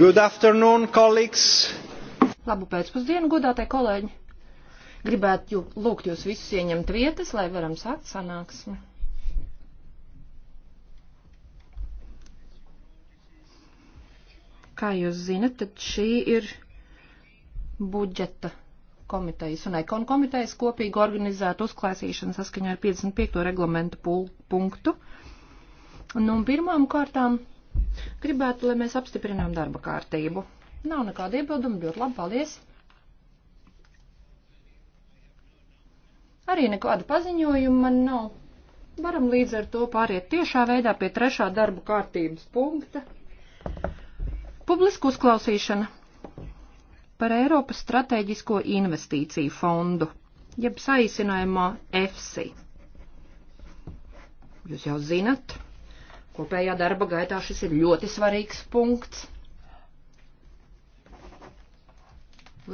Good afternoon, colleagues. Labu pēcpusdienu, godātie kolēģi. Gribētu jū, lūgt jūs visus ieņemt vietas, lai varam sākt sanāksmi. Kā jūs zinat, tad šī ir budžeta komitejas un ekon komitejas kopīgi organizēta uzklāsīšana saskaņā ar 55. reglamentu punktu. Nu, pirmām kārtām Gribētu, lai mēs apstiprinām darba kārtību. Nav nekāda iebilduma, ļoti labi, paldies. Arī nekāda paziņojuma man nav. Varam līdz ar to pāriet tiešā veidā pie trešā darba kārtības punkta. Publisku uzklausīšana par Eiropas strateģisko investīciju fondu, jeb saīsinājumā EFSI. Jūs jau zinat, Kopējā darba gaitā šis ir ļoti svarīgs punkts.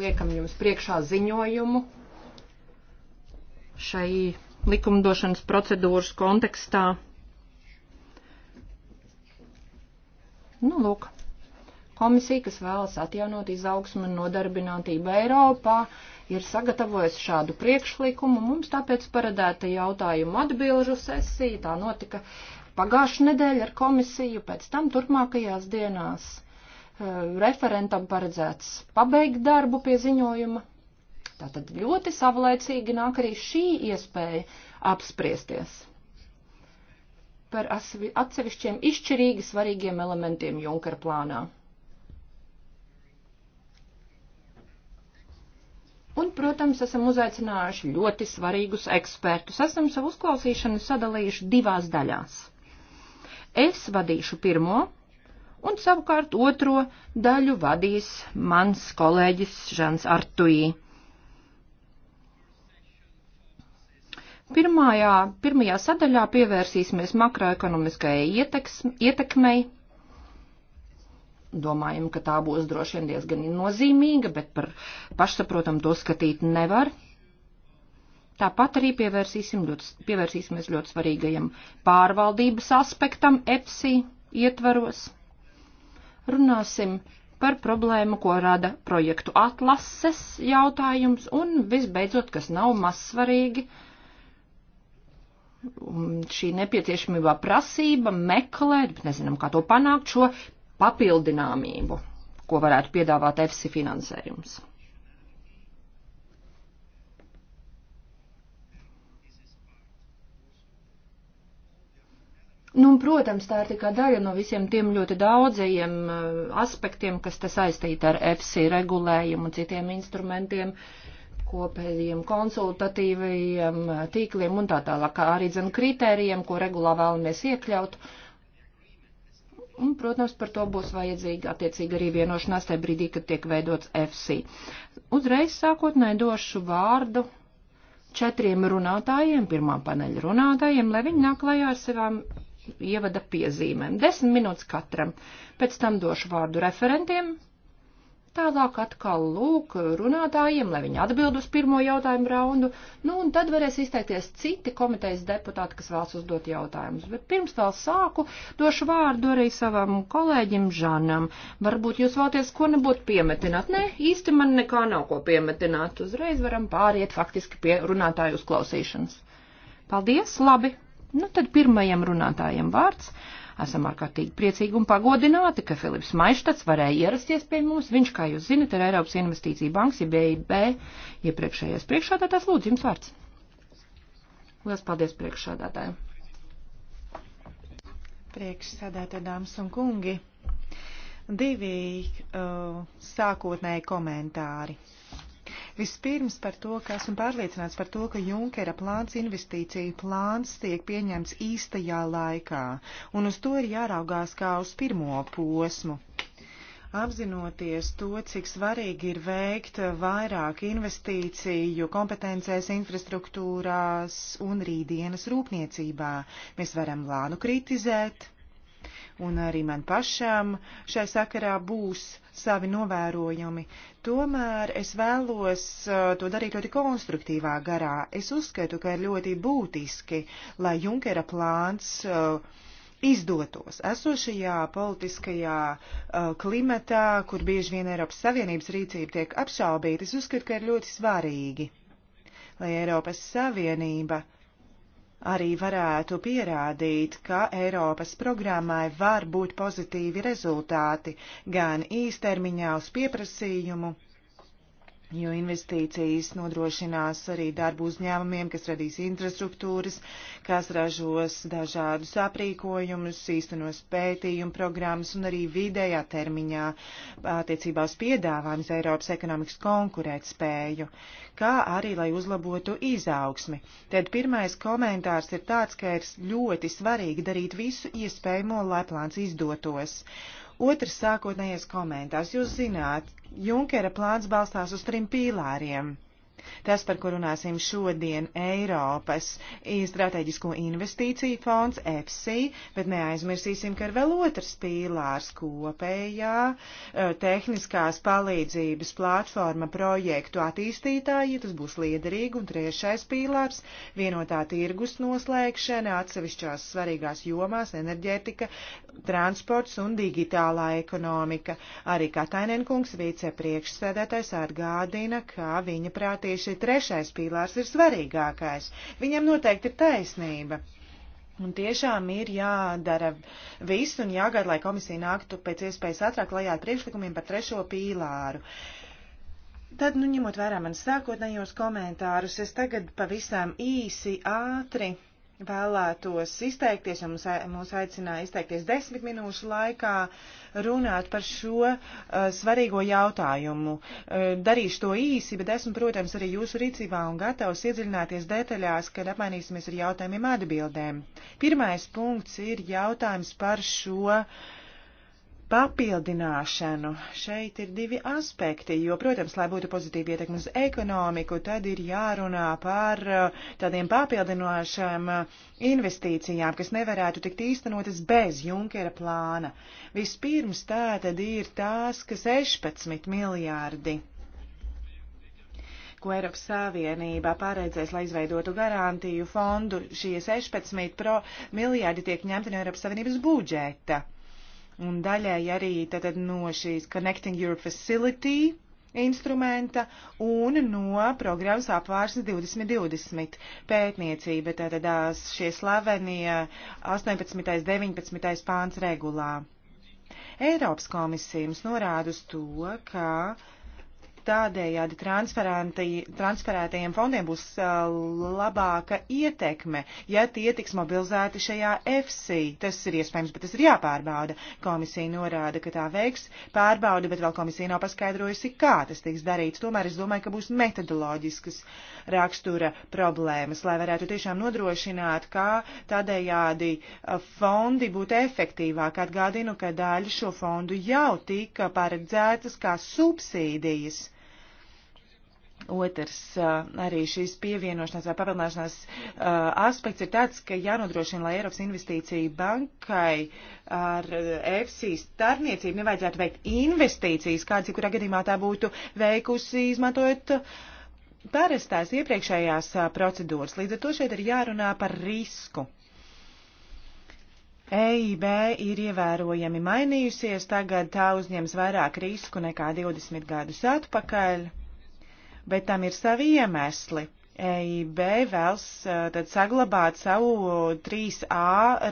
Liekam jums priekšā ziņojumu šai likumdošanas procedūras kontekstā. Nu, lūk, komisija, kas vēlas atjaunot izaugsmu un nodarbinātību Eiropā, ir sagatavojusi šādu priekšlikumu. Mums tāpēc paredēta jautājumu atbilžu sesija. Tā notika uh, pagājušā nedēļa ar komisiju, pēc tam turpmākajās dienās eh, referentam paredzēts pabeigt darbu pie ziņojuma. Tātad ļoti savlaicīgi nāk arī šī iespēja apspriesties par atsevišķiem izšķirīgi svarīgiem elementiem Junkara plānā. Un, protams, esam uzaicinājuši ļoti svarīgus ekspertus. Esam savu uzklausīšanu sadalījuši divās daļās. Es vadīšu pirmo, un savukārt otro daļu vadīs mans kolēģis Žans Artuī. Pirmajā, pirmajā sadaļā pievērsīsimies makroekonomiskajai ieteks, ietekmei. Domājam, ka tā būs droši vien diezgan nozīmīga, bet par pašsaprotam to skatīt nevar, Tāpat arī pievērsīsim ļoti, pievērsīsimies ļoti svarīgajam pārvaldības aspektam EPSI ietvaros. Runāsim par problēmu, ko rada projektu atlases jautājums un visbeidzot, kas nav maz svarīgi, šī nepieciešamībā prasība meklēt, bet nezinām, kā to panākt, šo papildināmību, ko varētu piedāvāt EFSI finansējums. Nu, un, protams, tā ir tikai daļa no visiem tiem ļoti daudzajiem eh, aspektiem, kas te saistīti ar EFSI regulējumu un citiem instrumentiem, kopējiem konsultatīvajiem eh, tīkliem un tā tālāk, kā arī dzen kritērijiem, ko regulā vēlamies iekļaut. Un, protams, par to būs vajadzīga attiecīga arī vienošanās tajā brīdī, kad tiek veidots EFSI. Uzreiz sākotnēji došu vārdu četriem runātājiem, pirmā paneļa runātājiem, lai viņi nāk klajā ar savām ievada piezīmēm. Desmit minūtes katram. Pēc tam došu vārdu referentiem. Tālāk atkal lūk runātājiem, lai viņi atbild uz pirmo jautājumu raundu. Nu, un tad varēs izteikties citi komitejas deputāti, kas vēlas uzdot jautājumus. Bet pirms vēl sāku, došu vārdu arī savam kolēģim Žanam. Varbūt jūs vēlaties ko nebūtu piemetināt. Nē, īsti man nekā nav ko piemetināt. Uzreiz varam pāriet faktiski pie runātāju uzklausīšanas. Paldies, labi! Nu, tad pirmajam runātājam vārds. Esam ārkārtīgi priecīgi un pagodināti, ka Filips Maištats varēja ierasties pie mums. Viņš, kā jūs zinat, ir Eiropas Investīcija bankas, ja e BIB iepriekšējais priekšādātājs. Lūdzu, jums vārds. Lielas paldies priekšādātājiem. Priekšsēdētāji, dāmas un kungi, divi uh, sākotnēji komentāri. Vispirms par to, ka esmu pārliecināts par to, ka Junkera plāns investīciju plāns tiek pieņemts īstajā laikā, un uz to ir jāraugās kā uz pirmo posmu. Apzinoties to, cik svarīgi ir veikt vairāk investīciju kompetencēs, infrastruktūrās un rītdienas rūpniecībā, mēs varam lānu kritizēt, un arī man pašam šai sakarā būs savi novērojami. Tomēr es vēlos uh, to darīt ļoti konstruktīvā garā. Es uzskatu, ka ir ļoti būtiski, lai Junkera plāns uh, izdotos esošajā politiskajā uh, klimatā, kur bieži vien Eiropas Savienības rīcība tiek apšaubīta. Es uzskatu, ka ir ļoti svarīgi, lai Eiropas Savienība uh, arī varētu pierādīt, ka Eiropas programmai var būt pozitīvi rezultāti gan īstermiņā uz pieprasījumu, jo investīcijas nodrošinās arī darbu uzņēmumiem, kas radīs infrastruktūras, kas ražos dažādus aprīkojumus, īstenos pētījumu programmas un arī vidējā termiņā attiecībā uz piedāvājums Eiropas ekonomikas konkurētspēju, kā arī, lai uzlabotu izaugsmi. Tad pirmais komentārs ir tāds, ka ir ļoti svarīgi darīt visu iespējamo, lai plāns izdotos. Otrs sākotnējais komentārs. Jūs zināt, Junkera plāns balstās uz trim pīlāriem Tas, par ko runāsim šodien, Eiropas strateģisko investīciju fonds EFSI, bet neaizmirsīsim, ka ir vēl otrs pīlārs kopējā e, tehniskās palīdzības platforma projektu attīstītāji, tas būs liederīgi, un trešais pīlārs - vienotā tirgus noslēgšana atsevišķās svarīgās jomās - enerģētika, transports un digitālā ekonomika. Arī Katainenkungs vicepriekšsēdētājs atgādina, ka viņa prātī arī šī trešais pīlārs ir svarīgākais. Viņam noteikti ir taisnība. Un tiešām ir jādara viss un jāgaida, lai komisija nāktu pēc iespējas ātrāk klajā ar priekšlikumiem par trešo pīlāru. Tad, nu, ņemot vērā manas sākotnējos komentārus, es tagad pavisam īsi, ātri vēlētos izteikties, jo mums, mums aicināja izteikties desmit minūšu laikā, runāt par šo uh, svarīgo jautājumu. Uh, darīšu to īsi, bet esmu, protams, arī jūsu rīcībā un gatavs iedziļināties detaļās, kad apmainīsimies ar jautājumiem atbildēm. Pirmais punkts ir jautājums par šo uh, papildināšanu. Šeit ir divi aspekti, jo, protams, lai būtu pozitīva ietekme uz ekonomiku, tad ir jārunā par uh, tādiem papildinošiem uh, investīcijām, kas nevarētu tikt īstenotas bez Junkera plāna. Vispirms tā tad ir tās, kas 16 miljārdi ko Eiropas Savienībā paredzēs, lai izveidotu garantiju fondu. Šie 16 miljārdi tiek ņemti no Eiropas Savienības budžeta un daļēji arī tātad no šīs Connecting Europe Facility instrumenta un no programmas apvārsnes 2020 pētniecība, tātad šie slavenie 18. 19. pāns regulā. Eiropas komisija mums norāda uz to, ka uh, Tādējādi transferētajiem fondiem būs labāka ietekme, ja tie tiks mobilizēti šajā FC. Tas ir iespējams, bet tas ir jāpārbauda. Komisija norāda, ka tā veiks pārbaudi, bet vēl komisija nav paskaidrojusi, kā tas tiks darīts. Tomēr es domāju, ka būs metodoloģiskas rakstura problēmas, lai varētu tiešām nodrošināt, kā tādējādi fondi būtu efektīvāk. Atgādinu, ka daļa šo fondu jau tika paredzētas kā subsīdijas. Otrs, arī šis pievienošanās vai papildināšanās aspekts ir tāds, ka jānodrošina, lai Eiropas investīcija bankai ar EFSI starpniecību nevajadzētu veikt investīcijas, kāds, kurā gadījumā tā būtu veikusi, izmantojot parastās iepriekšējās procedūras. Līdz ar to šeit ir jārunā par risku. EIB ir ievērojami mainījusies, tagad tā uzņems vairāk risku nekā 20 gadus atpakaļ bet tam ir savi iemesli. EIB vēlas e, tad saglabāt savu 3A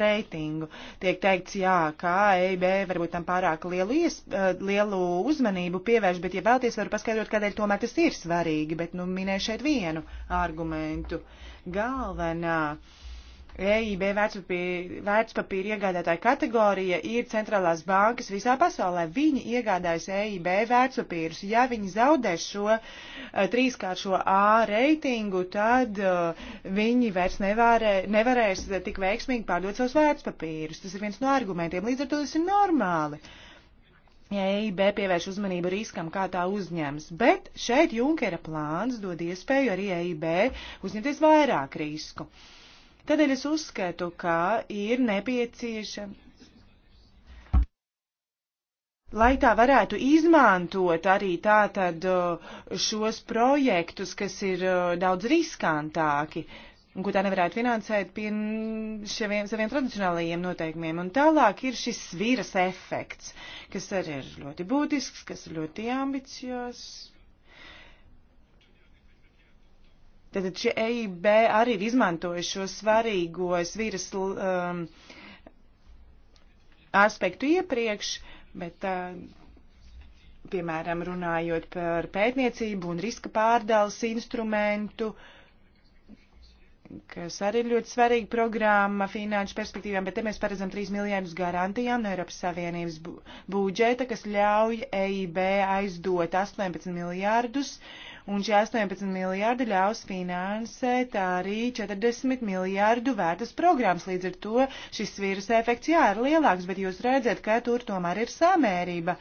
reitingu. Tiek teikts, jā, kā EIB varbūt tam pārāk lielu, ies, e, lielu uzmanību pievērš, bet, ja vēlties, varu paskaidrot, kādēļ tomēr tas ir svarīgi, bet, nu, minēšu šeit vienu argumentu. Galvenā. Uh, EIB vērtspapīra, vērtspapīra iegādātāja kategorija ir centrālās bankas visā pasaulē. Viņi iegādājas EIB vērtspapīrus. Ja viņi zaudēs šo uh, eh, trīskāršo A reitingu, tad uh, viņi vairs nevarē, nevarēs tik veiksmīgi pārdot savus vērtspapīrus. Tas ir viens no argumentiem. Līdz ar to tas ir normāli. Ja e EIB pievērš uzmanību riskam, kā tā uzņems, bet šeit Junkera plāns dod iespēju arī EIB uzņemties vairāk risku. Uh, Tādēļ es uzskatu, ka ir nepieciešams lai tā varētu izmantot arī tātad uh, šos projektus, kas ir uh, daudz riskantāki, un ko tā nevarētu finansēt pie šaviem, saviem tradicionālajiem noteikumiem. Un tālāk ir šis sviras efekts, kas arī ir ļoti būtisks, kas ir ļoti ambiciozs. Tātad šie EIB arī ir izmantojuši šo svarīgo sviras um, aspektu iepriekš, bet, uh, piemēram, runājot par pētniecību un riska pārdales instrumentu, kas arī ir ļoti svarīga programma finanšu perspektīvām, bet te mēs paredzam 3 miljardus garantijām no Eiropas Savienības budžeta, kas ļauj EIB aizdot 18 miljardus. Uh, un šie 18 miljārdi ļaus finansēt arī 40 miljārdu vērtas programmas. Līdz ar to šis vīrus efekts jā ir lielāks, bet jūs redzat, ka tur tomēr ir samērība.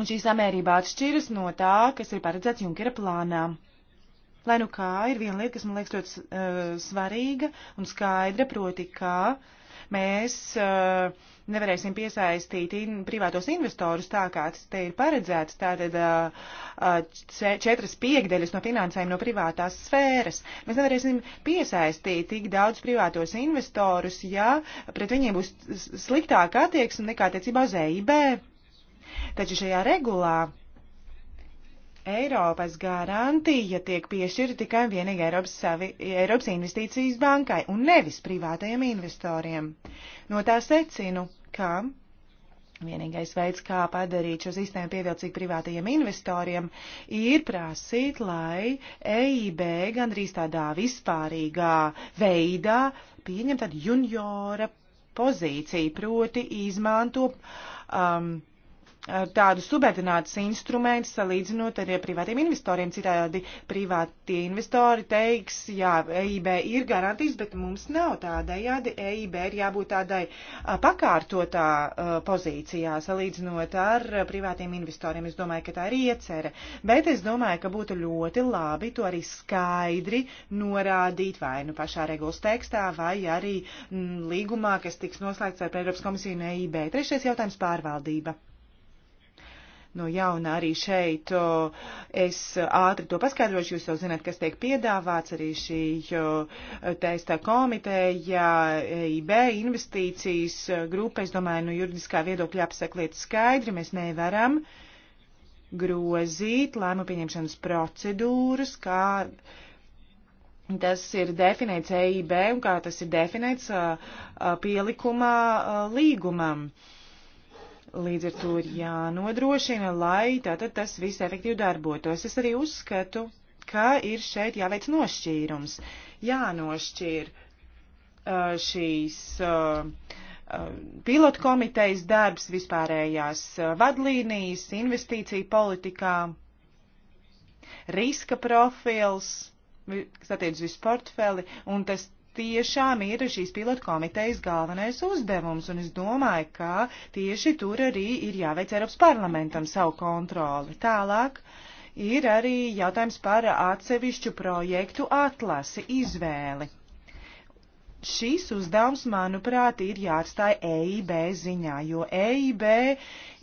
Un šī samērība atšķiras no tā, kas ir paredzēts Junkera plānā. Lai nu kā, ir viena lieta, kas man liekas ļoti uh, svarīga un skaidra, proti, kā mēs uh, nevarēsim piesaistīt in, privātos investorus tā, kā tas te ir paredzēts, tātad četras piekdeļas no finansējuma no privātās sfēras. Mēs nevarēsim piesaistīt tik daudz privātos investorus, ja pret viņiem būs sliktāka attieksme nekā attiecībā uz EIB. Taču šajā regulā Eiropas garantija tiek piešķirta tikai un vienīgi Eiropas, savi, Eiropas investīcijas bankai un nevis privātajiem investoriem. No tā secinu, ka Vienīgais veids, kā padarīt šo sistēmu pievilcīgu privātajiem investoriem, ir prasīt, lai EIB gandrīz tādā vispārīgā veidā pieņem tādu juniora pozīciju, proti izmanto um, Eh, tādu subordinātus instrumentus, salīdzinot arī ar privātiem investoriem. Citādi privātie investori teiks, jā, EIB ir garantijas, bet mums nav tādai. Jā, e EIB ir jābūt tādai eh, pakārtotā eh, pozīcijā, salīdzinot ar privātiem investoriem. Es domāju, ka tā ir iecerē. Bet es domāju, ka būtu ļoti labi to arī skaidri norādīt vai nu pašā regulas tekstā, vai arī m, mm, līgumā, kas tiks noslēgts ar Eiropas komisiju un EIB. Trešais jautājums - pārvaldība no jauna arī šeit. Es ātri to paskaidrošu, jūs jau zināt, kas tiek piedāvāts arī šī testa komiteja, e IB investīcijas e, grupa. Es domāju, no nu, juridiskā viedokļa apsakliet skaidri, mēs nevaram grozīt lēmu pieņemšanas procedūras, kā tas ir definēts EIB un kā tas ir definēts e, pielikumā līgumam. Uh, Līdz ar to ir jānodrošina, lai tātad tas viss efektīvi darbotos. Es arī uzskatu, ka ir šeit jāveic nošķīrums, jānošķir šīs pilotu komitejas darbs, vispārējās vadlīnijas, investīcija politikā, riska profils, kas attiec uz portfeli, un tas tiešām ir šīs pilotu komitejas galvenais uzdevums, un es domāju, ka tieši tur arī ir jāveic Eiropas parlamentam savu kontroli. Tālāk ir arī jautājums par atsevišķu projektu atlasi, izvēli šis uzdevums, manuprāt, ir jāatstāja EIB ziņā, jo EIB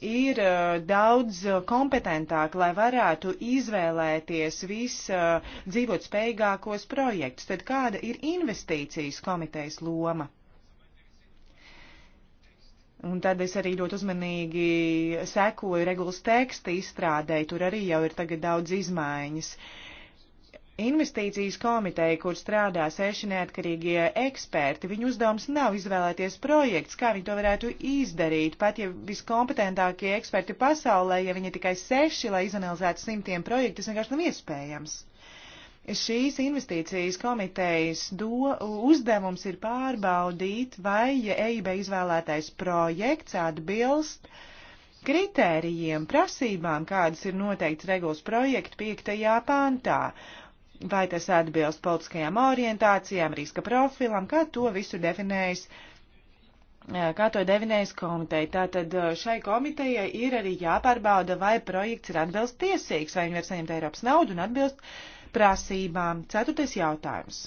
ir uh, daudz kompetentāk, lai varētu izvēlēties vis uh, dzīvot spējīgākos projektus. Tad kāda ir investīcijas komitejas loma? Un tad es arī ļoti uzmanīgi sekoju regulas teksta izstrādē, tur arī jau ir tagad daudz izmaiņas. Uh, Investīcijas komiteja, kur strādā seši neatkarīgie eksperti, viņu uzdevums nav izvēlēties projekts, kā viņi to varētu izdarīt, pat ja viskompetentākie eksperti pasaulē, ja viņi tikai seši, lai izanalizētu simtiem projektu, tas vienkārši nav iespējams. Šīs investīcijas komitejas do, uzdevums ir pārbaudīt, vai ja EIB izvēlētais projekts atbilst kritērijiem, prasībām, kādas ir noteikts regulas projekta 5. pāntā vai tas atbilst politiskajām orientācijām, riska profilam, kā to visu definējas, kā to definējas komiteja. Tātad šai komitejai ir arī jāpārbauda, vai projekts ir atbilst tiesīgs, vai viņi var saņemt Eiropas naudu un atbilst prasībām. Ceturtais jautājums.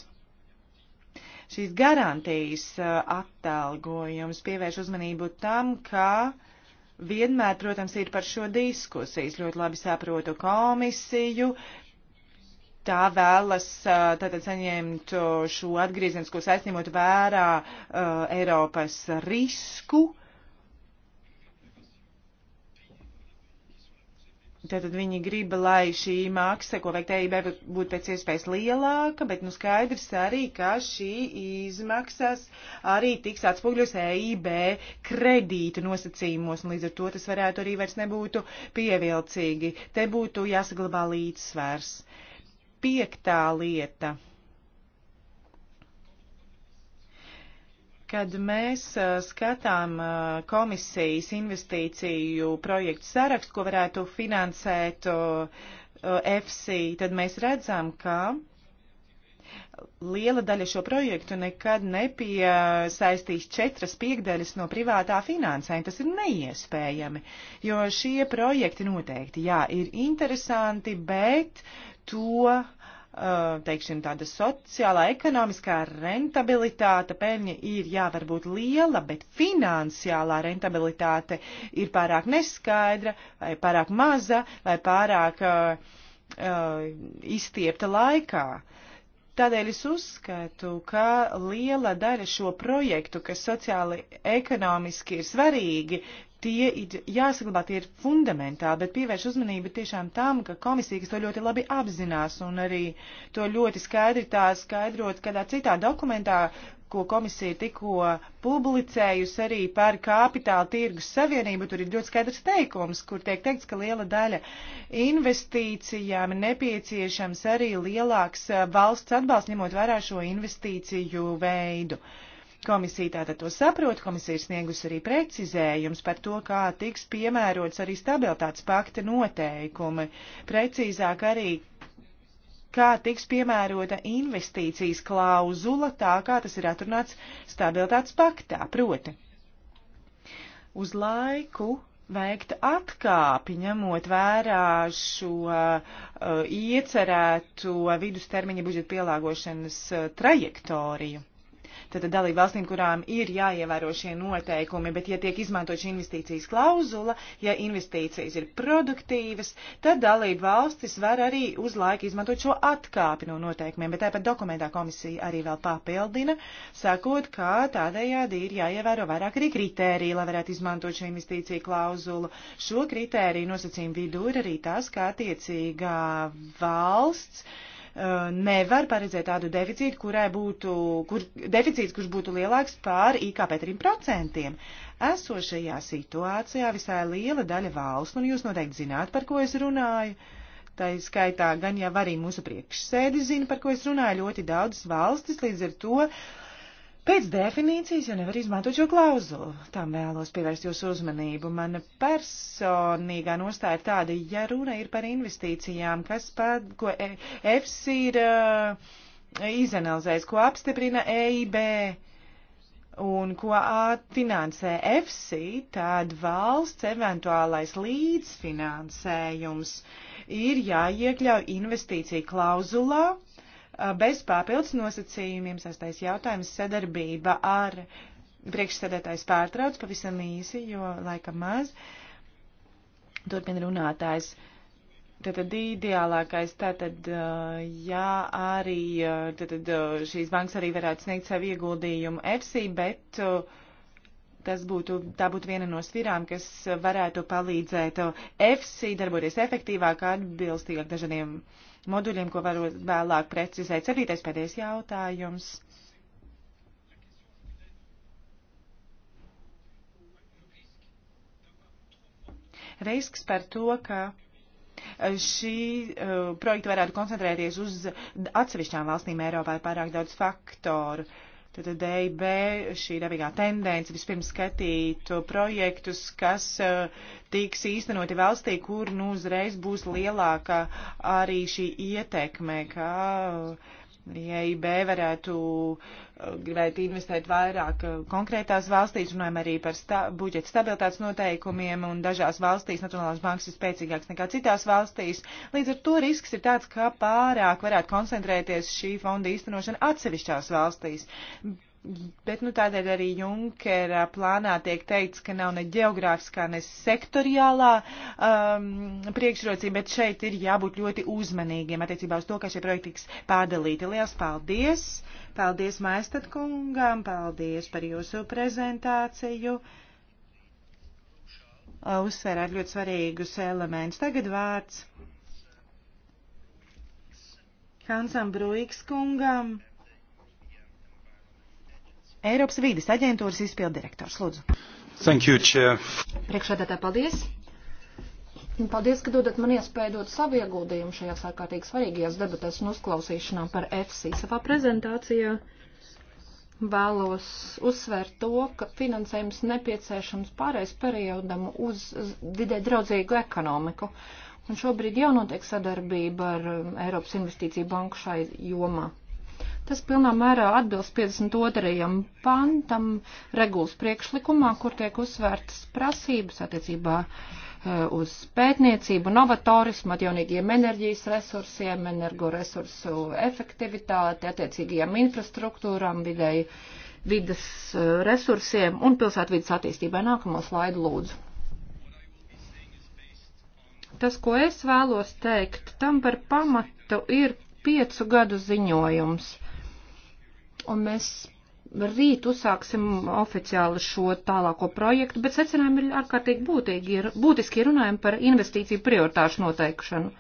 Šīs garantijas attalgojums pievērš uzmanību tam, ka uh, vienmēr, protams, ir par šo diskusijas. Ļoti labi saprotu komisiju, tā vēlas tātad saņemt šo atgriezenisko saistīmot vērā uh, Eiropas risku. Tātad viņi grib, lai šī maksa, ko veikt EIB, būtu pēc iespējas lielāka, bet nu skaidrs arī, ka šī izmaksas arī tiks atspūgļos EIB kredītu nosacījumos, un līdz ar to tas varētu arī vairs nebūtu pievilcīgi. Te būtu jāsaglabā līdzsvers. Uh, Piektā lieta. kad mēs skatām komisijas investīciju projektu sarakstu, ko varētu finansēt FC, tad mēs redzam, ka liela daļa šo projektu nekad nepiesaistīs četras piekdaļas no privātā finansējuma. Tas ir neiespējami, jo šie projekti noteikti, jā, ir interesanti, bet to, uh, teiksim, tāda sociālā, ekonomiskā rentabilitāte peļņa ir, jā, varbūt liela, bet finansiālā rentabilitāte ir pārāk neskaidra, vai pārāk maza, vai pārāk uh, uh, izstiepta laikā. Tādēļ es uzskatu, ka liela daļa šo projektu, kas sociāli ekonomiski ir svarīgi, tie ir jāsaglabā, tie ir fundamentāli, bet pievērš uzmanību tiešām tam, ka komisija, kas to ļoti labi apzinās un arī to ļoti skaidri tā skaidrot kādā citā dokumentā, ko komisija tikko publicējusi arī par kapitāla tirgus savienību, tur ir ļoti skaidrs teikums, kur tiek teikts, ka liela daļa investīcijām ir nepieciešams arī lielāks eh, valsts atbalsts, ņemot vērā šo investīciju veidu. Uh, Komisija tātad to saprot, komisija ir sniegusi arī precizējums par to, kā tiks piemērots arī stabilitātes pakta noteikumi. Precīzāk arī, kā tiks piemērota investīcijas klauzula, tā kā tas ir atrunāts stabilitātes paktā, proti. Uz laiku veikt atkāpi, ņemot vērā šo uh, iecerēto vidustermiņa budžeta pielāgošanas uh, trajektoriju tad dalību valstīm, kurām ir jāievēro šie noteikumi, bet ja tiek izmantot šī investīcijas klauzula, ja investīcijas ir produktīvas, tad dalību valstis var arī uz laiku izmantot šo atkāpi no noteikumiem, bet tāpat dokumentā komisija arī vēl papildina, sakot, ka tādējādi ir jāievēro vairāk arī kritērija, lai varētu izmantot šo investīciju klauzulu. Šo kritēriju nosacījumu vidū ir arī tas, kā attiecīgā valsts, Uh, nevar paredzēt tādu deficītu, kurai būtu, kur, deficīts, kurš būtu lielāks pār IKP 3%. Esošajā situācijā visai liela daļa valsts, un nu, jūs noteikti zināt, par ko es runāju, Tā skaitā gan jau arī mūsu priekšsēdi zina, par ko es runāju, ļoti daudzas valstis līdz ar to Pēc definīcijas jau nevar izmantot šo klauzulu. Tam vēlos pievērst jūsu uzmanību. Mana personīgā nostāja ir tāda, ja runa ir par investīcijām, kas pat, ko EFS ir uh, izanalizējis, ko apstiprina EIB un ko finansē EFSI, tad valsts eventuālais līdzfinansējums ir jāiekļauj investīcija klauzulā bez papildus nosacījumiem. Sastais jautājums - sadarbība ar priekšsēdētājs pārtrauc pavisam īsi, jo laika maz. Turpina runātājs. Tātad ideālākais, tātad, jā, arī tātad, šīs bankas arī varētu sniegt savu ieguldījumu EFSI, bet tas būtu, tā būtu viena no svirām, kas varētu palīdzēt EFSI darboties efektīvāk, atbilstīgāk dažādiem uh, moduļiem, ko varu vēlāk precizēt. Ceturtais pēdējais jautājums. Risks par to, ka eh, šī uh, projekta varētu koncentrēties uz atsevišķām valstīm Eiropā ir pārāk daudz faktoru. Uh, Tad EIB šī dabīgā tendence vispirms skatītu projektus, kas eh, tiks īstenoti valstī, kur nu uzreiz būs lielāka arī šī ietekme, kā uh, EIB varētu uh, gribēt investēt vairāk uh, konkrētās valstīs, runājam arī par sta budžeta stabilitātes noteikumiem, un dažās valstīs Nacionālās bankas ir spēcīgāks nekā citās valstīs. Līdz ar to risks ir tāds, ka pārāk varētu koncentrēties šī fonda īstenošana atsevišķās valstīs. Bet nu, tādēļ arī Junkera plānā tiek teikts, ka nav ne geogrāfiskā, ne sektoriālā um, priekšrocība, bet šeit ir jābūt ļoti uzmanīgiem attiecībā uz to, kā šie projekti tiks pārdalīti. Liels paldies! Paldies Maistad kungām, paldies par jūsu prezentāciju! Uzsverāt ļoti svarīgus elementus. Tagad vārds Hansam Bruiks kungam. Eiropas vīdes aģentūras izpildirektors. Lūdzu. Thank you, Chair. Priekšādātā paldies. Un paldies, ka dodat man iespēju dot savu ieguldījumu šajās ārkārtīgi svarīgajās debatēs un uzklausīšanā par FC. Savā prezentācijā vēlos uzsvērt to, ka finansējums nepieciešams pārējais periodam uz vidē draudzīgu ekonomiku. Un šobrīd jau notiek sadarbība ar Eiropas Investīciju banku šai jomā. Tas pilnā mērā atbilst 52. pantam regulas priekšlikumā, kur tiek uzsvērtas prasības attiecībā eh, uz pētniecību, novatorismu, atjaunīgiem enerģijas resursiem, energoresursu efektivitāti, attiecīgajām infrastruktūrām, videi, vidas eh, resursiem un pilsētvidas attīstībai. Nākamo slaidu lūdzu tas, ko es vēlos teikt, tam par pamatu ir piecu gadu ziņojums, Un mēs rīt uzsāksim oficiāli šo tālāko projektu, bet secinājumi ir ārkārtīgi būtīgi, ir, būtiski runājam par investīciju prioritāšu noteikšanu.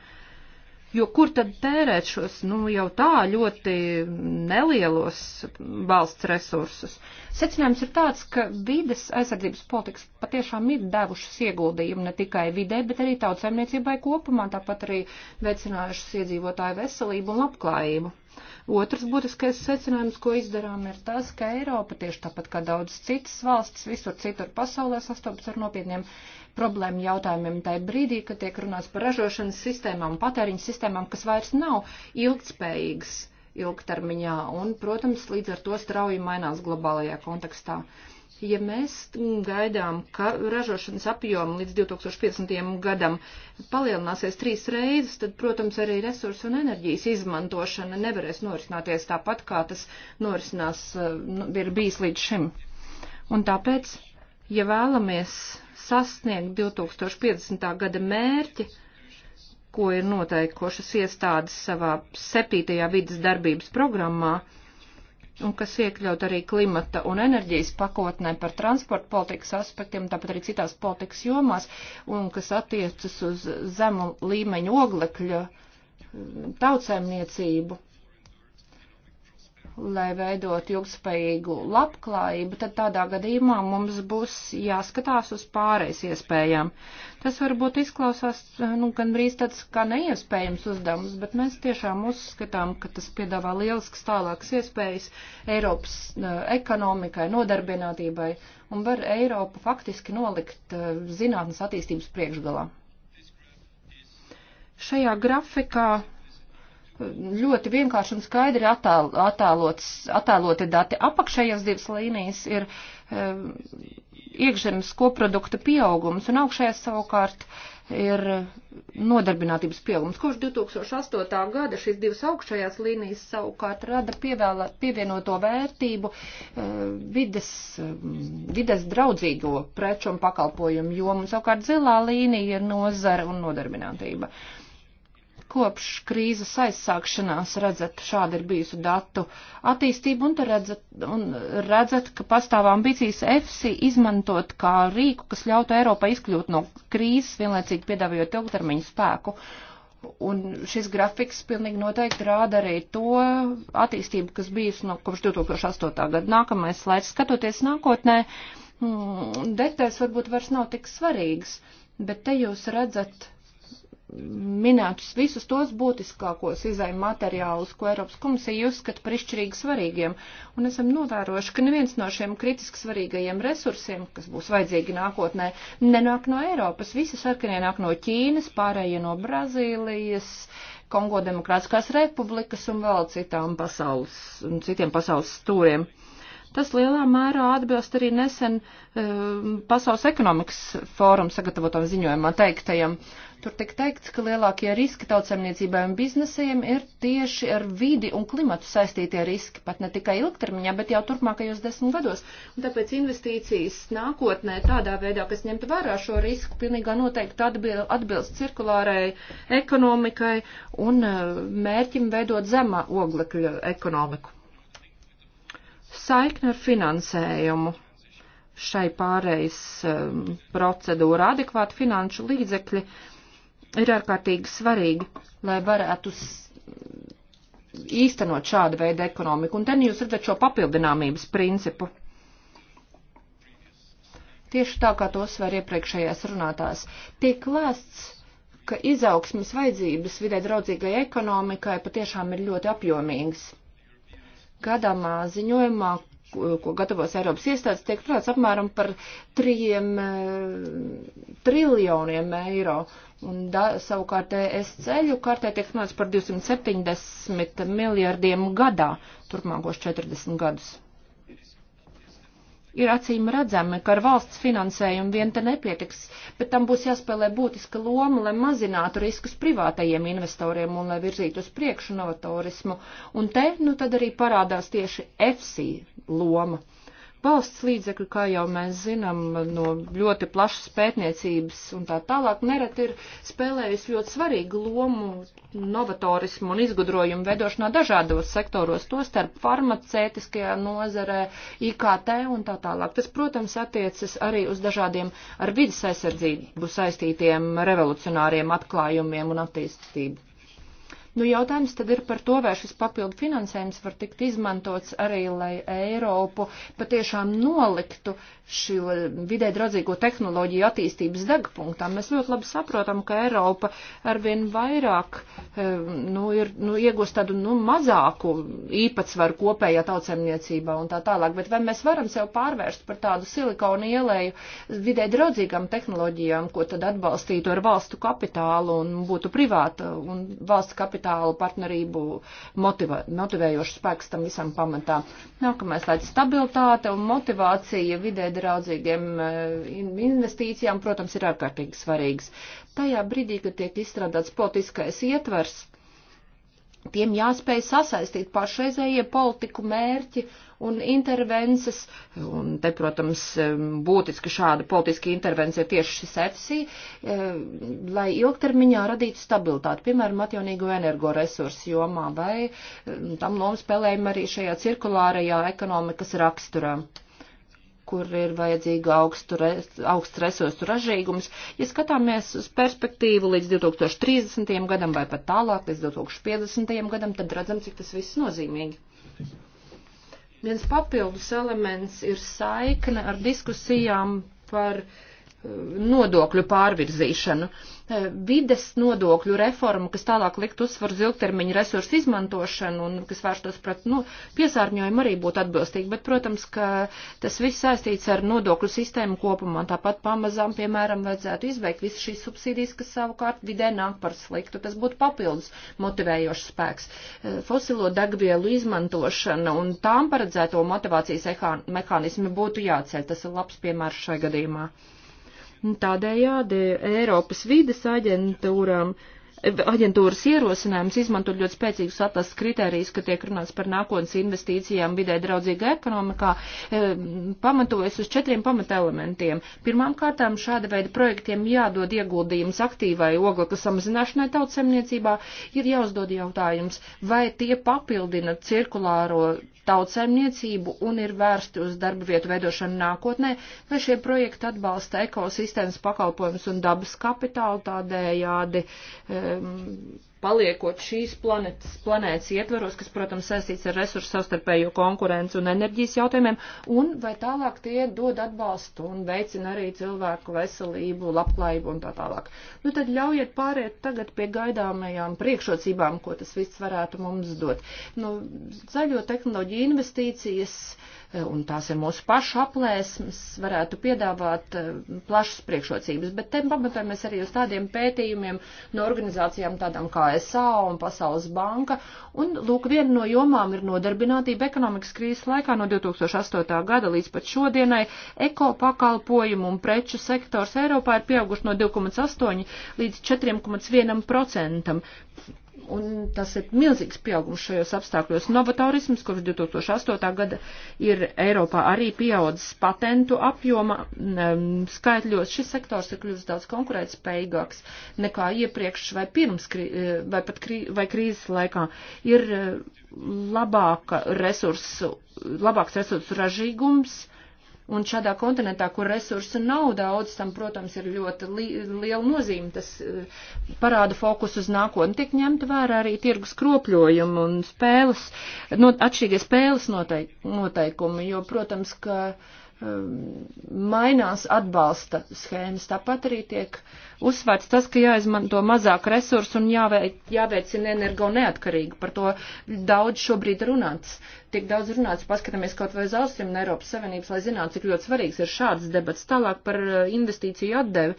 Jo kur tad tērēt šos, nu, jau tā ļoti nelielos valsts resursus? Secinājums ir tāds, ka vides aizsardzības politikas patiešām ir devušas ieguldījumu ne tikai vidē, bet arī tautsaimniecībai kopumā, tāpat arī veicinājušas iedzīvotāju veselību un labklājību. Otrs būtiskais secinājums, ko izdarām, ir tas, ka Eiropa, tieši tāpat kā daudz citas valstis, visur citur pasaulē sastopas ar nopietniem problēmu jautājumiem tajā brīdī, kad tiek runāts par ražošanas sistēmām, patēriņu sistēmām, kas vairs nav ilgtspējīgas ilgtermiņā, un, protams, līdz ar to strauji mainās globālajā kontekstā. Uh, Ja mēs gaidām, ka ražošanas apjoma līdz 2050. gadam palielināsies trīs reizes, tad, protams, arī resursu un enerģijas izmantošana nevarēs norisināties tāpat, kā tas norisinās, nu, ir bijis līdz šim. Un tāpēc, ja vēlamies sasniegt 2050. gada mērķi, ko ir noteikušas iestādes savā septītajā vidas darbības programmā, un kas iekļaut arī klimata un enerģijas pakotnē par transporta politikas aspektiem, tāpat arī citās politikas jomās, un kas attiecas uz zemu līmeņu oglekļa mm, tautsēmniecību lai veidot ilgspējīgu labklājību, tad tādā gadījumā mums būs jāskatās uz pārejas iespējām. Tas varbūt izklausās, nu, gan brīz tāds kā neiespējams uzdevums, bet mēs tiešām uzskatām, ka tas piedāvā lielisks tālākas iespējas Eiropas eh, ekonomikai, nodarbinātībai un var Eiropu faktiski nolikt eh, zinātnes attīstības priekšgalā. Šajā grafikā ļoti vienkārši un skaidri attēl, attēlots, attēloti dati. Apakšējās divas līnijas ir e, iekšzemes koprodukta pieaugums un augšējās savukārt ir nodarbinātības pieaugums. Kopš 2008. gada šīs divas augšējās līnijas savukārt rada pievēla, pievienoto vērtību e, vides, mm, vides draudzīgo preču un pakalpojumu jomu. Savukārt zilā līnija ir nozara un nodarbinātība. E, Kopš krīzes aizsākšanās redzat, šāda ir bijusi datu attīstība, un te redzat, un redzat, ka pastāv ambīcijas EFSI izmantot kā rīku, kas ļautu Eiropai izkļūt no krīzes, vienlaicīgi piedāvājot ilgtermiņu spēku. Un šis grafiks pilnīgi noteikti rāda arī to attīstību, kas bijusi no kopš 2008. gada. Nākamais slaids, skatoties nākotnē, hmm, detaļas varbūt vairs nav tik svarīgas, bet te jūs redzat minētus visus tos būtiskākos izaimu materiālus, ko Eiropas komisija uzskata par izšķirīgi svarīgiem, un esam novērojuši, ka neviens no šiem kritiski svarīgajiem resursiem, kas būs vajadzīgi nākotnē, nenāk no Eiropas. Visi sarkanie nāk no Ķīnas, pārējie no Brazīlijas, Kongo Demokrātiskās republikas un vēl citām pasaules, citiem pasaules stūriem. Tas lielā mērā atbilst arī nesen um, Pasaules ekonomikas fórum sagatavotam ziņojumā teiktajam. Tur tiek teikts, ka lielākie riski tautsemniecībai un biznesiem ir tieši ar vidi un klimatu saistītie riski, pat ne tikai ilgtermiņā, bet jau turpmākajos desmit gados. Un tāpēc investīcijas nākotnē tādā veidā, kas ņemtu vērā šo risku, pilnīgā noteikti atbil, atbilst cirkulārai ekonomikai un eh, mērķim veidot zemā oglekļa ekonomiku. Saikne ar finansējumu šai pārejas um, procedūra adekvāti finanšu līdzekļi ir ārkārtīgi svarīgi, lai varētu īstenot šādu veidu ekonomiku. Un te nu jūs redzat šo papildināmības principu. Tieši tā, kā to uzsver iepriekšējās runātās, tiek lēsts, ka izaugsmas vajadzības vidē draudzīgai ekonomikai patiešām ir ļoti apjomīgas. Gadamā ziņojumā, ko gatavos Eiropas iestādes, tiek runāts apmēram par trījiem eh, triljoniem eiro. Un da, savukārt es ceļu kartē tiek runāts par 270 miljardiem gadā turpmākos 40 gadus. Ir acīm redzami, ka ar valsts finansējumu vien te nepietiks, bet tam būs jāspēlē būtiska loma, lai mazinātu riskus privātajiem investoriem un lai virzītu uz priekšu novatorismu. Un te, nu tad arī parādās tieši EFSI loma. Valsts līdzekļi, kā jau mēs zinām, no ļoti plašas pētniecības un tā tālāk, nerad ir spēlējusi ļoti svarīgu lomu novatorismu un izgudrojumu veidošanā dažādos sektoros, to starp farmacētiskajā nozarē, IKT un tā tālāk. Tas, protams, attiecas arī uz dažādiem ar vidas aizsardzību saistītiem revolucionāriem atklājumiem un attīstību. Nu, jautājums tad ir par to, vai šis papildu finansējums var tikt izmantots arī, lai Eiropu patiešām noliktu šo vidē draudzīgo tehnoloģiju attīstības degpunktā. Mēs ļoti labi saprotam, ka Eiropa arvien vairāk eh, nu, ir, nu, iegūst tādu nu, mazāku īpatsvaru kopējā tautsemniecībā un tā tālāk. Bet vai mēs varam sev pārvērst par tādu silikonu ielēju vidē draudzīgām tehnoloģijām, ko tad atbalstītu ar valstu kapitālu un būtu privāta un valsts kapitāla? kapitālu partnerību motiva, motivējošu spēks tam visam pamatā. Nākamais tāds stabilitāte un motivācija vidē draudzīgiem e, investīcijām, protams, ir ārkārtīgi svarīgs. Tajā brīdī, kad tiek izstrādāts politiskais ietvers, Tiem jāspēj sasaistīt pašreizējie politiku mērķi un intervences, un te, protams, būtiski šāda politiska intervencija tieši šis EFSI, lai ilgtermiņā radītu stabilitāti, piemēram, atjaunīgo energoresursu jomā, vai tam lomu spēlējam arī šajā cirkulārajā ekonomikas raksturā kur ir vajadzīga augstu, re, augsts resursu ražīgums. Ja skatāmies uz perspektīvu līdz 2030. gadam vai pat tālāk līdz 2050. gadam, tad redzam, cik tas viss nozīmīgi. Viens papildus elements ir saikne ar diskusijām par uh, nodokļu pārvirzīšanu. Eh, vides nodokļu reforma, kas tālāk likt uzsvaru ilgtermiņa resursu izmantošanu un kas vērstos pret nu, piesārņojumu arī būtu atbilstīgi, bet, protams, ka tas viss saistīts ar nodokļu sistēmu kopumā. Tāpat pamazām, piemēram, vajadzētu izbeigt visas šīs subsīdijas, kas savukārt vidē nāk par sliktu. Tas būtu papildus motivējošs spēks. Eh, fosilo degvielu izmantošana un tām paredzēto motivācijas mehānismi būtu jāceļ. Tas ir labs piemērs šai gadījumā. Tādējādi Eiropas vides aģentūram aģentūras ierosinājums izmantot ļoti spēcīgus atlases kritērijus, ka tiek runāts par nākotnes investīcijām vidē draudzīgā ekonomikā, e, pamatojas uz četriem pamatelementiem. Pirmām kārtām šāda veida projektiem jādod ieguldījums aktīvai oglaka samazināšanai tautsemniecībā, ir jāuzdod jautājums, vai tie papildina cirkulāro tautsaimniecību un ir vērsti uz darba vietu veidošanu nākotnē, vai šie projekti atbalsta ekosistēmas pakalpojumus un dabas kapitālu tādējādi um, paliekot šīs planetas, planētas ietveros, kas, protams, saistīts ar resursu savstarpējo konkurenci un enerģijas jautājumiem, un vai tālāk tie dod atbalstu un veicina arī cilvēku veselību, labklājību un tā tālāk. Nu tad ļaujiet pāriet tagad pie gaidāmajām priekšrocībām, ko tas viss varētu mums dot. Nu, zaļo tehnoloģiju investīcijas. Uh, un tās ir mūsu pašu aplēsmes, varētu piedāvāt eh, plašas priekšrocības, bet te pamatojamies arī uz tādiem pētījumiem no organizācijām tādām kā SAO un Pasaules banka, un lūk, viena no jomām ir nodarbinātība ekonomikas krīzes laikā no 2008. gada līdz pat šodienai eko pakalpojumu un preču sektors Eiropā ir pieauguši no 2,8 līdz 4,1 procentam un tas ir milzīgs pieaugums šajos apstākļos. Novatorisms, kurš 2008. gada ir Eiropā arī pieaudzis patentu apjoma um, skaitļos, šis sektors ir kļuvis daudz konkurētspējīgāks nekā iepriekš vai pirms, eh, vai pat krī, vai krīzes laikā. Ir eh, labāka resursu, labāks resursu ražīgums Un šādā kontinentā, kur resursu nav daudz, tam, protams, ir ļoti li liela nozīme. Tas eh, parāda fokus uz nākotni. Tiek ņemta vērā arī tirgus kropļojumi un spēles, no, atšķirīgie spēles noteik noteikumi, jo, protams, ka. Uh, Um, mainās atbalsta schēmas. Tāpat arī tiek uzsvērts tas, ka jāizmanto mazāk resursu un jāveic, jāveicina energo neatkarīgi. Par to daudz šobrīd runāts. Tik daudz runāts, paskatāmies kaut vai uz austrumu un Eiropas Savienības, lai zinātu, cik ļoti svarīgs ir šāds debats. Tālāk par uh, investīciju atdevi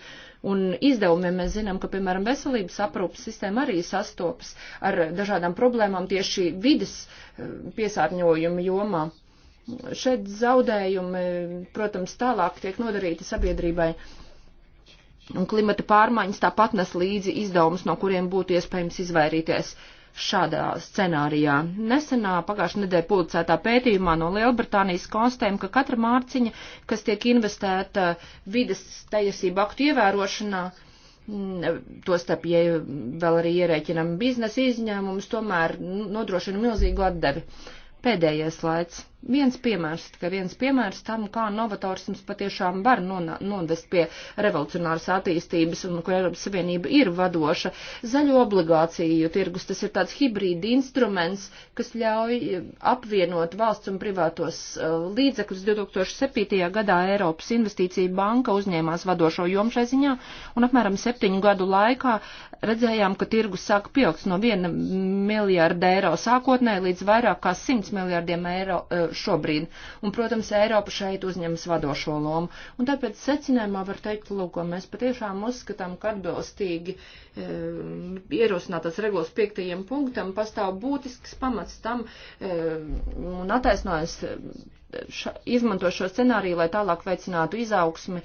un izdevumiem mēs zinām, ka, piemēram, veselības aprūpas sistēma arī sastopas ar dažādām problēmām tieši vidas uh, piesārņojuma jomā Šeit zaudējumi, protams, tālāk tiek nodarīti sabiedrībai. Un klimata pārmaiņas tāpat nes līdzi izdevumus, no kuriem būtu iespējams izvairīties šādā scenārijā. Nesenā pagājušā nedēļa publicētā pētījumā no Lielbritānijas konstatējuma, ka katra mārciņa, kas tiek investēta vides tiesību aktu ievērošanā, mm, tostarp, ja vēl arī ierēķinam biznesa izņēmumus, tomēr nodrošina milzīgu atdevi. Pēdējais slaids viens piemērs, tikai viens piemērs tam, kā novatorisms patiešām var novest pie revolucionāras attīstības un kur Eiropas Savienība ir vadoša. Zaļo obligāciju tirgus tas ir tāds hibrīdi instruments, kas ļauj apvienot valsts un privātos uh, līdzekļus. 2007. gadā Eiropas investīcija banka uzņēmās vadošo jomu šai ziņā un apmēram septiņu gadu laikā redzējām, ka tirgus sāk pieaugt no viena miljārda eiro sākotnē līdz vairāk kā simts miljārdiem eiro uh, šobrīd. Un, protams, Eiropa šeit uzņemas vadošo lomu. Un tāpēc secinājumā var teikt, lūk, mēs patiešām uzskatām, ka atbilstīgi e, ierosinātas regulas piektajiem punktam pastāv būtisks pamats tam e, un attaisnojas e, ša, izmanto šo scenāriju, lai tālāk veicinātu izaugsmi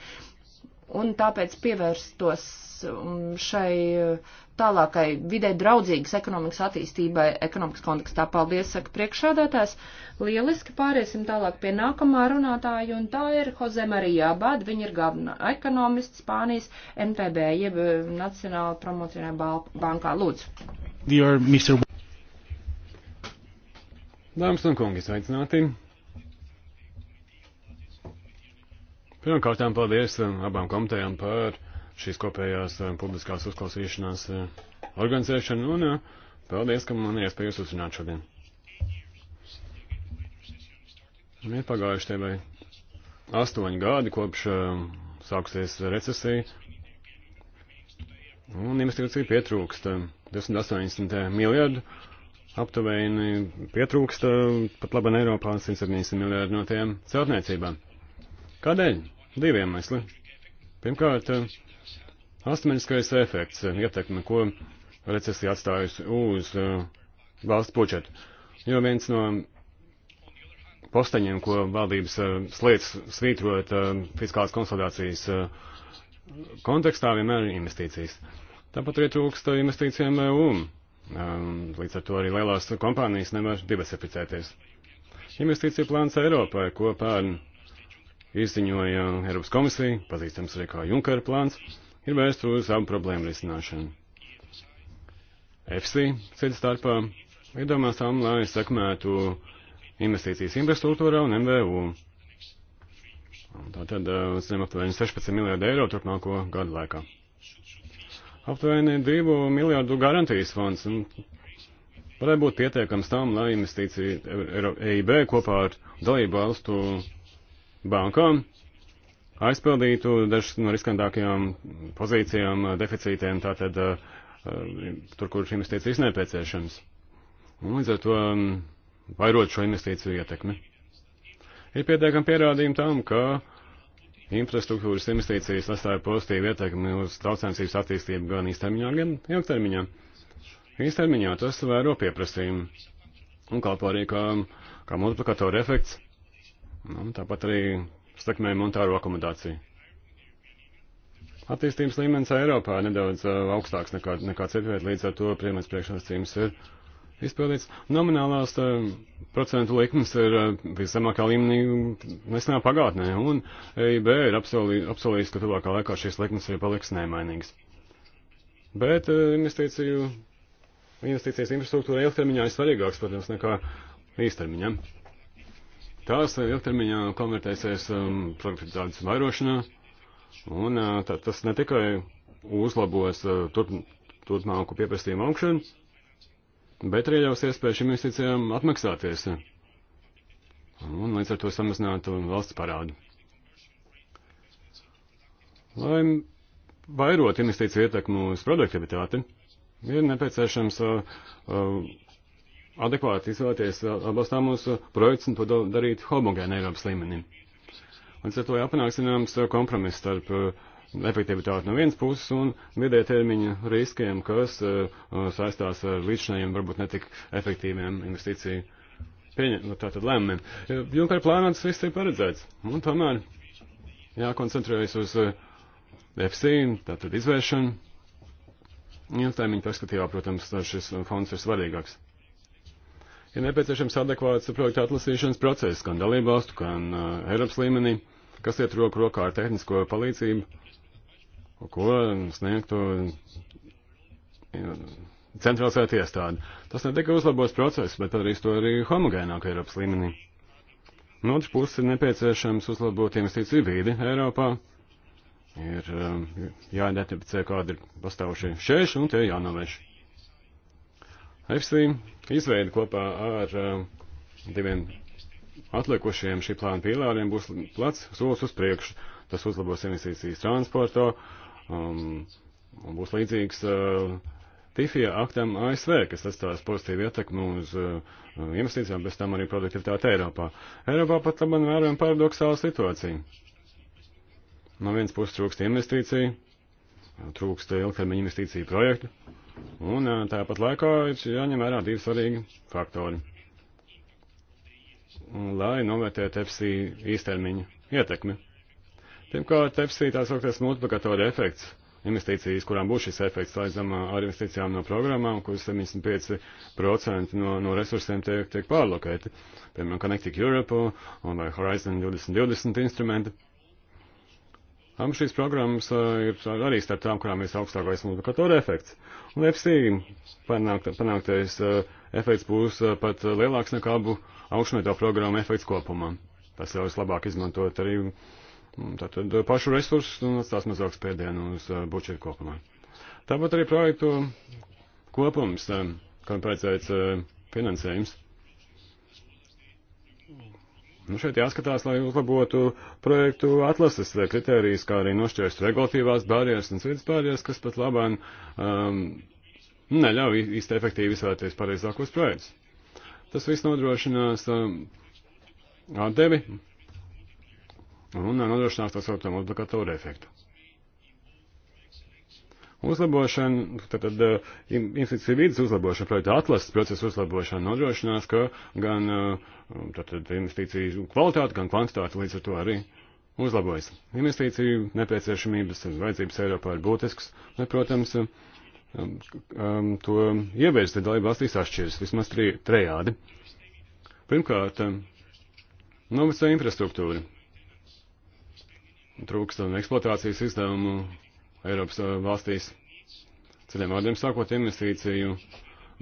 un tāpēc pievērstos um, šai tālākai vidē draudzīgas ekonomikas attīstībai, ekonomikas kontekstā. Paldies, saka priekšādātājs. Lieliski pāriesim tālāk pie nākamā runātāja, un tā ir Jose Marija Abad. Viņa ir galvenā ekonomists Spānijas NPB, jeb eh, Nacionāla promocionē bankā. Lūdzu. Dear Mr. Dāmas un kungi, sveicināti! Pirmkārtām paldies um, abām komitejām par šīs kopējās um, publiskās uzklausīšanās uh, organizēšanu, un uh, paldies, ka man ir iespēja jūs uzrunāt šodien. Ir pagājuši tie vai astoņi gadi kopš um, sāksies recesija, un investīcija pietrūkst 280 um, miljardu aptuveni pietrūkst pat labi Eiropā 170 miljardi no tiem celtniecībām. Kādēļ? Divi iemesli. Pirmkārt, Astmeniskais efekts, ietekme, ko recesija atstājusi uz uh, valsts budžetu. Jo viens no posteņiem, ko valdības uh, slēdz svītrot uh, fiskālās konsolidācijas uh, kontekstā, vienmēr ir investīcijas. Tāpat arī trūkst investīcijiem EU. Uh, um, um, līdz ar to arī lielās kompānijas nevar diversificēties. Investīcija plāns Eiropai, ko pērn izziņoja Eiropas komisija, pazīstams arī kā Junkara plāns ir vērsta uz abu problēmu risināšanu. EFSI, cits starpā, ir domās tam, lai sekmētu investīcijas infrastruktūrā un MVU. Tātad uh, zem aptuveni 16 miljārdu eiro turpmāko gadu laikā. Aptuveni 2 miljārdu garantijas fonds varētu būt pietiekams tam, lai investīcija EIB e kopā ar dalību valstu bankām aizpildītu dažas no riskantākajām pozīcijām, deficītiem, tātad tur, kur investīcijas nepieciešams. Un līdz ar to vairot šo investīciju ietekmi. Ir pietiekami pierādījumi tam, ka infrastruktūras investīcijas atstāja pozitīvu ietekmi uz tautsēmniecības attīstību gan īstermiņā, gan ilgtermiņā. Īstermiņā tas vēro pieprasījumu un kalpo arī kā, kā multiplikatoru efekts. Nu, tāpat arī stakmē monetāro akomodāciju. Attīstības līmenis Eiropā ir nedaudz uh, augstāks nekā, nekā citviet, līdz ar to priemēs priekšnosacījums ir izpildīts. Nominālās uh, procentu likmes ir uh, viszemākā līmenī nesenā pagātnē, un EIB ir apsolījis, ka tuvākā laikā šīs likmes arī paliks nemainīgas. Bet uh, investīciju, investīcijas infrastruktūra ilgtermiņā ir svarīgāks, protams, nekā īstermiņam. Ja? Tās ilgtermiņā konvertēsies um, produktivitātes vairošanā, un uh, tā, tas ne tikai uzlabos uh, turp, turpmāku pieprasījumu augšanu, bet arī ļaus iespēju šīm investīcijām atmaksāties. Un līdz ar to samazinātu valsts parādu. Lai vairot investīciju ietekmu uz produktivitāti, ir nepieciešams uh, uh, adekvāti izvēlēties uh, atbalstāmos projekts un to darīt homogēnu Eiropas līmenī. Un ar to jāpanāk zināms kompromiss starp uh, efektivitāti no vienas puses un vidē termiņa riskiem, kas uh, saistās ar līdzinājiem varbūt netik efektīviem investīciju pieņem, nu, tātad lēmumiem. Junker plānā tas viss ir paredzēts. Un tomēr jākoncentrējas uz FC, tātad izvēršanu. Ilgtermiņa perspektīvā, protams, šis fonds ir svarīgāks ir nepieciešams adekvāts projektu atlasīšanas process gan dalībvalstu, gan uh, Eiropas līmenī, kas iet roku rokā ar tehnisko palīdzību, ko sniegtu uh, centralizēta iestāde. Tas ne tikai uzlabos procesu, bet padarīs to arī homogēnāku Eiropas līmenī. No otras puses ir nepieciešams uzlabot investīciju vīdi Eiropā. Ir um, jāidentificē, kādi ir pastāvošie šeši un tie jānovērš. EFSI izveida kopā ar eh, diviem atlikušiem šī plāna pīlāriem būs plats solis uz priekšu. Tas uzlabos investīcijas transporto um, un būs līdzīgs uh, eh, TIFIA aktam ASV, kas atstās pozitīvu ietekmi uz uh, investīcijām, bez tam arī produktivitāti Eiropā. Eiropā pat man vērojam paradoxālu situāciju. No vienas puses trūkst investīciju, trūkst ilgtermiņa investīciju projektu, Un eh, tāpat laikā ir jāņem vērā divi svarīgi faktori, lai novērtētu EPSI īstermiņu ietekmi. Pirmkārt, EPSI tā sauktais multiplikatora efekts investīcijas, kurām būs šis efekts saistībā ar investīcijām no programmām, kuras 75% no, no resursiem tiek, tiek pārlokēti. Piemēram, Connecting Europe un vai Horizon 2020 instrumenti. Abas šīs programmas eh, ir arī starp tām, kurām ir augstākais multiplikatora efekts. Un FC panākt, panāktais eh, efekts būs eh, pat lielāks nekā abu augšmetā programmu efekts kopumā. Tas jau ir labāk izmantot arī mm, tātad, pašu resursus un atstās mazāk spiedienu uz budžetu kopumā. Tāpat arī projektu kopums, kam paredzēts finansējums. Nu, šeit jāskatās, lai uzlabotu projektu atlases kritērijas, kā arī nošķērst regulatīvās barjeras un citas barjeras, kas pat labāk um, neļauj īsti efektīvi izvērties pareizākos projektus. Tas viss nodrošinās um, atdevi un nodrošinās tā saucamo obligatoru efektu uzlabošana, tad, tad investīcija vidas uzlabošana, projekta atlases procesa uzlabošana nodrošinās, ka gan tad, tad investīciju kvalitāte, gan kvantitāte līdz ar to arī uzlabojas. Investīciju nepieciešamības un vajadzības Eiropā ir būtisks, lai, protams, to ievērst dalību valstīs atšķiras vismaz tri, trejādi. Pirmkārt, novacē infrastruktūra. Trūkst eksploatācijas izdevumu Eiropas eh, valstīs. Ceļiem vārdiem sākot investīciju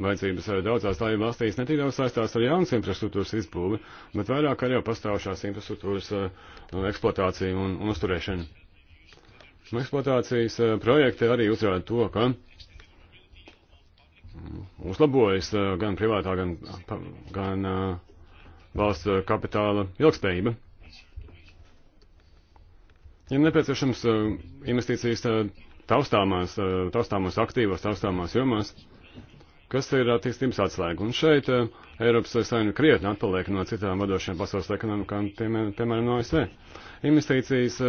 vajadzības eh, daudzās dalību valstīs ne tik daudz saistās ar jaunas infrastruktūras izbūvi, bet vairāk ar jau pastāvošās infrastruktūras eh, eksploatāciju un, un uzturēšanu. Eksploatācijas projekti arī uzrāda to, ka uzlabojas gan privātā, gan, gan valsts kapitāla ilgspējība. Ir nepieciešams eh, investīcijas eh, taustāmās, eh, taustāmās aktīvās, taustāmās jomās, kas ir attīstības atslēga. Un šeit Eiropas Savienība krietni atpaliek no citām vadošajām pasaules ekonomikām, piemēram, no ASV. Investīcijas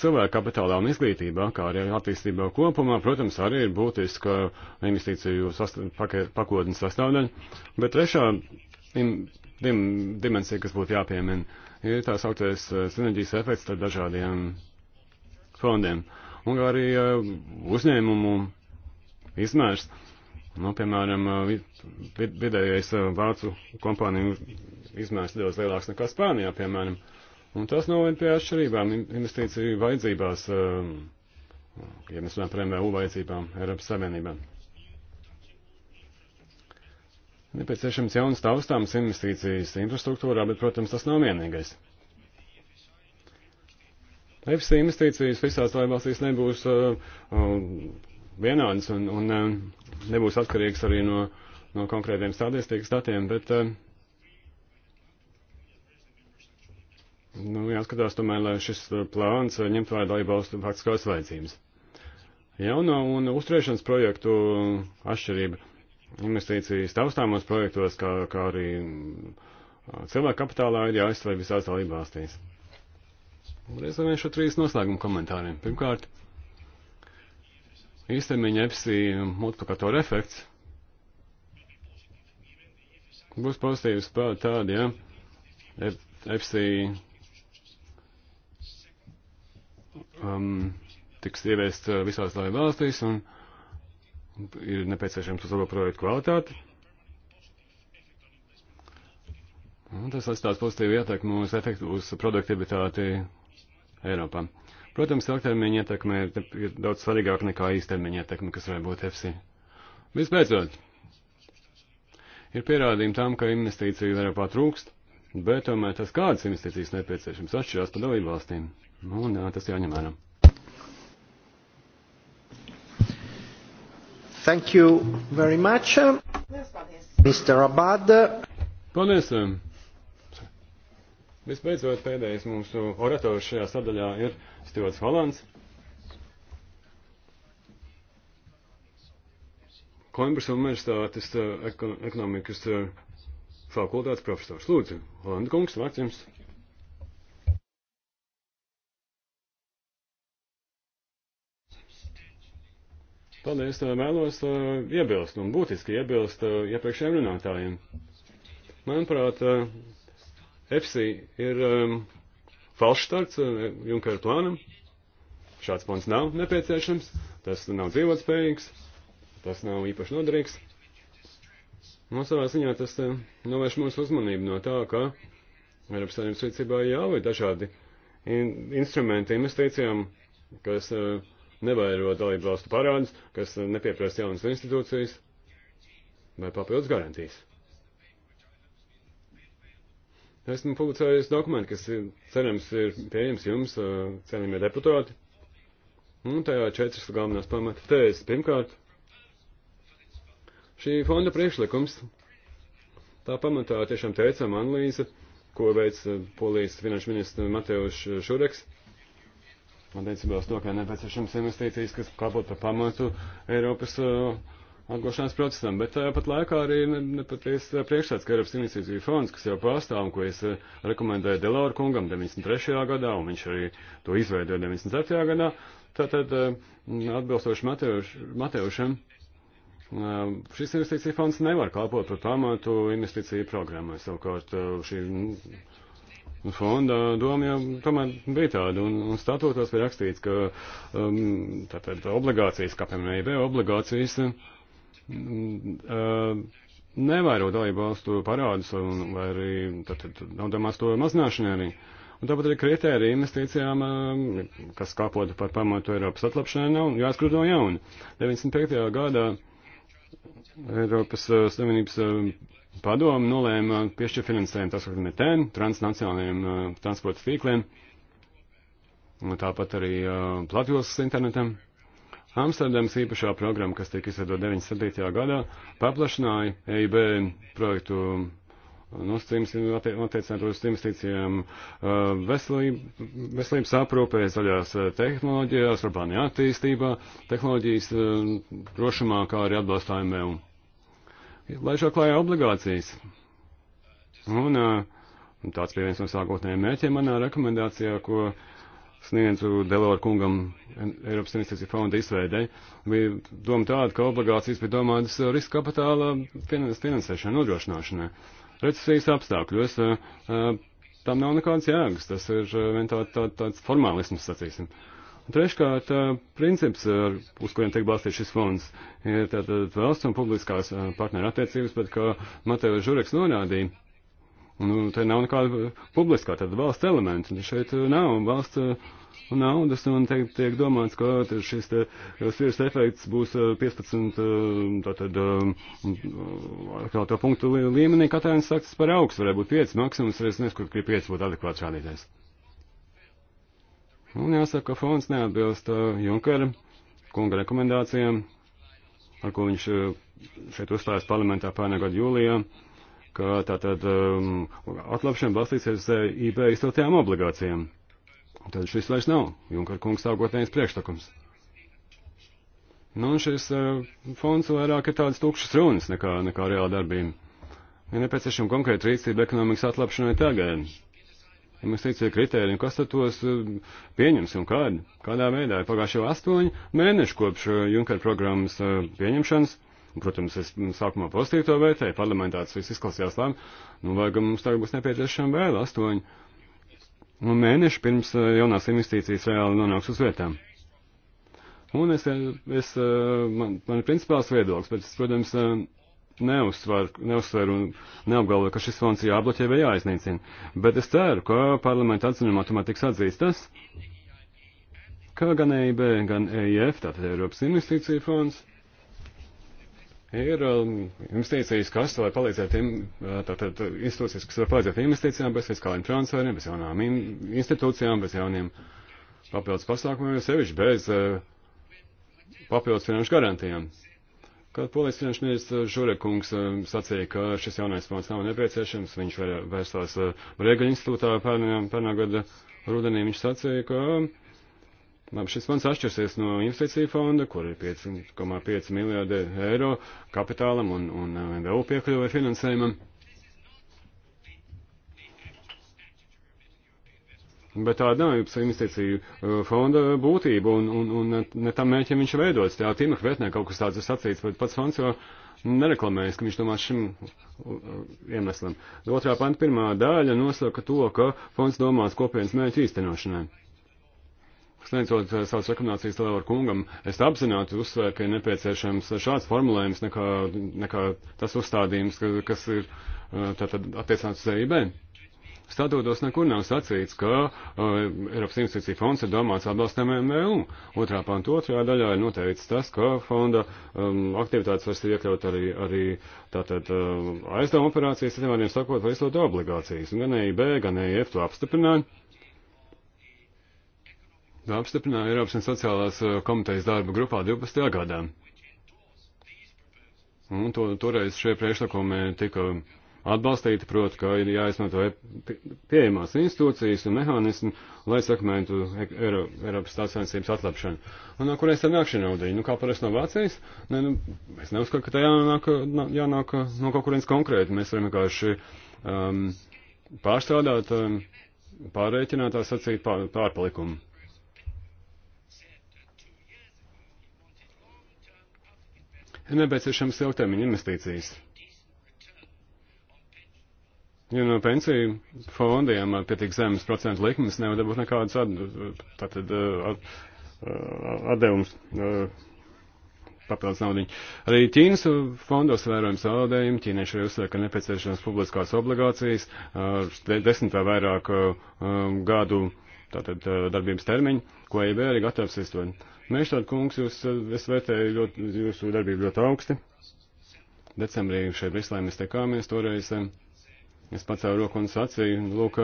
cilvēku kapitālā un izglītībā, kā arī attīstībā kopumā, protams, arī ir būtiska investīciju sastāv, pakotnes sastāvdaļa. Bet trešā dim, dim, dimensija, kas būtu jāpiemina, ir tā sauktais eh, sinerģijas efekts ar dažādiem fondiem. Un arī eh, uzņēmumu izmērs. Nu, piemēram, eh, vidējais vācu kompāniju izmērs daudz lielāks nekā Spānijā, piemēram. Un tas noved pie atšķirībām investīciju vajadzībās, ja mēs runājam par MVU vajadzībām Eiropas Savienībām. Nepieciešams jaunas taustāmas investīcijas infrastruktūrā, bet, protams, tas nav vienīgais. EFSI investīcijas visās dalībvalstīs nebūs uh, uh, vienādas un, un uh, nebūs atkarīgs arī no, no konkrētiem statistikas datiem, bet uh, nu, jāskatās tomēr, lai šis plāns ņemt vērā dalībvalstu faktiskās vajadzības. Jauno un uzturēšanas projektu atšķirība investīcijas taustāmos projektos, kā, kā arī mm, cilvēku kapitālā ir jāizsver visās dalība valstīs. Reiz vien šo trīs noslēgumu komentāriem. Pirmkārt, īstermiņa EFSI multiplikatora efekts būs pozitīvs pat tādi, ja EFSI um, tiks ieviests visās dalība valstīs un ir nepieciešams uzlabot projektu kvalitāti. Un tas atstās pozitīvu ietekmi uz efektu, uz produktivitāti Eiropā. Protams, ilgtermiņa ietekme ir, ir daudz svarīgāka nekā īstermiņa ietekme, kas varētu būt EFSI. Vispēcot, ir pierādījumi tam, ka investīciju Eiropā trūkst, bet tomēr tas, kādas investīcijas nepieciešams, atšķirās pa dalību valstīm. Un jā, tas jāņem vērā. Thank you very much. Mr. Abad. Paldies. Visbeidzot, pēdējais mūsu orators šajā sadaļā ir Stivots Hollands. Koimbras Universitātes ekonomikas eh, eh, fakultātes profesors. Lūdzu, Holanda kungs, vārds jums. Paldies, eh, vēlos eh, iebilst un būtiski iebilst eh, iepriekšējiem runātājiem. Manuprāt, EFSI ir falšstarts Junkera plānam. Šāds plāns nav nepieciešams, tas nav dzīvotspējīgs, tas nav īpaši noderīgs. No nu, savā ziņā tas novērš mūsu uzmanību no tā, ka Eiropas Savienības rīcībā jau ir dažādi in instrumenti investīcijām, kas uh, nevairot dalību valstu parādus, kas nepieprasa jaunas institūcijas vai papildus garantijas. Esmu publicējis dokumentu, kas cerams ir pieejams jums, cienījamie deputāti. Un tajā četras galvenās pamata tēzes. Pirmkārt, šī fonda priekšlikums, tā pamatā tiešām teicama analīze, ko veic polijas finanšu ministrs Mateus Šureks attiecībā uz to, ka nepieciešams investīcijas, kas kalpot par pamatu Eiropas uh, atgošanās procesam, bet tāpat uh, laikā arī nepaties ne uh, priekšstāds, ka Eiropas investīciju fonds, kas jau pastāv un ko es uh, rekomendēju Delora kungam 93. gadā, un viņš arī to izveidoja 97. gadā, tātad uh, atbilstoši Mateušam, uh, šis investīcija fonds nevar kalpot par pamatu investīciju programmai, savukārt šī. Nu, fonda doma jau tomēr bija tāda, un, un statūtos bija rakstīts, ka um, tātad obligācijas, kā piemēram EIB obligācijas, um, uh, nevēro dalību valstu parādus, un, vai arī tātad naudamās to mazināšanai arī. Un tāpat arī kritērija investīcijām, um, kas kāpotu par pamatu Eiropas atlapšanai, nav jāskrūt no jauna. 95. gadā Eiropas uh, Savienības uh, padomu nolēma piešķirt finansējumu tas, kur ir tēm, transnacionālajiem uh, transporta tīkliem, tāpat arī uh, platjoslas internetam. Amsterdams īpašā programma, kas tika izveidota 97. gadā, paplašināja EIB projektu uh, nosacījums attiecināt uz investīcijām veselību, veselības aprūpē, zaļās tehnoloģijās, urbānajā attīstībā, tehnoloģijas drošumā, kā arī atbalstā MVU laižot klājā obligācijas. Un, un tāds bija viens no sākotnējiem mērķiem manā rekomendācijā, ko sniedzu Delora kungam Eiropas investīcija fonda izveidē. Bija doma tāda, ka obligācijas bija domātas riska kapitāla finansēšanai, nodrošināšanai. Recesijas apstākļos tam nav nekādas jēgas, tas ir vien tā, tā, tāds formālisms, sacīsim. Uh, Treškārt, princips, uz kuriem tiek balstīts šis fonds, ir tātad valsts un publiskās partneru attiecības, bet kā Mateja Žureks norādīja, nu, te nav nekāda publiskā tāda valsts elementa. Šeit nav valsts naudas un tiek, tiek domāts, ka šis te svirs efekts būs 15 tātad kā to punktu līmenī, katrā viens saktas par augstu, varētu būt 5 maksimums, es neskatu, ka 5 būtu adekvāts rādītājs. Un jāsaka, ka fonds neatbilst uh, Junkera kunga rekomendācijām, ar ko viņš uh, šeit uzstājas parlamentā pērnā gada jūlijā, ka tātad um, atlapšana balstīsies uz uh, IB izceltajām obligācijām. Tad šis vairs nav Junkera kunga sākotnējais priekšlikums. Nu, un šis uh, fonds vairāk ir tādas tukšas runas nekā, nekā reāla darbība. Ir ja nepieciešama konkrēta rīcība ekonomikas atlapšanai tagad investīcija kritēriju, kas tad tos eh, pieņems un kādi, kādā veidā. Pagājušajā astoņi mēneši kopš eh, Junker programmas eh, pieņemšanas, protams, es mm, sākumā pozitīvi to vērtēju, parlamentā tas viss izklausījās labi, nu vai gan mums tagad būs nepieciešami vēl astoņi un mēneši pirms jaunās investīcijas reāli nonāks uz vietām. Un es, es man, man ir principāls viedoklis, bet es, protams, neuzsver, neuzsver un neapgalvo, ka šis fonds jābloķē vai jāiznīcina. Bet es ceru, ka parlamenta atzinumā tomēr tiks atzīst tas, ka gan EIB, gan EIF, tātad Eiropas investīcija fonds, ir um, investīcijas kas, lai palīdzētu, uh, tātad institūcijas, kas var palīdzēt investīcijām bez fiskāliem transferiem, bez jaunām in, institūcijām, bez jauniem papildus pasākumiem, sevišķi bez uh, papildus finanšu garantijām. Kad polijas finanšu ministrs Žurekungs eh, sacīja, ka šis jaunais fonds nav nepieciešams, viņš vērstās eh, Rēgaļa institūtā pērnā gada rudenī, viņš sacīja, ka labi, šis fonds atšķirsies no investīciju fonda, kur ir 5,5 miljārdi eiro kapitālam un, un MVU eh, piekļuvai finansējumam. Bet tāda nav investīciju uh, fonda būtība, un, un, un ne tam mēķim viņš veidots. Jā, Timur Kvetnē kaut kas tāds ir sacīts, bet pats Fons jau nereklamējas, ka viņš domā šim uh, uh, iemeslam. Otrā panta pirmā daļa nosaka to, ka fonds domās kopienas mēķu īstenošanai. Sniedzot savas rekomendācijas Lēvar kungam, es apzināti uzsvēru, ka ir nepieciešams šāds formulējums nekā, nekā tas uzstādījums, kas ir tātad attiecināts uz EIB. Statūtos nekur nav sacīts, ka uh, Eiropas investīcija fonds ir domāts atbalstam MVU. Otrā panta otrajā daļā ir noteicis tas, ka fonda um, aktivitātes vairs ir iekļaut arī, arī tātad uh, aizdevuma operācijas, ar vieniem sakot, vai izlot obligācijas. Un gan EIB, gan EIF to apstiprināja. Tā apstiprināja Eiropas un sociālās uh, komitejas darba grupā 12. gadā. Un to, toreiz šie priekšlikumi tika atbalstīti, proti, ka ir jāizmanto e- pieejamās institūcijas un mehānismi, lai sakmētu e- Eiro, Eiropas tautsainicības atlapšanu. Un no kurienes tad nāk šī nauda? Nu, kā parasti no Vācijas? Ne, nu, es neuzskatu, ka tā jānāk, jānāk no kaut kurienes konkrēti. Mēs varam vienkārši um, pārstrādāt, um, pārreikināt, tā sacīt, pār, pārpalikumu. Ir nepieciešams ilgtermiņa investīcijas. Ja no pensiju fondiem ar pietiek zemes procentu likmes nevar dabūt nekādas tātad, at, eh, atdevums eh, eh, papildus naudiņu. Arī Ķīnas fondos vērojams zaudējumi. Ķīnieši arī uzsver, ka nepieciešams publiskās obligācijas ar desmit vai vairāk gadu tātad, darbības termiņu, ko EIB arī gatavs izdot. Mēžtāda kungs, jūs, es vērtēju ļoti, jūsu darbību ļoti augsti. Decembrī šeit Brislē mēs tekāmies toreiz. Um, Es pacēlu roku un sacīju, lūk,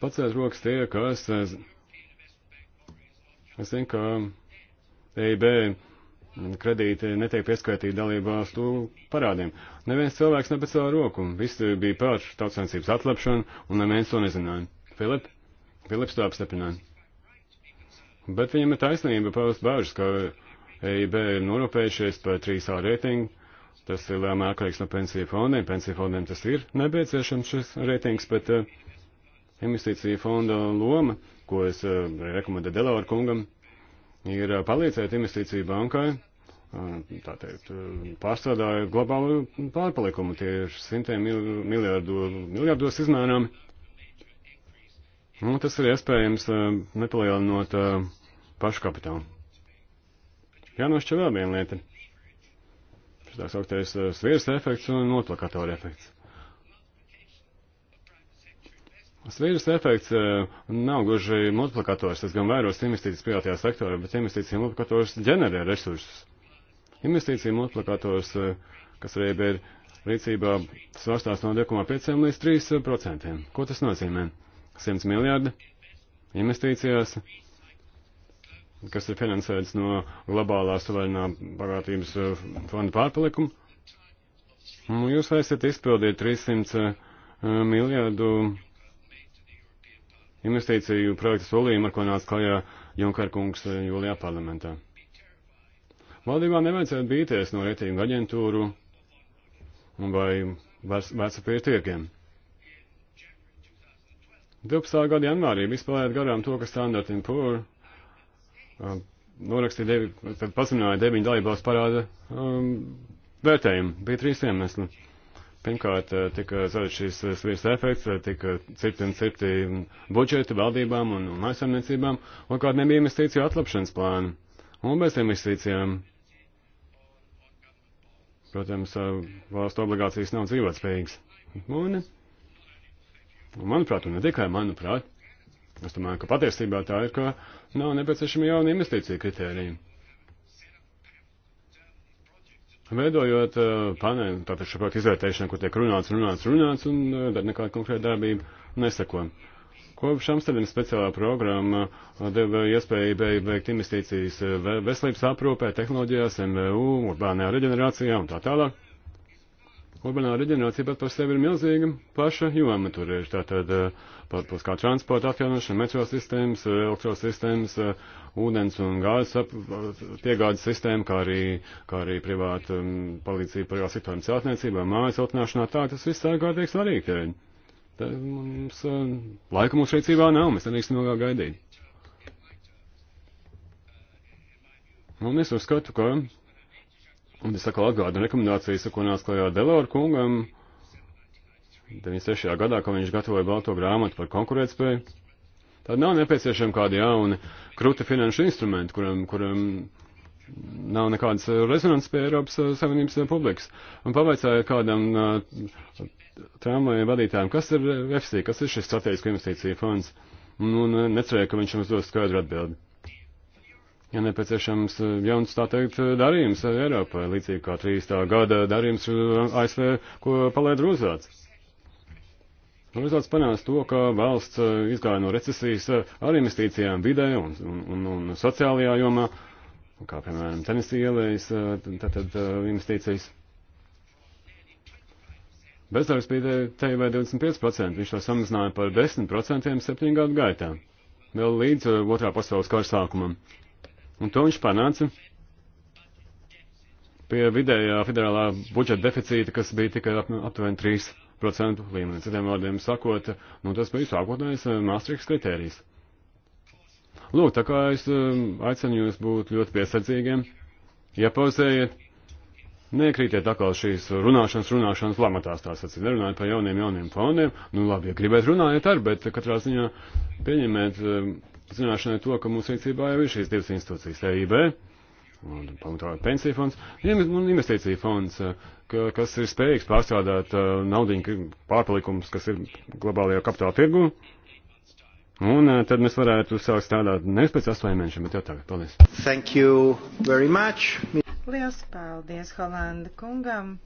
pacēlu rokas tie, kas, es, es zinu, ka EIB kredīti netiek pieskaitīti dalībās tu parādiem. Neviens cilvēks nepacēla roku, visi bija pār tautsainicības atlapšanu, un neviens to nezināja. Filip, Filips to apstiprināja. Bet viņam ir taisnība paust bāžas, ka EIB ir norūpējušies par 3A reitingu, Tas ir lielā mērā atkarīgs no pensiju fondiem. Pensiju fondiem tas ir nepieciešams šis reitings, bet uh, investīcija fonda loma, ko es uh, rekomendēju Delaware kungam, ir uh, palīdzēt investīciju bankai, uh, tā teikt, uh, pārstrādājot globālu pārpalikumu. Tie ir simtiem mil miljardu, miljardos izmērām. Nu, tas ir iespējams uh, nepalielinot uh, pašu kapitālu. Jānošķir vēl viena lieta tā sauktais eh, svirs efekts un multiplikatora efekts. Sviras efekts eh, nav gluži multiplikators, tas gan vairos investīcijas privātajā sektorā, bet investīcija multiplikators ģenerē resursus. Investīcija multiplikators, eh, kas arī ir rīcībā, svārstās no 2,5 līdz 3%. Ko tas nozīmē? 100 miljārdi investīcijās kas ir finansēts no globālās suverēnā bagātības eh, fonda pārpalikuma. Nu, jūs esat izpildīt 300 eh, miljārdu investīciju projektu solījumu, ar ko nāca klajā Junkarkungs eh, jūlijā parlamentā. Valdībā nevajadzētu bīties no reitingu aģentūru vai veca pietiekiem. 12. gada janvārī vispār garām to, ka Standard Poor's Um, norakstīja, devi, tad pasimināja deviņu dalībās parāda um, vērtējumu. Bija trīs iemesli. Pirmkārt, eh, tika zaudēts šis eh, svīrs efekts, eh, tika cipti un cipti budžeti valdībām un, un aizsarniecībām, un kāda nebija investīciju atlapšanas plāna. Un bez investīcijām, protams, valstu obligācijas nav dzīvotspējīgas. Un, manuprāt, un ne tikai manuprāt, Es domāju, ka patiesībā tā ir, ka nav nepieciešama jauna investīcija kritērija. Veidojot uh, panēm, tātad šo projektu izvērtēšanu, kur tiek runāts, runāts, runāts, un uh, tad nekāda konkrēta darbība neseko. Kopš Amsterdamas speciālā programma uh, deva iespēju veikt investīcijas veselības aprūpē, tehnoloģijās, MVU, urbānajā reģenerācijā un tā tālāk. Urbanā reģenerācija pat par sevi ir milzīga plaša joma. Tur ir tātad eh, pat kā transporta atjaunošana, metro sistēmas, eh, elektrosistēmas, eh, ūdens un gāzes piegādes sistēma, kā arī, kā arī privāta mm, palīdzība privāta sektoram celtniecībā, mājas siltināšanā. Tā tas viss ir ārkārtīgi svarīgi. Tā, mums laika mūsu rīcībā nav, mēs nedrīkstam ilgāk gaidīt. Un es uzskatu, ka Un es atkal atgādinu rekomendācijas, ko nāc klajā Delora kungam 96. gadā, kad viņš gatavoja balto grāmatu par konkurētspēju. Tad nav nepieciešama kāda jauna krūta finanšu instrumenta, kuram, kuram nav nekādas rezonances pie Eiropas eh, Savienības eh, publikas. Un pavaicāja kādam eh, tramvaja vadītājam, kas ir FC, kas ir šis strateģisko investīciju fonds. Un, un necerēja, ka viņš mums dos skaidru atbildi ja nepieciešams eh, jauns, tā teikt, eh, darījums eh, Eiropai, līdzīgi kā 30. gada darījums ASV, ko palaid Rūzāts. Rūzāts panās to, ka valsts izgāja no recesijas ar investīcijām vidē un, un, un, un sociālajā jomā, kā piemēram tenisī ielējas, tātad investīcijas. Bezdarbs bija te vai 25%, viņš to samazināja par 10% septiņu gadu gaitā, vēl līdz otrā pasaules kara sākumam. Un to viņš panāca pie vidējā federālā budžeta deficīta, kas bija tikai aptuveni 3% līmenī. Citiem vārdiem sakot, nu tas bija sākotnējais eh, Maastrichts kritērijs. Lūk, tā kā es eh, aicinu jūs būt ļoti piesardzīgiem, iepauzējiet, nekrītiet atkal šīs runāšanas, runāšanas lamatās, tā sacīt, nerunājiet par jauniem, jauniem foniem, nu labi, ja gribēt runājiet ar, bet katrā ziņā pieņemiet eh, zināšanai to, ka mūsu rīcībā jau ir šīs divas institūcijas, EIB un pamatā pensija fonds un investīcija fonds, eh, ka, kas ir spējīgs pārstrādāt eh, naudiņu pārpalikumus, kas ir globālajā kapitāla tirgu. Un eh, tad mēs varētu sākt strādāt nevis pēc astoņiem mēnešiem, bet jau tagad. Paldies. Thank you very much. Lielas paldies Holanda kungam.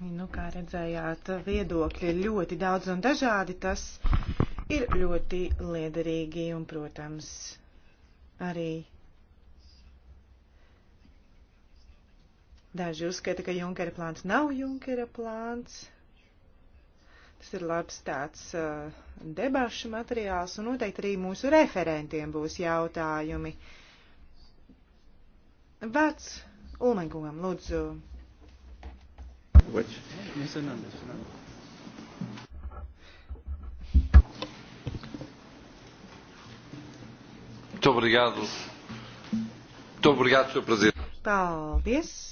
Nu, kā redzējāt, viedokļi ir ļoti daudz un dažādi. Tas ir ļoti liederīgi un, protams, arī daži uzskata, ka Junkera plāns nav Junkera plāns. Tas ir labs tāds uh, debašu materiāls, un noteikti arī mūsu referentiem būs jautājumi. Vārds Ulmengumam, lūdzu. Which? Muito obrigado. Muito obrigado, Sr. Presidente. Paldies.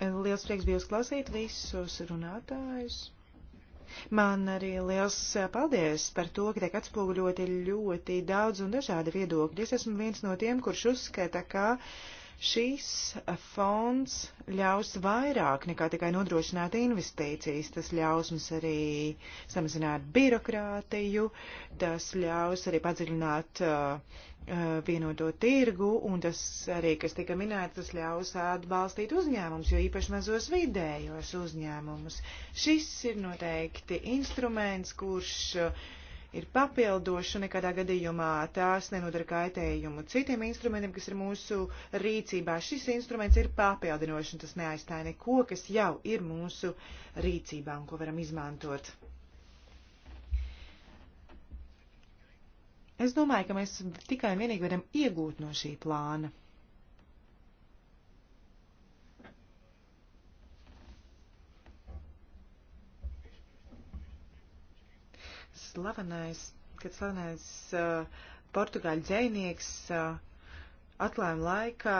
Liels prieks bija uzklausīt visus runātājus. Man arī liels paldies par to, ka tiek atspoguļoti ļoti daudz un dažādi viedokļi. Es esmu viens no tiem, kurš uzskata, ka Šis fonds ļaus vairāk nekā tikai nodrošināt investīcijas, tas ļaus mums arī samazināt birokrātiju, tas ļaus arī padziļināt uh, uh, vienoto tirgu, un tas arī, kas tika minēts, tas ļaus atbalstīt uzņēmumus, jo īpaši mazos vidējos uzņēmumus. Šis ir noteikti instruments, kurš uh, ir papildoša, nekādā gadījumā tās nenodara kaitējumu citiem instrumentiem, kas ir mūsu rīcībā. Šis instruments ir papildinošs, un tas neaizstāja neko, kas jau ir mūsu rīcībā un ko varam izmantot. Es domāju, ka mēs tikai un vienīgi varam iegūt no šī plāna. slavenais, kad slavenais uh, portugāļu dzēnieks uh, atklājuma laikā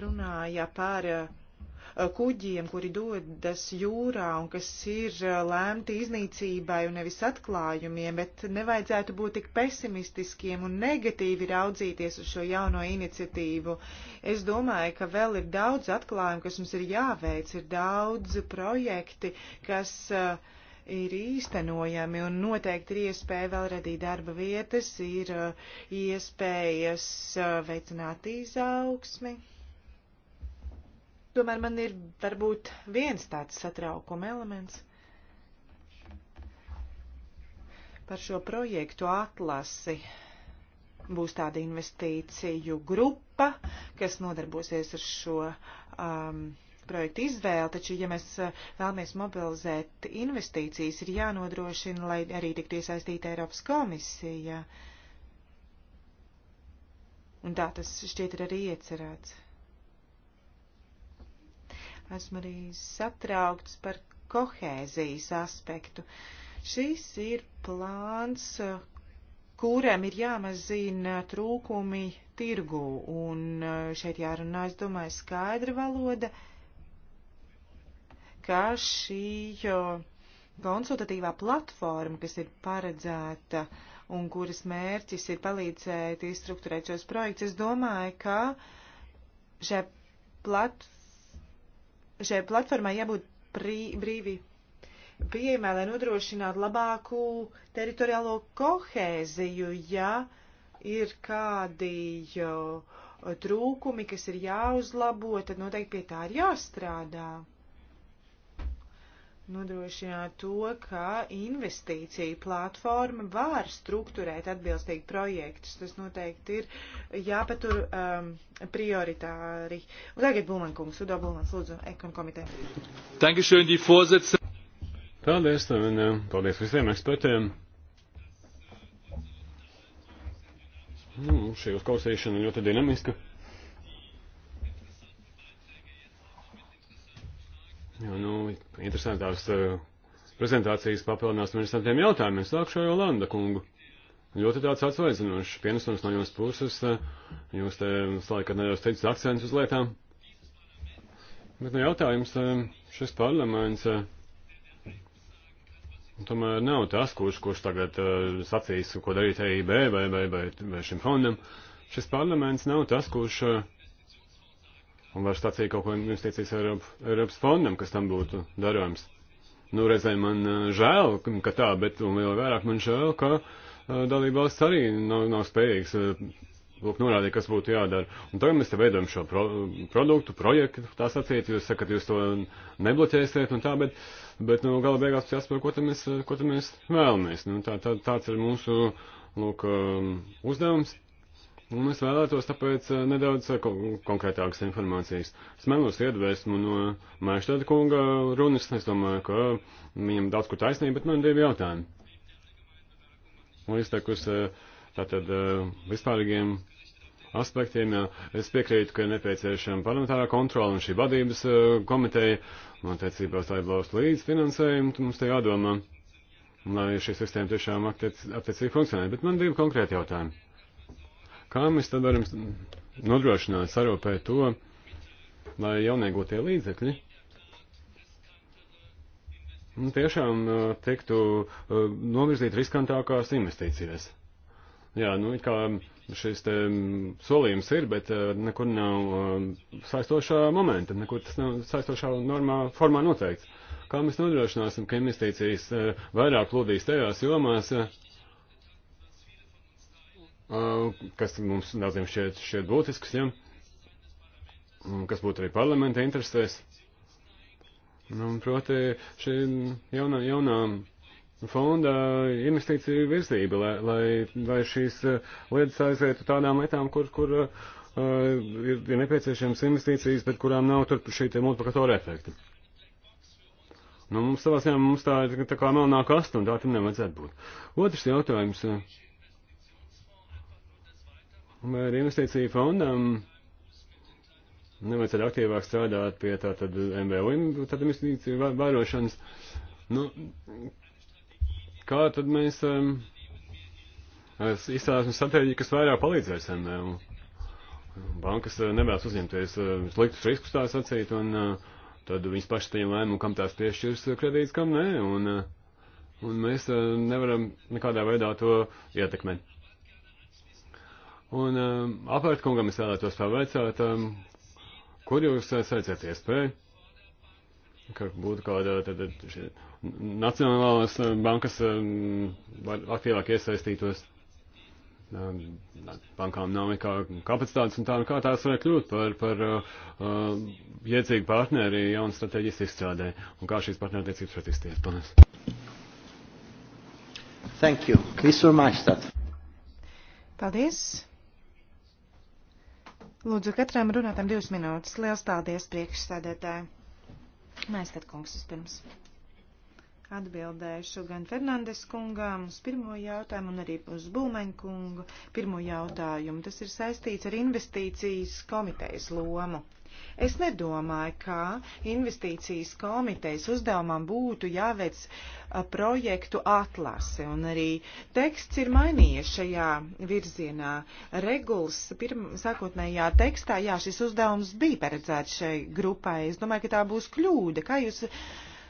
runāja par uh, kuģiem, kuri dodas jūrā un kas ir lēmti iznīcībai un nevis atklājumiem, bet nevajadzētu būt tik pesimistiskiem un negatīvi raudzīties uz šo jauno iniciatīvu. Es domāju, ka vēl ir daudz atklājumu, kas mums ir jāveic, ir daudz projekti, kas uh, ir īstenojami un noteikti ir iespēja vēl radīt darba vietas, ir uh, iespējas uh, veicināt izaugsmi. Tomēr man ir varbūt viens tāds satraukuma elements par šo projektu atlasi. Būs tāda investīciju grupa, kas nodarbosies ar šo um, projektu izvēli, taču, ja mēs eh, vēlamies mobilizēt investīcijas, ir jānodrošina, lai arī tiktu iesaistīta Eiropas komisija. Un tā tas šķiet ir arī iecerēts. Esmu arī satraukts par kohēzijas aspektu. Šis ir plāns, eh, kuriem ir jāmazina trūkumi tirgu, un eh, šeit jārunā, es domāju, skaidra valoda. Uh, ka šī konsultatīvā platforma, kas ir paredzēta un kuras mērķis ir palīdzēt izstruktūrēt šos projektus, es domāju, ka šai, plat, šai platformai jābūt prī, brīvi pieejamai, lai nodrošinātu labāku teritoriālo kohēziju, ja ir kādi jo, trūkumi, kas ir jāuzlabo, tad noteikti pie tā ir jāstrādā nodrošināt to, ka investīcija platforma var struktūrēt atbilstīgi projektus. Tas noteikti ir jāpatur um, prioritāri. Un tagad Bulmankungs, Udo Bulmans, lūdzu, ekon komiteja. Dankeschön, die Vorsitzende. Paldies, un eh, paldies visiem ekspertiem. Nu, šī uzklausīšana ļoti dinamiska. Jo, nu, interesantās uh, prezentācijas papildinās no interesantiem jautājumiem. Sākšu ar Jolanda kungu. Ļoti tāds atsvaidzinošs pienesums no jūsu puses. Eh, jūs te laikam nedaudz teicat akcentus uz lietām. Bet no nu, jautājums eh, šis parlaments tomēr nav tas, kurš, kurš tagad sacīs, ko darīt EIB vai, vai, vai, vai šim fondam. Šis parlaments nav tas, kurš un var stācīt kaut ko investīcijas Eiropas, Eiropas fondam, kas tam būtu darāms. Nu, reizē man žēl, ka tā, bet un vēl vairāk man žēl, ka dalībvalsts arī nav, nav spējīgs lūk norādīt, kas būtu jādara. Un tagad mēs te veidojam šo pro, produktu, projektu, tā sacīt, jūs sakat, jūs to nebloķēsiet un tā, bet, bet nu, gala beigās jāspēr, ko te mēs, ko te mēs vēlamies. Nu, tā, tā, tāds ir mūsu, lūk, uzdevums. Un es vēlētos tāpēc eh, nedaudz eh, konkrētākas informācijas. Es melos iedvesmu no Mērštada kunga runas. Es domāju, ka viņam daudz kur taisnība, bet man divi jautājumi. Un iztekus eh, tātad vispārīgiem aspektiem, jā, es piekrītu, ka nepieciešama parlamentārā kontrola un šī vadības komiteja, un attiecībā tā ir blaust līdz finansējumu, mums te jādomā, lai šī sistēma tiešām attiecīgi funkcionē. Bet man divi konkrēti jautājumi. Kā mēs tad varam nodrošināt, sarūpēt to, lai jauniegūtie līdzekļi nu, tiešām tiktu novirzīt riskantākās investīcijas? Jā, nu, kā šis te solījums ir, bet nekur nav saistošā momenta, nekur tas nav saistošā normā, formā noteikts. Kā mēs nodrošināsim, ka investīcijas vairāk plūdīs tajās jomās, kas mums daudziem šķiet, šķiet būtisks, ja, kas būtu arī parlamenta interesēs. Nu, proti, šī jaunā, jaunā fonda investīcija virzība, lai, lai, lai šīs lietas aizietu tādām lietām, kur, kur uh, ir, ir nepieciešams investīcijas, bet kurām nav tur šī tie multiplikatora efekti. Nu, mums savā ziņā mums tā ir tā kā melnā kasta, un tā tam nevajadzētu būt. Otrs jautājums. Uh, Vai ar investīciju fondam nevajadzētu aktīvāk strādāt pie tā tad MVU tad investīciju vērošanas? Nu, kā tad mēs um, izstrādāsim stratēģiju, kas vairāk palīdzēs MVU? Bankas uh, nevēlas uzņemties uh, sliktus riskus tā sacīt, un uh, tad viņas pašas tajiem lēmumu, kam tās piešķirs kredīts, kam nē, un, uh, un mēs nevaram nekādā veidā to ietekmēt. Un um, apvērt kungam es vēlētos pavaicāt, um, kur jūs uh, saicāt iespēju, ka būtu kāda tad, nacionālās um, bankas um, aktīvāk iesaistītos. Um, bankām nav nekā kapacitātes un tā, un nu kā tās var kļūt par, par uh, uh iedzīgu partneri jaunu strateģijas izstrādē, un kā šīs partnertiecības var izties. Paldies. Thank you. Krisur Maistad. Paldies. Lūdzu, katram runātam divas minūtes. Liels paldies priekšsēdētāji. Maistat kungs vispirms. Atbildēšu gan Fernandes kungām uz pirmo jautājumu un arī uz Bulmeņa kungu pirmo jautājumu. Tas ir saistīts ar investīcijas komitejas lomu. Es nedomāju, ka investīcijas komitejas uzdevumam būtu jāveic projektu atlase, un arī teksts ir mainījies šajā virzienā. Regulas pirm, sākotnējā tekstā, jā, šis uzdevums bija paredzēts šai grupai. Es domāju, ka tā būs kļūda. Kā jūs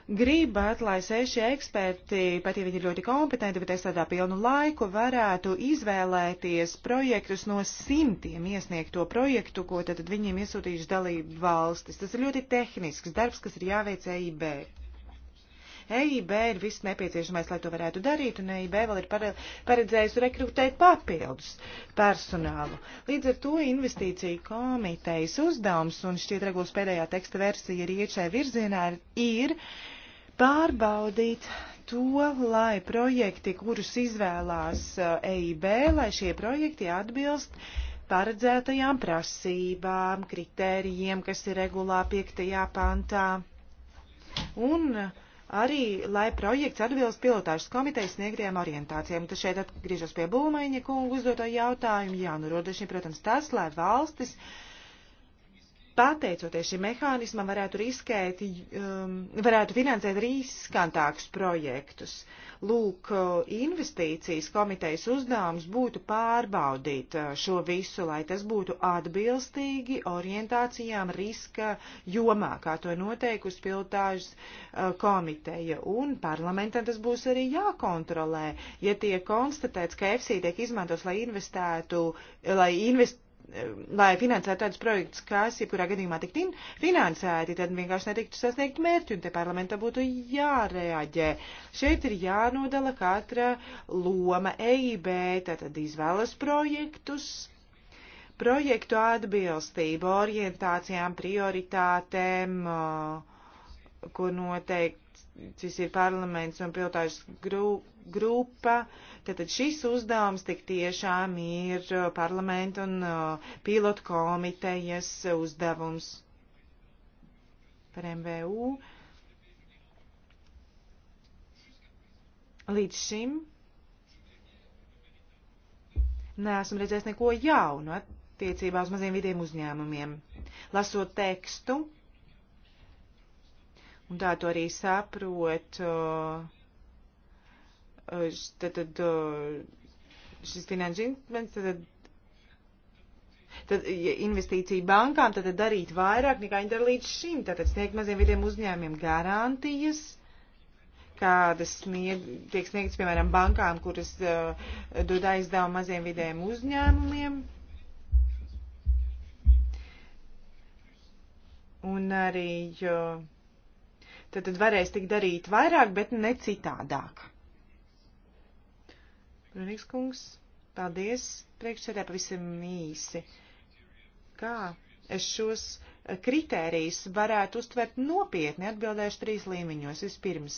gribat, lai seši eksperti, pat ja viņi ir ļoti kompetenti, bet es tādā pilnu laiku varētu izvēlēties projektus no simtiem iesniegto projektu, ko tad viņiem iesūtījuši dalību valstis. Tas ir ļoti tehnisks darbs, kas ir jāveic EIB. EIB ir viss nepieciešamais, lai to varētu darīt, un EIB vēl ir paredzējusi rekrutēt papildus personālu. Līdz ar to investīciju komitejas uzdevums, un šķiet regulas pēdējā teksta versija ir iečai virzienā, ir pārbaudīt to, lai projekti, kurus izvēlās EIB, eh, e lai šie projekti atbilst paredzētajām prasībām, kritērijiem, kas ir regulā 5. pantā. Un arī, lai projekts atbilst pilotāžas komitejas sniegtajām orientācijām. Tad šeit atgriežos pie Būmaiņa kungu uzdoto jautājumu. Jā, nu rodas šim, protams, tas, lai valstis uh, pateicoties šim mehānismam, varētu, riskēt, um, varētu finansēt riskantākus projektus. Lūk, investīcijas komitejas uzdevums būtu pārbaudīt uh, šo visu, lai tas būtu atbilstīgi orientācijām riska jomā, kā to noteikusi piltāžas uh, komiteja. Un parlamentam tas būs arī jākontrolē, ja tiek konstatēts, ka EFSI tiek izmantos, lai investētu, lai investētu lai finansētu tādus projektus, kas jebkurā gadījumā tiktu finansēti, tad vienkārši netiktu sasniegt mērķi, un te parlamenta būtu jārēģē. Šeit ir jānodala katra loma EIB, tātad izvēlas projektus, projektu atbilstību, orientācijām, prioritātēm, ko noteikti šis ir parlaments un piltājas grupa grupa. Tātad šis uzdevums tik tiešām ir uh, parlamentu un uh, pilotu komitejas uzdevums par MVU. Līdz šim neesmu redzējis neko jaunu attiecībā uz maziem vidiem uzņēmumiem. Lasot tekstu, un tā to arī saprot, uh, tad, uh, tad šis uh, finanšu instruments, tad, tad ja e investīcija bankām, tad, tad darīt vairāk nekā viņi dara līdz šim, tātad sniegt maziem vidiem uzņēmiem garantijas kādas snieg, tiek sniegts, piemēram, bankām, kuras uh, dod aizdevumu maziem vidējiem uzņēmumiem. Un arī, jo, tad, tad varēs tik darīt vairāk, bet ne citādāk. Brunīgs kungs, paldies. Priekšsēdē pavisam īsi. Kā es šos eh, kritērijus varētu uztvert nopietni, atbildēšu trīs līmeņos. Vispirms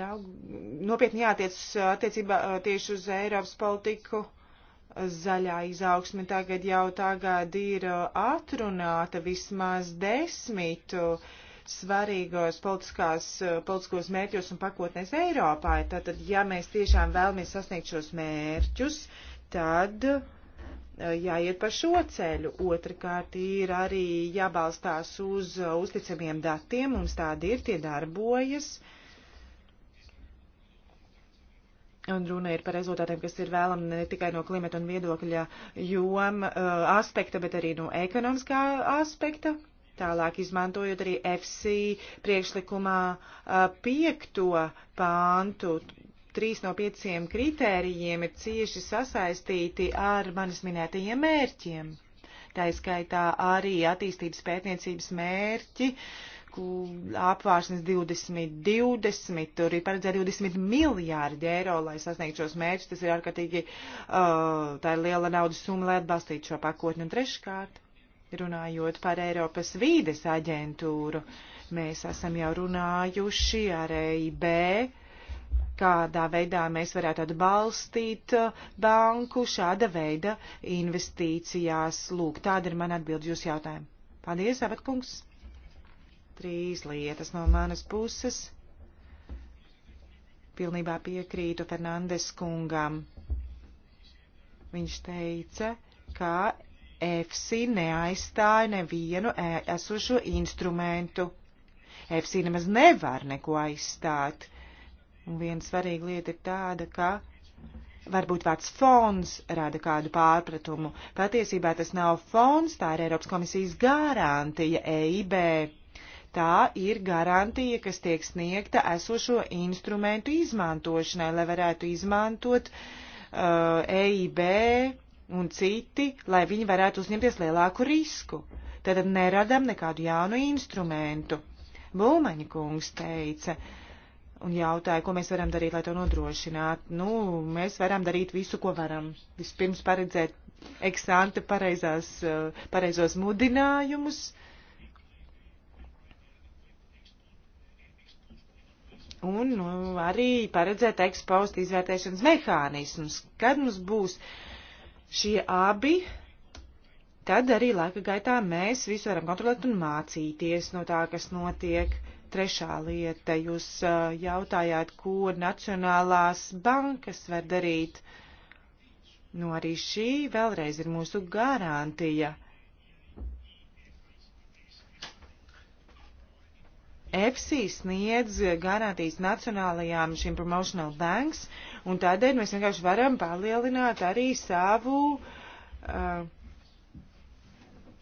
raug, nopietni jātiec eh, attiecībā eh, tieši uz Eiropas politiku. Zaļā izaugsme tagad jau tagad ir atrunāta vismaz desmitu svarīgos politiskās, eh, politiskos mērķos un pakotnēs Eiropā. Tātad, ja mēs tiešām vēlamies sasniegt šos mērķus, tad eh, jāiet pa šo ceļu. Otrakārt ir arī jābalstās uz uzticamiem datiem, mums tādi ir, tie darbojas. Un runa ir par rezultātiem, kas ir vēlami ne tikai no klimata un viedokļa joma eh, aspekta, bet arī no ekonomiskā aspekta Tālāk izmantojot arī FC priekšlikumā piekto pāntu, trīs no pieciem kritērijiem ir cieši sasaistīti ar manis minētajiem mērķiem. Tā izskaitā arī attīstības pētniecības mērķi, apvārsnes 2020, tur ir paredzēta 20 miljārdi eiro, lai sasniegtu šos mērķus. Tas ir ārkārtīgi, uh, tā ir liela naudas summa, lai atbalstītu šo pakotni. Un treškārt Runājot par Eiropas vīdes aģentūru, mēs esam jau runājuši ar EIB, kādā veidā mēs varētu atbalstīt banku šāda veida investīcijās. Lūk, tāda ir man atbildi jūs jautājumu. Paldies, Abatkungs. Trīs lietas no manas puses. Pilnībā piekrītu Fernandes kungam. Viņš teica, ka EFSI neaizstāja nevienu e, esošo instrumentu. EFSI nemaz nevar neko aizstāt. Un viena svarīga lieta ir tāda, ka varbūt vārds fonds rada kādu pārpratumu. Patiesībā tas nav fonds, tā ir Eiropas komisijas garantija EIB. Tā ir garantija, kas tiek sniegta esošo instrumentu izmantošanai, lai varētu izmantot uh, e, EIB un citi, lai viņi varētu uzņemties lielāku risku. Tad neradam nekādu jaunu instrumentu. Bulmaņa kungs teica un jautāja, ko mēs varam darīt, lai to nodrošinātu. Nu, mēs varam darīt visu, ko varam. Vispirms paredzēt eksante pareizās, eh, pareizos mudinājumus. Un nu, arī paredzēt ekspostu izvērtēšanas mehānismus, kad mums būs uh, šie abi, tad arī laika gaitā mēs visu varam kontrolēt un mācīties no tā, kas notiek. Trešā lieta, jūs jautājāt, ko Nacionālās bankas var darīt. Nu, arī šī vēlreiz ir mūsu garantija. EFSI sniedz garantijas nacionālajām šīm promotional banks, uh, Un tādēļ mēs vienkārši varam palielināt arī savu uh,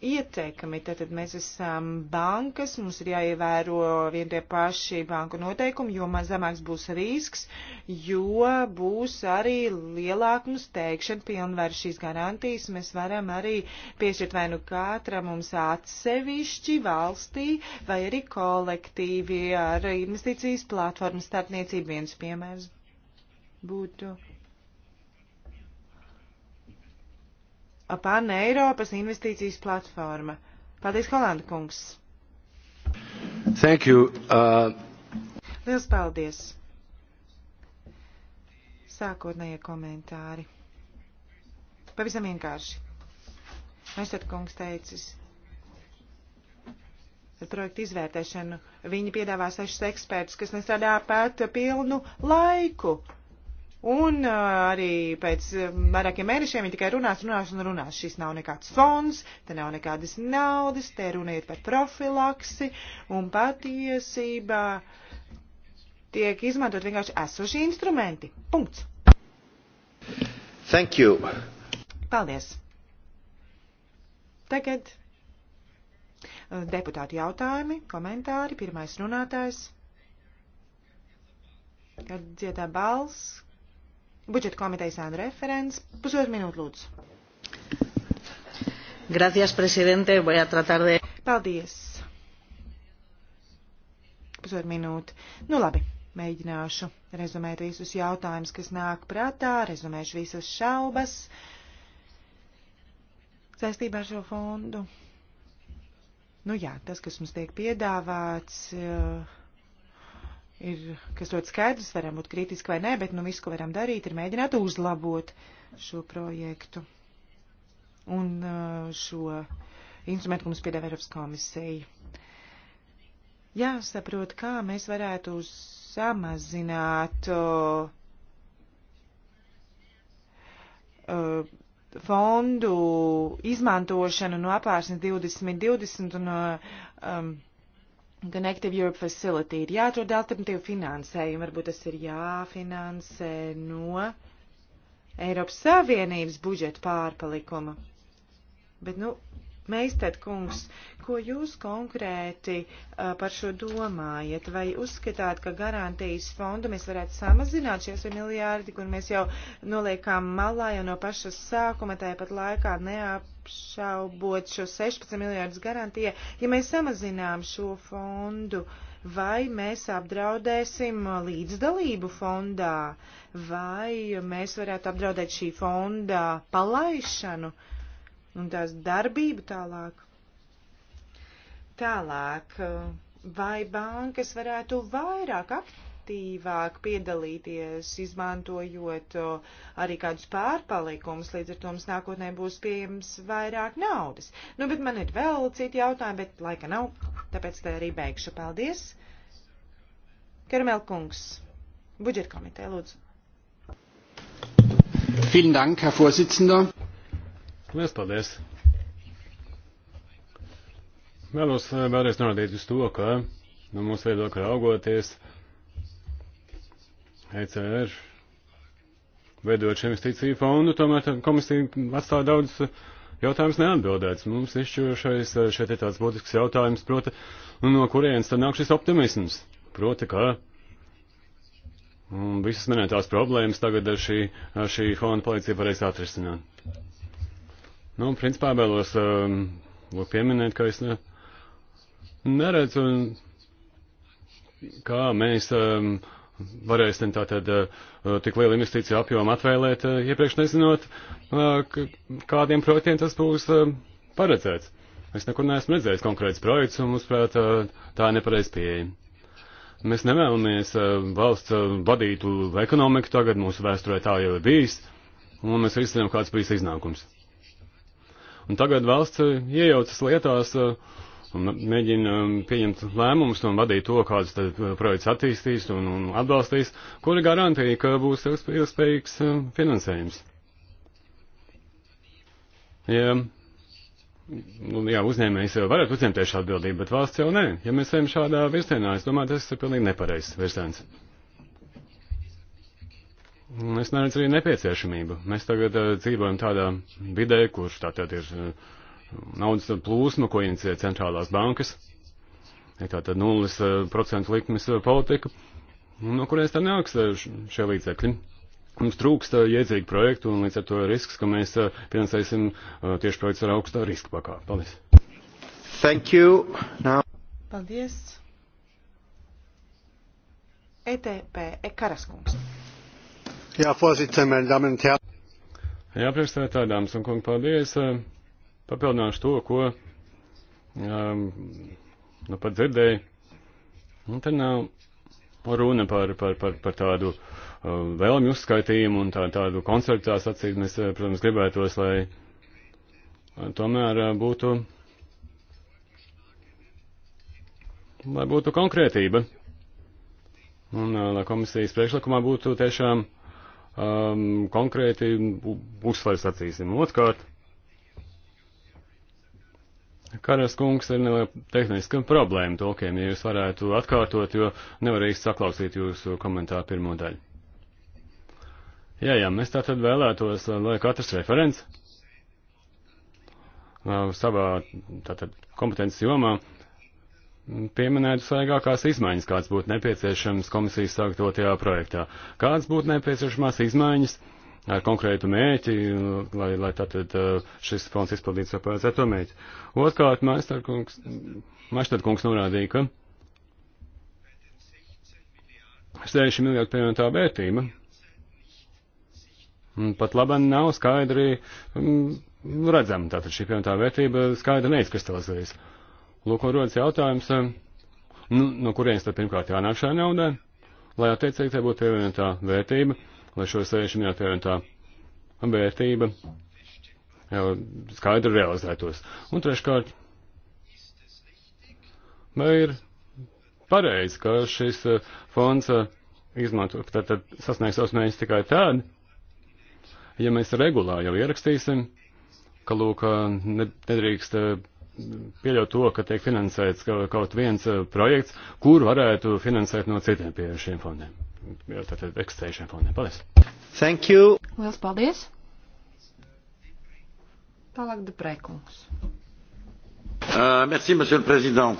ieteikami. Tātad mēs esam bankas, mums ir jāievēro vien tie paši banku noteikumi, jo zemāks būs risks, jo būs arī lielāka mums teikšana pilnvaru šīs garantijas. Mēs varam arī piešķirt vai nu katra mums atsevišķi valstī vai arī kolektīvi ar investīcijas platformas starpniecību viens piemērs būtu Pārne Eiropas investīcijas platforma. Paldies, Holanda kungs! Thank you. Uh... Liels paldies! Sākotnējie komentāri. Pavisam vienkārši. Mestat kungs teicis. Ar projektu izvērtēšanu viņi piedāvā sešus ekspertus, kas nestrādā pat pilnu laiku. Un uh, arī pēc um, vairākiem mēnešiem viņi tikai runās, runās un runās. Šis nav nekāds fonds, te nav nekādas naudas, te runa ir par profilaksi un patiesībā tiek izmantot vienkārši esoši instrumenti. Punkts. Thank you. Paldies. Tagad uh, deputātu jautājumi, komentāri. Pirmais runātājs. Kad dziedā balss, budžeta komitejas ēnu referents. Pusotru minūtu lūdzu. Gracias, presidente. Voy a tratar de. Paldies. Pusotru minūti. Nu labi, mēģināšu rezumēt visus jautājumus, kas nāk prātā, rezumēšu visas šaubas saistībā ar šo fondu. Nu jā, tas, kas mums tiek piedāvāts. Uh, ir kas ļoti skaidrs, varam būt kritiski vai nē, bet nu visu, ko varam darīt, ir mēģināt uzlabot šo projektu un uh, šo instrumentu, ko mums piedāvā Eiropas komisija. Jāsaprot, kā mēs varētu samazināt uh, uh fondu izmantošanu no apārsnes 2020 un uh, um, Connective Europe Facility ir jāatrod alternatīvu finansējumu, varbūt tas ir jāfinansē no Eiropas Savienības budžeta pārpalikuma. Bet, nu, Meistēt kungs, ko jūs konkrēti uh, par šo domājat? Vai uzskatāt, ka garantijas fondu mēs varētu samazināt šie 100 miljārdi, kur mēs jau noliekām malā jau no paša sākuma, tāpat laikā neap apšaubot šo 16 miljārdus garantija, ja mēs samazinām šo fondu, vai mēs apdraudēsim līdzdalību fondā, vai mēs varētu apdraudēt šī fonda palaišanu un tās darbību tālāk. Tālāk, vai bankas varētu vairāk aktīvi aktīvāk piedalīties, izmantojot arī kādus pārpalikumus, līdz ar to mums nākotnē būs pieejams vairāk naudas. Nu, bet man ir vēl citi jautājumi, bet laika nav, tāpēc te arī beigšu. Paldies! Kermelkungs, budžeta komiteja, lūdzu. Vielen Dank, Herr Vorsitzender. Liels paldies! Vēlos eh, vēlreiz norādīt uz to, ka no nu, mūsu viedokļa raugoties, ECR veidot šiem investīciju fondu, tomēr komisija atstāja daudz jautājums neatbildēts. Mums izšķirošais eh, šeit ir tāds būtisks jautājums, proti, nu, no kurienes tad nāk šis optimisms? Proti, ka mm, visas minētās problēmas tagad ar šī, ar šī fonda palīdzību varēs atrisināt. Nu, principā vēlos um, pieminēt, ka es ne, neredzu, kā mēs um, varēsim tātad eh, tik lielu investīciju apjomu atvēlēt, eh, iepriekš nezinot, eh, kādiem projektiem tas būs paredzēts. Es nekur neesmu redzējis konkrēts projekts, un, mūsuprāt, tā ir nepareiz pieeja. Mēs nevēlamies valsts vadītu ekonomiku, tagad mūsu vēsturē tā jau ir bijis, un mēs visi zinām, kāds bijis iznākums. Un tagad valsts iejaucas lietās, uh, un mēģina um, pieņemt lēmumus un vadīt to, kāds tad uh, projekts attīstīs un, un atbalstīs, kuri garantēja, ka būs ilgspējīgs uh, finansējums. Ja, nu, jā, uzņēmējs varētu uzņemties šādu atbildību, bet valsts jau nē. Ja mēs ejam šādā virzienā, es domāju, tas ir pilnīgi nepareizs virziens. Es neredzu arī nepieciešamību. Mēs tagad uh, dzīvojam tādā vidē, kurš tātad ir uh, naudas plūsma, ko inicē centrālās bankas, ir tātad 0% likmes eh, politika, no kurienes tā nāks eh, šie līdzekļi. Mums trūkst eh, iedzīgu projektu un līdz ar to risks, ka mēs finansēsim tieši projekts ar augstu risku pakāpi. Paldies. Thank you. Now... Paldies. ETP Ekaraskungs. Jā, pozicionē, dāmas un tēvi. Jā, priekšstādā, dāmas un kungi, paldies. Uh, Papildināšu to, ko um, nu pat dzirdēju. Un nu, te nav runa par, par, par, par tādu uh, vēlmju uzskaitījumu un tā, tādu konceptā sacīt. Mēs, uh, protams, gribētos, lai uh, tomēr uh, būtu, lai būtu konkrētība. Un uh, lai komisijas priekšlikumā būtu tiešām um, konkrēti uzsvars sacīsim. Otkārt, Karas kungs ir neliela tehniska problēma tulkiem, ja jūs varētu atkārtot, jo nevarēju saklausīt jūsu komentāru pirmo daļu. Jā, jā, mēs tā tad vēlētos, lai katrs referents savā tātad kompetences jomā pieminētu svaigākās izmaiņas, kāds būtu nepieciešams komisijas sagatavotajā projektā. Kāds būtu nepieciešamās izmaiņas? ar konkrētu mēķi, lai, lai tātad eh, šis fonds izpildītu savu paredzēto mēķi. Otkārt, Maistarkungs, Maistarkungs norādīja, ka 6 miljardu pievienotā vērtība pat labam nav skaidri mm, redzama. Tātad šī pievienotā vērtība skaidri neizkristalizējas. Lūk, un rodas jautājums, eh, nu, no kurienes tad pirmkārt jānāk šai naudai, lai attiecīgi te būtu pievienotā vērtība lai šo 60 pievienotā vērtība jau skaidri realizētos. Un treškārt, vai ir pareizi, ka šis eh, fonds eh, izmanto, tad, tad sasniegs savus mērķus tikai tad, ja mēs regulā jau ierakstīsim, ka, lūk, eh, nedrīkst pieļaut to, ka tiek finansēts kaut viens projekts, kur varētu finansēt no citiem pieejušiem fondiem tātad eksistējušiem fondiem. Paldies! Thank you! Liels paldies! Tālāk deprēkums. Uh, merci, monsieur le président.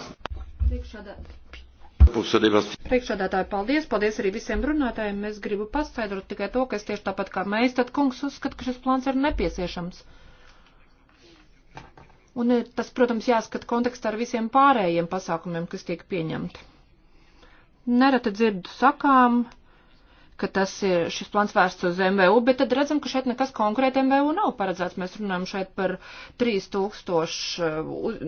Priekšādātāji, paldies, paldies arī visiem runātājiem. Es gribu paskaidrot tikai to, ka es tieši tāpat kā mēs, tad kungs uzskata, ka šis plāns ir nepieciešams. Un eh, tas, protams, jāskat kontekstā ar visiem pārējiem pasākumiem, kas tiek pieņemti. Nereti dzirdu sakām, ka tas ir šis plāns vērsts uz MVU, bet tad redzam, ka šeit nekas konkrēti MVU nav paredzēts. Mēs runājam šeit par 3000 uh,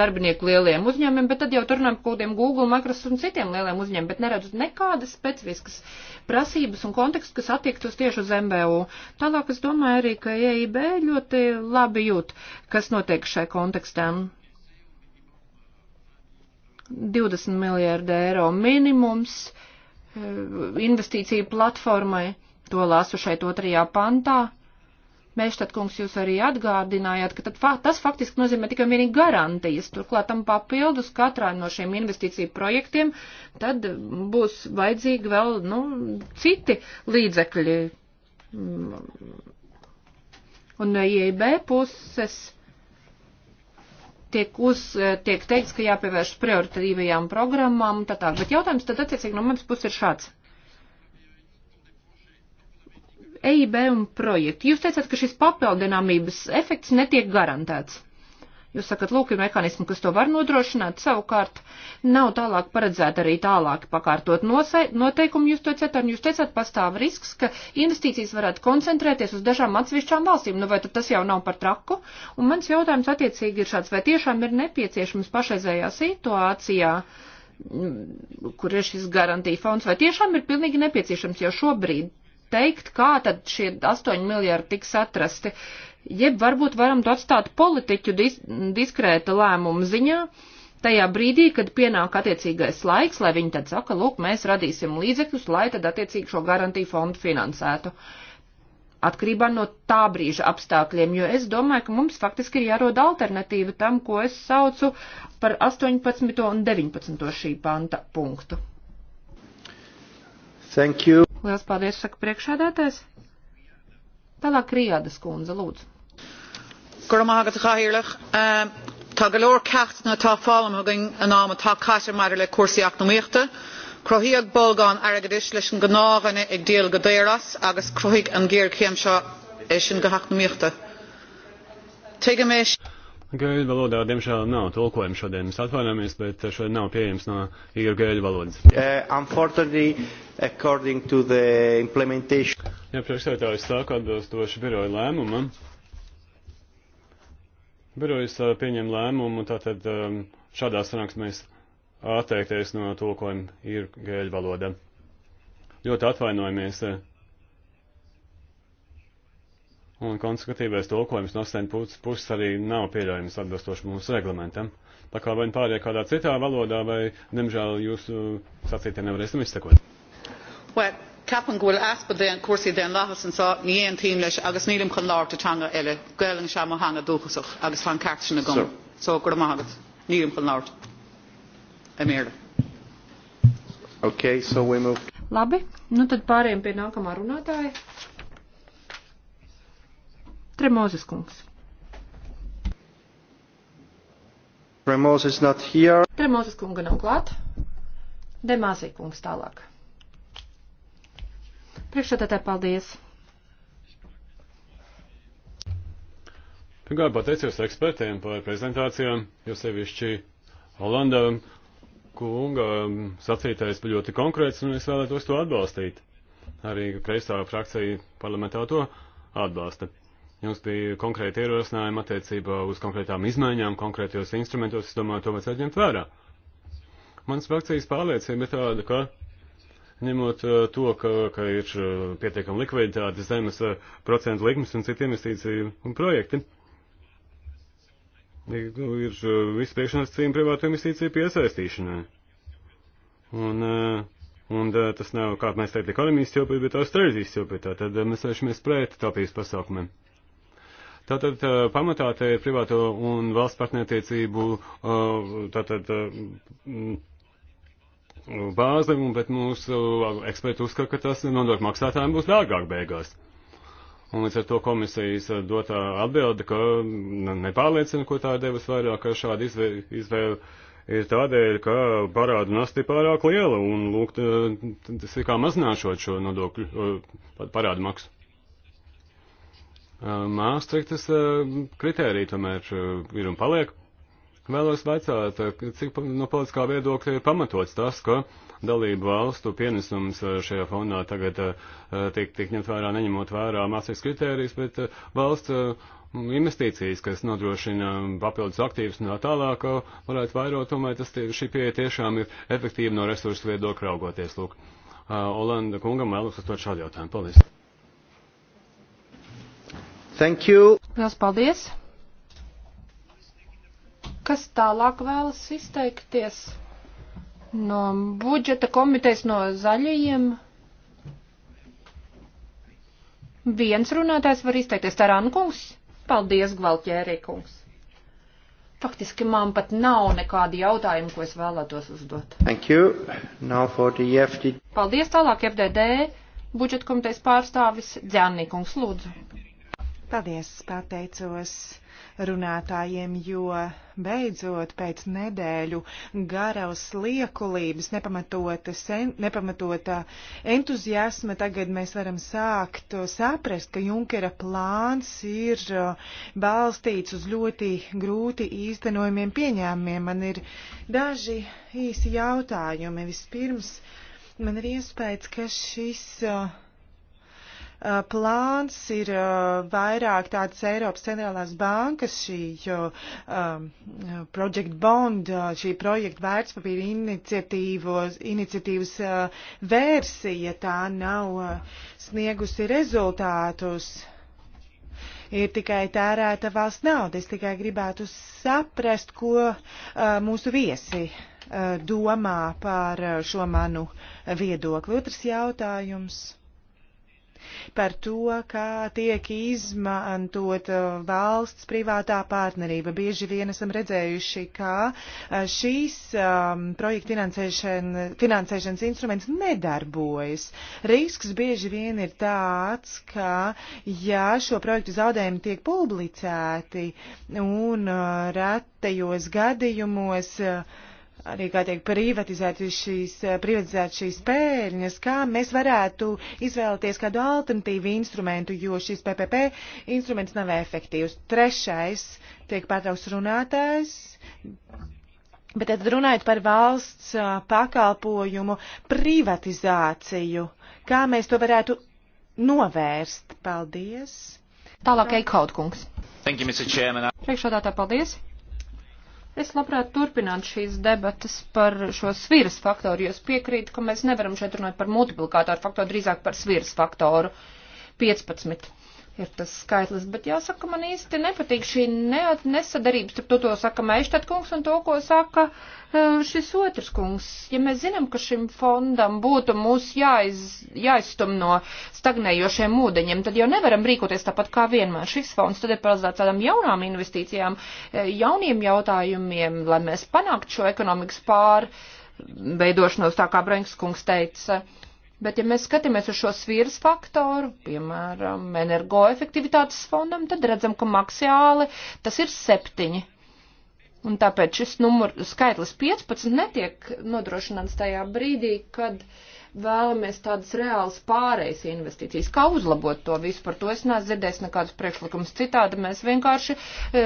darbinieku lieliem uzņēmumiem, bet tad jau tur runājam par kaut kādiem Google, Microsoft un citiem lieliem uzņēmumiem, bet neredzu nekādas specifiskas prasības un kontekstu, kas attiektos tieši uz MVU. Tālāk es domāju arī, ka EIB ļoti labi jūt, kas notiek šai kontekstām. 20 miljārdu eiro minimums eh, investīciju platformai, to lasu šeit otrajā pantā. Mēštat kungs jūs arī atgādinājāt, ka tad, fa tas faktiski nozīmē tikai vienīgi garantijas. Turklāt tam papildus katrā no šiem investīciju projektiem, tad būs vajadzīgi vēl, nu, citi līdzekļi. Mm. Un no IEB puses tiek, uz, eh, tiek teikts, ka jāpievērš prioritīvajām programmām un tā tā. Bet jautājums tad attiecīgi no manas puses ir šāds. EIB un projekti. Jūs teicāt, ka šis papildināmības efekts netiek garantēts. Jūs sakat, lūk, ir mehānismi, kas to var nodrošināt. Savukārt, nav tālāk paredzēta arī tālāk pakārtot noteikumu. Jūs to teicāt, un jūs teicāt, pastāv risks, ka investīcijas varētu koncentrēties uz dažām atsevišķām valstīm. Nu, vai tad tas jau nav par traku? Un mans jautājums attiecīgi ir šāds, vai tiešām ir nepieciešams pašreizējā situācijā, mm, kur ir šis garantija fonds, vai tiešām ir pilnīgi nepieciešams jau šobrīd teikt, kā tad šie 8 miljardi tiks atrasti jeb varbūt varam to atstāt politiķu dis diskrēta lēmuma ziņā, tajā brīdī, kad pienāk attiecīgais laiks, lai viņi tad saka, lūk, mēs radīsim līdzekļus, lai tad attiecīgi šo garantiju fondu finansētu. Atkarībā no tā brīža apstākļiem, jo es domāju, ka mums faktiski ir jārod alternatīva tam, ko es saucu par 18. un 19. šī panta punktu. Thank you. Lielas paldies, saka priekšādātājs. Tālāk Rijādas kundze, lūdzu. Gurum agat chahirirlach. Um, tá go leor cecht na tá fálam agin an ná atá caiir mar le cuasaíach nóíochta, Crohíag bolgán agadis leis an gnáhanna ag déal go déras agus croigh an ggéir chéim seo é sin gohaach nóíochta. Tuige mééis. Gaiļu valodā, diemžēl, nav tulkojums šodien. Mēs atvainojamies, bet šodien nav pieejams no īra gaiļu valodas. Uh, ja priekšsētājs saka atbilstoši biroja lēmumam, Birojas pieņem lēmumu, tātad šādā sanāksmēs atteikties no tulkojuma ir gēļu valoda. Ļoti atvainojamies. Un konsekvatīvais tulkojums no sen puses arī nav pieļaujams atbilstoši mūsu reglamentam. Tā kā vai nu pārējā kādā citā valodā, vai, nemžēl, jūsu sacītē nevarēsim izsekot. Well ceapann go bhfuil easpa cuasaí den leathas an ní aon tíim leis agus nílim chun láir atanga eile gaalann sé mo hanga dúchasach agus fan ceart sin a gom so gur am agat nílim chun láir a méle. Okay, so we move. Labi, nu tad pārējiem pie nākamā runātāja. Tremozes kungs. Tremozes not here. Tremozes kunga nav klāt. Demāzī kungs tālāk. Priekšsēdētāji, paldies! Pirmkārt, pateicos ekspertiem par prezentācijām, jo sevišķi Holanda kunga sacītais bija ļoti konkrēts, un es vēlētos to atbalstīt. Arī kreisā frakcija parlamentā to atbalsta. Jums bija konkrēti ierosinājumi attiecībā uz konkrētām izmaiņām, konkrētos instrumentos, es domāju, to vajadzētu ņemt vērā. Mans frakcijas pārliecība ir tāda, ka ņemot eh, to, ka, ka ir eh, pietiekama likviditāte, zemes eh, procentu likmes un citi investīciju un projekti. Ir viss priekšnosacījumi privātu investīciju piesaistīšanai. Un, un tas nav, kā mēs teikt, ekonomijas ķilpī, bet australizijas ķilpī. Tātad mēs vēršamies pret tāpīs pasākumiem. Tātad pamatā te ir privāto un valsts partnertiecību tātad, bāzi, un, bet mūsu uh, eksperti uzskata, ka tas nodokļu maksātājiem būs dārgāk beigās. Un līdz ar to komisijas uh, dotā atbilde, ka nepārliecina, ko tā ir devis vairāk, ka šāda izvē, izvēle ir tādēļ, ka parādu nasti pārāk liela, un lūk, tas ir kā mazināšot šo nodokļu uh, parādu maksu. Māstriktas kritērija tomēr ir un paliek. Vēlos vaicāt, cik no politiskā viedokļa ir pamatots tas, ka dalību valstu pienesums eh, šajā fondā tagad eh, tiek, tiek ņemt vērā, neņemot vērā mācības kritērijas, bet eh, valsts investīcijas, kas nodrošina papildus aktīvus un tā tālāk, varētu vairot, tomēr tas tie, šī pieeja tiešām ir efektīva no resursu viedokļa raugoties. Lūk, Olanda kungam vēlos uzdot šādu jautājumu. Paldies! Thank you! Lielas paldies! Kas tālāk vēlas izteikties? No budžeta komitejas no zaļajiem. Viens runātājs var izteikties Tarankungs. Paldies, Gvaltjērīkungs. Faktiski man pat nav nekādi jautājumi, ko es vēlētos uzdot. Thank you. Now for the e FD. Paldies tālāk e FDD. Budžeta komitejas pārstāvis Dzjannīkungs, lūdzu. Paldies, pateicos runātājiem, jo beidzot pēc nedēļu garas liekulības, nepamatota, sen, nepamatota entuziasma, tagad mēs varam sākt saprast, ka Junkera plāns ir uh, balstīts uz ļoti grūti īstenojumiem pieņēmumiem. Man ir daži īsi jautājumi. Vispirms man ir iespējas, ka šis. Uh, Uh, plāns ir uh, vairāk tāds Eiropas centrālās bankas šī um, Project Bond, uh, šī projekta vērtspapīra iniciatīvas uh, versija, tā nav uh, sniegusi rezultātus. Ir tikai tērēta valsts nauda. Es tikai gribētu saprast, ko uh, mūsu viesi domā par šo manu viedokli. Otrs jautājums par to, kā tiek izmantot uh, valsts privātā partnerība. Bieži vien esam redzējuši, ka uh, šīs um, projekta finansēšana, finansēšanas instruments nedarbojas. Risks bieži vien ir tāds, ka ja šo projektu zaudējumi tiek publicēti un uh, retajos gadījumos uh, arī, kā tiek privatizēt šīs, eh, privatizēt šīs pēļņas, kā mēs varētu izvēlēties kādu alternatīvu instrumentu, jo šis PPP instruments nav efektīvs. Trešais tiek pārtrauks runātājs. Bet tad runājot par valsts eh, pakalpojumu privatizāciju, kā mēs to varētu novērst? Paldies! Tālāk Eikaut kungs. Priekšādātā paldies. Es labprāt turpinātu šīs debatas par šo sviras faktoru, jo es piekrītu, ka mēs nevaram šeit runāt par multiplikātoru faktoru, drīzāk par sviras faktoru 15 ir tas skaitlis, bet jāsaka, man īsti nepatīk šī neat, nesadarības starp to, to saka Meištad kungs un to, ko saka e, šis otrs kungs. Ja mēs zinām, ka šim fondam būtu mūs jāiz, jāizstum no stagnējošiem ūdeņiem, tad jau nevaram rīkoties tāpat kā vienmēr. Šis fonds tad ir paredzēts tādām jaunām investīcijām, e, jauniem jautājumiem, lai mēs panāktu šo ekonomikas pārveidošanos, tā kā Brenks kungs teica. Uh, Bet, ja mēs skatāmies uz šo svīras faktoru, piemēram, energoefektivitātes fondam, tad redzam, ka maksiāli tas ir septiņi. Un tāpēc šis numur, skaitlis 15 netiek nodrošināts tajā brīdī, kad uh, vēlamies tādas reālas pārējas investīcijas. Kā uzlabot to visu? Par to es neesmu dzirdējis nekādus priekšlikumus. Citādi mēs vienkārši e,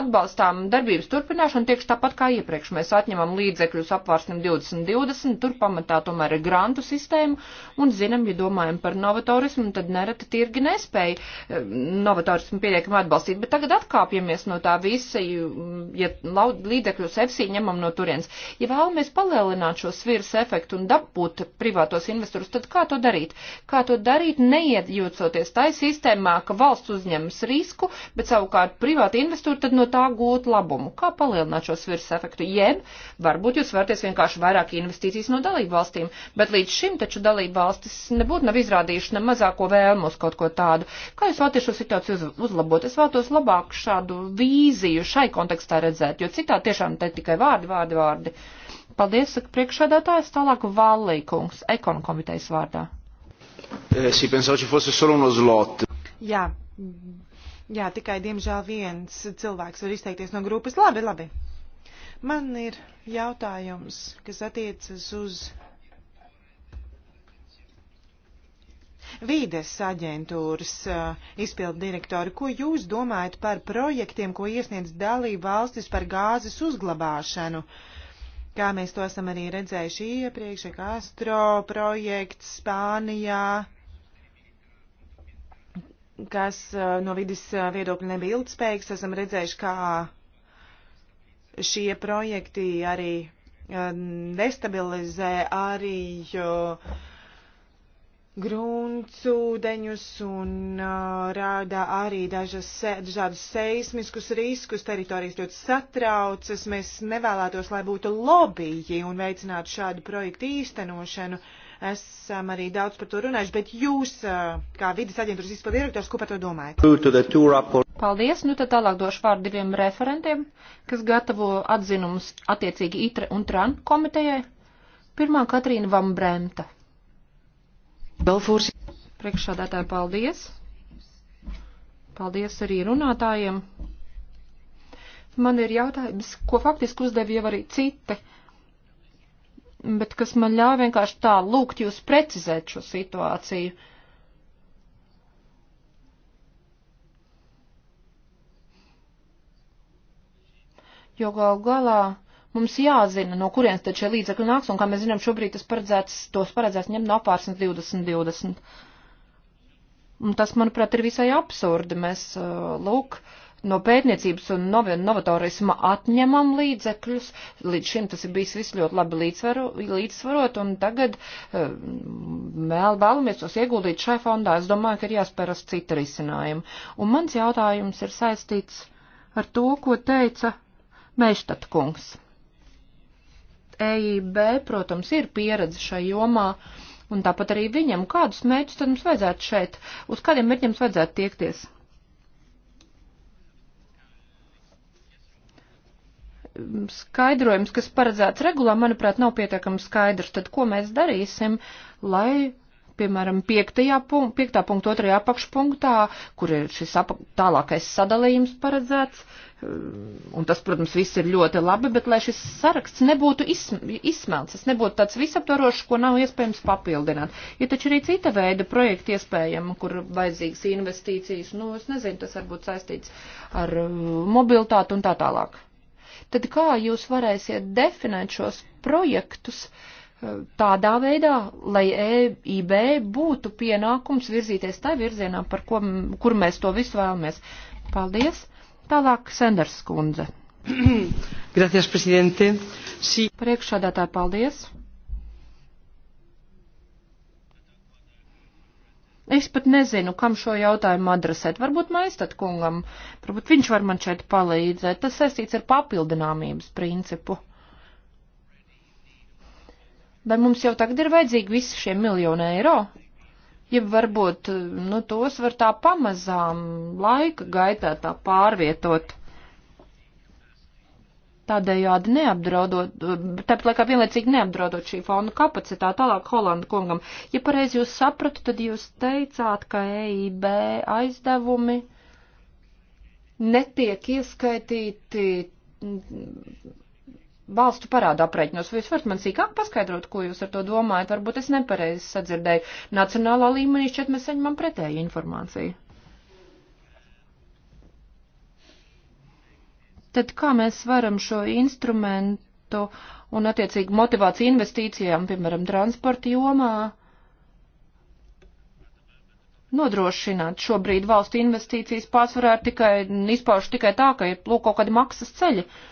atbalstām darbības turpināšanu tieši tāpat kā iepriekš. Mēs atņemam līdzekļus apvārsnim 2020, tur pamatā tomēr ir grantu sistēma un zinām, ja domājam par novatorismu, tad nereti tirgi nespēja e, novatorismu pietiekami atbalstīt. Bet tagad atkāpjamies no tā visa, ja līdzekļus EFSI ņemam no turienes. Ja vēlamies palielināt šo svirs efektu un dabūt privātību, privātos investorus, tad kā to darīt? Kā to darīt, neiejūcoties tai sistēmā, ka valsts uzņemas risku, bet savukārt privāti investori tad no tā gūt labumu? Kā palielināt šo svirs efektu? Jeb, varbūt jūs vērties vienkārši vairāk investīcijas no dalību valstīm, bet līdz šim taču dalību valstis nebūtu nav izrādījuši ne mazāko vēlmu uz kaut ko tādu. Kā jūs vēlaties šo situāciju uz, uzlabot? Es vēlos labāk šādu vīziju šai kontekstā redzēt, jo citā tiešām te tikai vārdi, vārdi, vārdi. Uh, Paldies, saka priekšādātājs, tālāk Vallīkungs, ekonu komitejas vārdā. Es eh, pensēju, ka fosse solo uno slot. Jā, jā, tikai diemžēl viens cilvēks var izteikties no grupas. Labi, labi. Man ir jautājums, kas attiecas uz Vīdes aģentūras uh, izpildu direktori, ko jūs domājat par projektiem, ko iesniedz dalība valstis par gāzes uzglabāšanu? Uh, kā mēs to esam arī redzējuši iepriekš, Astro projekts Spānijā, kas uh, no vidas uh, viedokļa nebija ilgspējīgs, esam redzējuši, kā šie projekti arī uh, destabilizē arī uh, gruntsūdeņus un uh, rāda arī dažas, dažādus seismiskus riskus, teritorijas ļoti satraucas, mēs nevēlētos, lai būtu lobiji un veicinātu šādu projektu īstenošanu. Esam arī daudz par to runājuši, bet jūs, uh, kā vidas aģentūras izpildu direktors, ko par to domājat? Paldies, nu tad tālāk došu vārdu diviem referentiem, kas gatavo atzinumus attiecīgi ITRE un TRAN komitejai. Pirmā Katrīna Vambremta. Belfūrs. Priekšādātāji, paldies. Paldies arī runātājiem. Man ir jautājums, ko faktiski uzdev jau arī citi, bet kas man ļauj vienkārši tā lūgt jūs precizēt šo situāciju. Jo gal galā Mums jāzina, no kurienes tad šie līdzekļi nāks, un kā mēs zinām, šobrīd tas paredzēts, tos paredzēts ņemt no apārsnes 2020. Un tas, manuprāt, ir visai absurdi. Mēs, uh, lūk, no pētniecības un novatorisma atņemam līdzekļus. Līdz šim tas ir bijis viss ļoti labi līdzsvaru, līdzsvarot, un tagad uh, vēl vēlamies tos ieguldīt šai fondā. Es domāju, ka ir jāspēras cita risinājuma. Un mans jautājums ir saistīts ar to, ko teica Meištat kungs. EIB, protams, ir pieredze šai jomā, un tāpat arī viņam, kādus mērķus tad mums vajadzētu šeit, uz kādiem mērķiem mums vajadzētu tiekties? Skaidrojums, kas paredzēts regulā, manuprāt, nav pietiekami skaidrs, tad ko mēs darīsim, lai piemēram, piektajā punkt, piektā punktu otrajā apakšpunktā, kur ir šis apa, tālākais sadalījums paredzēts, hm, un tas, protams, viss ir ļoti labi, bet lai šis saraksts nebūtu izsm izsmelts, tas nebūtu tāds visaptvarošs, ko nav iespējams papildināt. Ir taču arī cita veida projekti iespējami, kur vajadzīgas investīcijas, nu, es nezinu, tas varbūt saistīts ar hm, mobilitāti un tā tālāk. Tad kā jūs varēsiet definēt šos projektus? Uh, tādā veidā, lai EIB būtu pienākums virzīties tā virzienā, par ko, kur mēs to visu vēlamies. Paldies. Tālāk Senders kundze. Gracias, presidente. Sí. Priekšādātāji, paldies. Es pat nezinu, kam šo jautājumu adresēt. Varbūt maistat kungam, varbūt viņš var man šeit palīdzēt. Tas saistīts ar papildināmības principu. Vai mums jau tagad ir vajadzīgi visi šie miljoni eiro? Ja varbūt, nu, tos var tā pamazām laika gaitā tā pārvietot. Tādējādi neapdraudot, tāpat laikā vienlaicīgi neapdraudot šī fonda kapacitāti tālāk Holanda kungam. Ja pareizi jūs sapratu, tad jūs teicāt, ka EIB aizdevumi netiek ieskaitīti valstu parādu aprēķinos. Vai jūs varat man sīkāk paskaidrot, ko jūs ar to domājat? Varbūt es nepareizi sadzirdēju. Nacionālā līmenī šķiet mēs saņemam pretēju informāciju. Tad kā mēs varam šo instrumentu un attiecīgi motivāciju investīcijām, piemēram, transporta jomā, nodrošināt. Šobrīd valstu investīcijas pārsvarā tikai izpauž tikai tā, ka ir lūk kaut kādi maksas ceļi. Uh,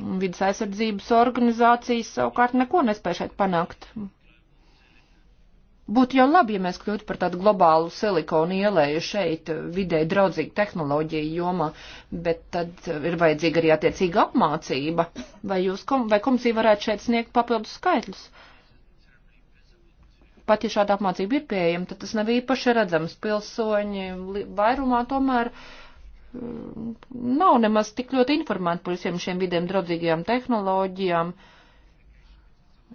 Vides aizsardzības organizācijas savukārt neko nespēja šeit panākt. Būtu jau labi, ja mēs kļūtu par tādu globālu silikonu ielēju šeit vidē draudzīgu tehnoloģiju jomā, bet tad ir vajadzīga arī attiecīga apmācība. Vai, jūs, kom, vai komisija varētu šeit sniegt papildus skaitļus? Pat ja šāda apmācība ir pieejama, tad tas nav īpaši redzams. Pilsoņi vairumā tomēr uh, Mm, nav nemaz tik ļoti informēti par visiem šiem vidiem draudzīgajām tehnoloģijām.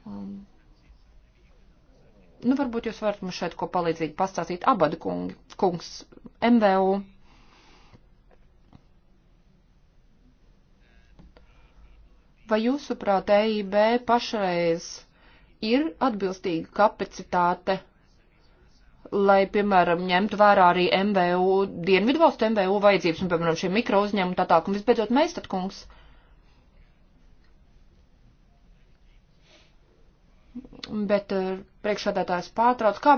Mm. Nu, varbūt jūs varat mums šeit ko palīdzīgi pastāstīt. Abada kung, kungs, MVU. Vai jūsuprāt, EIB pašreiz ir atbilstīga kapacitāte lai, piemēram, ņemtu vērā arī MVU, dienvidvalstu MVU vajadzības, un, piemēram, šie mikro uzņēmumi tā tālāk, un visbeidzot meistat kungs. Bet eh, priekšādātājs pārtrauc, kā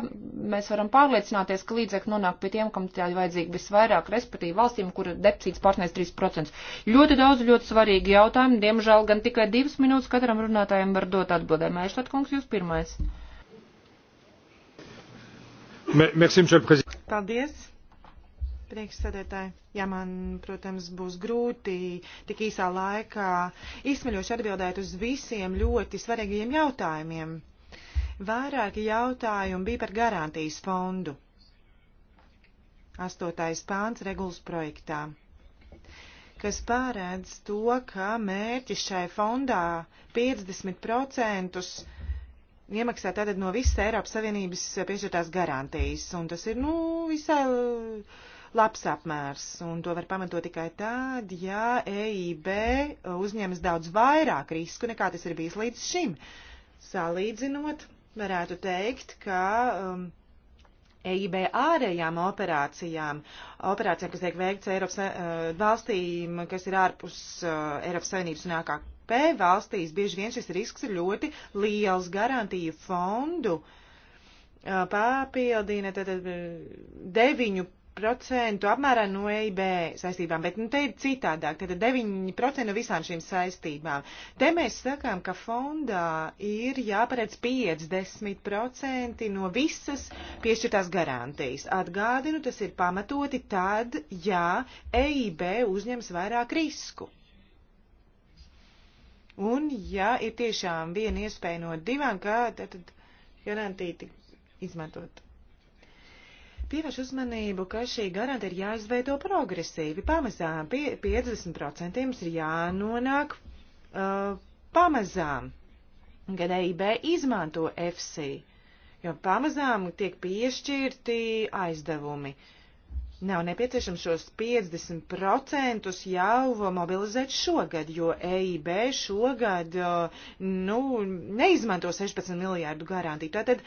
mēs varam pārliecināties, ka līdzekļi nonāk pie tiem, kam tā ir vajadzīga visvairāk, respektīvi valstīm, kura deficīts pārsniedz 3%. Ļoti daudz, ļoti svarīgi jautājumi, diemžēl gan tikai divas minūtes katram runātājiem var dot atbildēm. Mērštat kungs, jūs pirmais. Uh, Merci, monsieur le président. Paldies. Priekšsēdētāji, ja man, protams, būs grūti tik īsā laikā izsmeļoši atbildēt uz visiem ļoti svarīgiem jautājumiem. Vairāki jautājumi bija par garantijas fondu. Astotais pāns regulas projektā kas pārēdz to, ka mērķis šai fondā 50% iemaksā tātad no visas Eiropas Savienības piešķirtās garantijas, un tas ir, nu, visai labs apmērs, un to var pamatot tikai tad, ja EIB uzņemas daudz vairāk risku, nekā tas ir bijis līdz šim. Salīdzinot, varētu teikt, ka. Um, EIB ārējām operācijām, operācijām, kas tiek veikts Eiropas uh, valstīm, kas ir ārpus uh, Eiropas Savienības un ārkārt KLP valstīs bieži vien šis risks ir ļoti liels garantiju fondu papildina tātad 9% apmērā no EIB saistībām, bet nu, te ir citādāk, tātad 9% no visām šīm saistībām. Te mēs sakām, ka fondā ir jāparedz 50% no visas piešķirtās garantijas. Atgādinu, tas ir pamatoti tad, ja EIB uzņems vairāk risku. Un, ja ir tiešām viena iespēja no divām, kā tad, tad garantīti izmantot. Pievērš uzmanību, ka šī garanta ir jāizveido progresīvi. Pamazām pie, 50% jums ir jānonāk uh, pamazām, kad EIB izmanto FC, jo pamazām tiek piešķirti aizdevumi. Uh, nav nepieciešams šos 50% jau mobilizēt šogad, jo EIB šogad nu, neizmanto 16 miljārdu garantiju. Tātad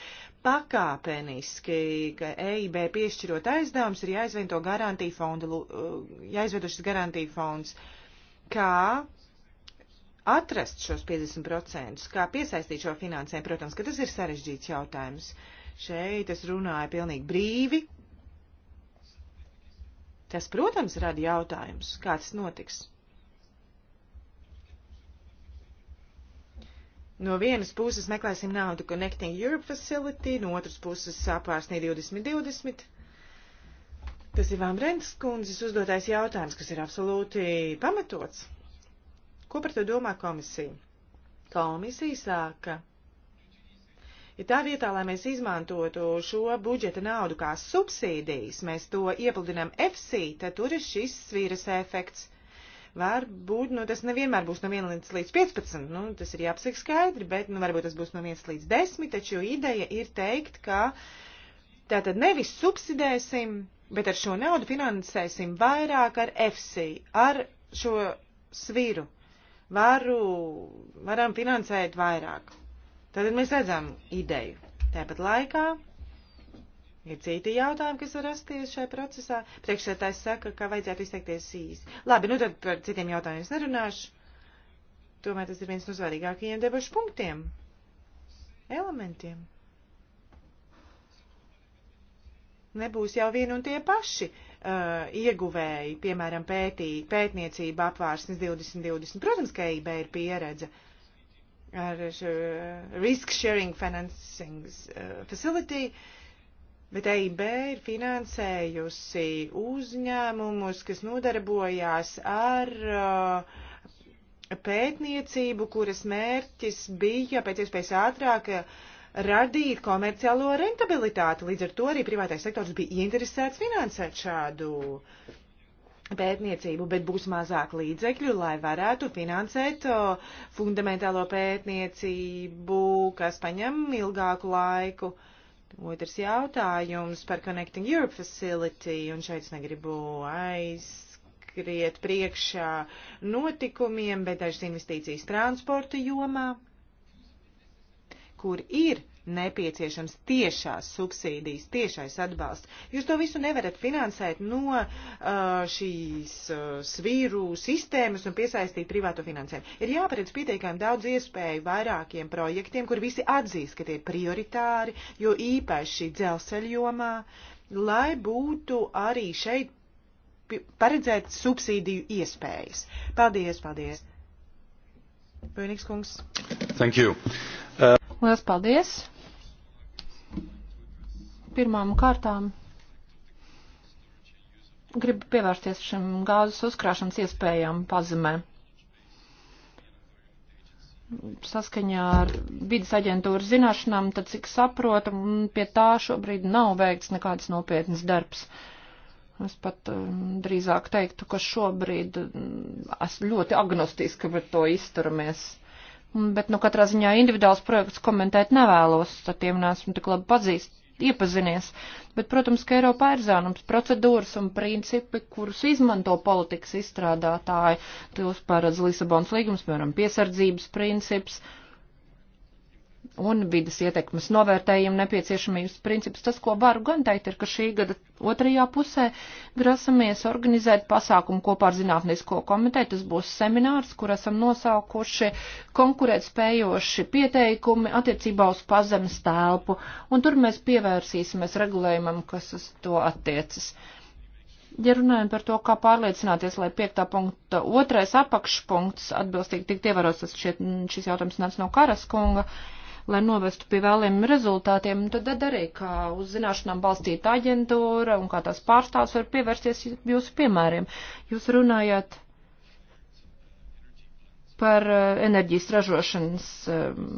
pakāpeniski, ka EIB piešķirot aizdevums ir jāizveido garantija fonda, jāizveido šis garantija fonds. Kā atrast šos 50%, kā piesaistīt šo finansējumu, protams, ka tas ir sarežģīts jautājums. Šeit es runāju pilnīgi brīvi, Tas, protams, rada jautājumus, kā tas notiks. No vienas puses meklēsim naudu Connecting Europe Facility, no otras puses sāpārsnī 2020. Tas ir Vām Rentas kundzes uzdotais jautājums, kas ir absolūti pamatots. Ko par to domā komisija? Komisija sāka Ja tā vietā, lai mēs izmantotu šo budžeta naudu kā subsīdijas, mēs to iepludinām FC, tad tur ir šis svīras efekts. Varbūt, nu, tas nevienmēr būs no 1 līdz 15, nu, tas ir jāapsaka skaidri, bet, nu, varbūt tas būs no 1 līdz 10, taču ideja ir teikt, ka tātad nevis subsidēsim, bet ar šo naudu finansēsim vairāk ar FC, ar šo svīru. Varu, varam finansēt vairāk Tātad mēs redzam ideju. Tāpat laikā ir citi jautājumi, kas var rasties šajā procesā. Priekšsētājs saka, ka vajadzētu izteikties īsi. Labi, nu tad par citiem jautājumiem es nerunāšu. Tomēr tas ir viens no svarīgākajiem debašu punktiem, elementiem. Nebūs jau vien un tie paši uh, ieguvēji, piemēram, pētī, pētniecība apvārsnes 2020. Protams, ka EIB ir pieredze. Uh, ar Risk Sharing Financing uh, Facility, bet EIB ir finansējusi uzņēmumus, kas nodarbojās ar uh, pētniecību, kuras mērķis bija pēc iespējas ātrāk radīt komerciālo rentabilitāti. Līdz ar to arī privātais sektors bija ieinteresēts finansēt šādu uh, pētniecību, bet būs mazāk līdzekļu, lai varētu finansēt fundamentālo pētniecību, kas paņem ilgāku laiku. Otrs jautājums par Connecting Europe Facility, un šeit es negribu aizskriet priekšā notikumiem, bet dažas investīcijas transporta jomā, kur ir nepieciešams tiešās subsīdijas, tiešais atbalsts. Jūs to visu nevarat finansēt no uh, šīs uh, svīru sistēmas un piesaistīt privāto finansējumu. Ir jāparedz pietiekami daudz iespēju vairākiem projektiem, kur visi atzīst, ka tie ir prioritāri, jo īpaši dzelzceļjomā, lai būtu arī šeit paredzēt subsīdiju iespējas. Paldies, paldies. Pēnīgs kungs. Thank you. Uh... Lielas paldies! Pirmām kārtām gribu pievērsties šim gāzes uzkrāšanas iespējām pazemē. Saskaņā ar vidas aģentūras zināšanām, tad cik saprotam, pie tā šobrīd nav veikts nekāds nopietnas darbs. Es pat um, drīzāk teiktu, ka šobrīd um, es ļoti agnostiski par to izturamies. Bet, nu, katrā ziņā individuāls projekts komentēt nevēlos, tad tiem neesmu tik labi pazīst, iepazinies. Bet, protams, ka Eiropā ir zināms procedūras un principi, kurus izmanto politikas izstrādātāji. Tos paredz Lisabons līgums, piemēram, piesardzības princips. Uh, un vidas ietekmes novērtējumu nepieciešamības princips. Tas, ko varu gan teikt, ir, ka šī gada otrajā pusē grasamies organizēt pasākumu kopā ar Zinātnisko komiteju. Tas būs seminārs, kur esam nosaukuši konkurēt spējoši pieteikumi attiecībā uz pazemes telpu, un tur mēs pievērsīsimies regulējumam, kas uz to attiecas. Ja runājam par to, kā pārliecināties, lai piektā punkta otrais apakšpunkts atbilstīgi tiktu ievarots, tas šķiet, šis jautājums nāc no Karaskunga. kunga lai novestu pie vēliem rezultātiem, tad, tad arī, kā uz zināšanām balstīta aģentūra un kā tās pārstāvs var pievērsties jūsu piemēriem. Jūs runājāt par eh, enerģijas ražošanas ehm,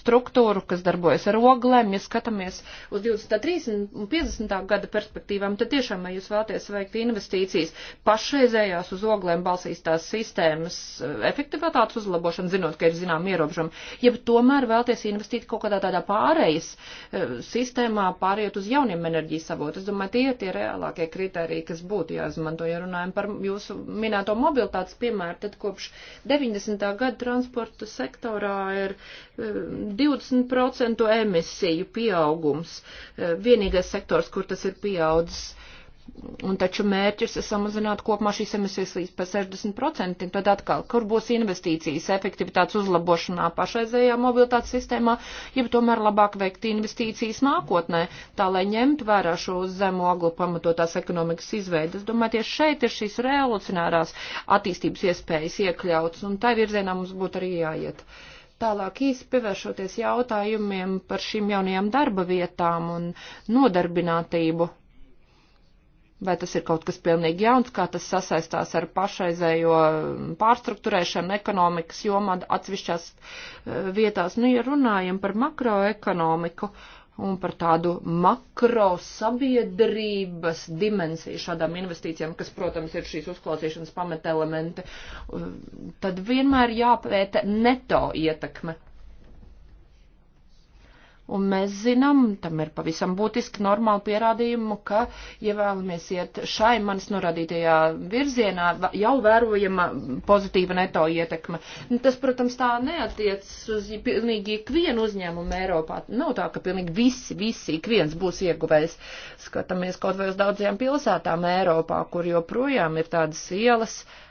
struktūru, kas darbojas ar oglēm, ja skatāmies uz 23 un 50. gada perspektīvām, tad tiešām, ja jūs vēlaties veikt investīcijas pašreizējās uz oglēm balstītās sistēmas eh, efektivitātes uzlabošanu, zinot, ka ir zinām ierobežumi, ja tomēr vēlaties investīt kaut kādā tādā pārējas eh, sistēmā, pāriet uz jauniem enerģijas avotiem, es domāju, tie ir tie reālākie kriteriji, kas būtu jāizmanto, ja runājam par jūsu minēto mobilitātes piemēru, tad kopš 90. gada transporta sektorā ir eh, 20% emisiju pieaugums. Eh, vienīgais sektors, kur tas ir pieaudzis. Un taču mērķis ir samazināt kopumā šīs emisijas līdz pa 60%, tad atkal, kur būs investīcijas efektivitātes uzlabošanā pašreizējā mobilitātes sistēmā, ja tomēr labāk veikt investīcijas nākotnē, tā lai ņemtu vērā šo uz zemu oglu pamatotās ekonomikas izveidas. Domāju, tieši šeit ir šīs revolucionārās attīstības iespējas iekļauts, un tā virzienā mums būtu arī jāiet. Uh, Tālāk īsi pievēršoties jautājumiem par šīm jaunajām darba vietām un nodarbinātību. Vai tas ir kaut kas pilnīgi jauns, kā tas sasaistās ar pašreizējo pārstruktūrēšanu ekonomikas jomā atsevišķās eh, vietās? Nu, ja runājam par makroekonomiku, uh, un par tādu makro sabiedrības dimensiju šādām investīcijām, kas, protams, ir šīs uzklausīšanas pamatelementi, uh, tad vienmēr jāpēta neto ietekme Un mēs zinām, tam ir pavisam būtiski normāli pierādījumu, ka, ja vēlamies iet šai manis norādītajā virzienā, jau vērojama pozitīva neto ietekme. Nu, tas, protams, tā neatiec uz pilnīgi ikvienu uzņēmumu Eiropā. Nav tā, ka pilnīgi visi, visi, ikviens būs ieguvējis. Skatāmies kaut vai uz daudzajām pilsētām Eiropā, kur joprojām ir tādas ielas. Uh,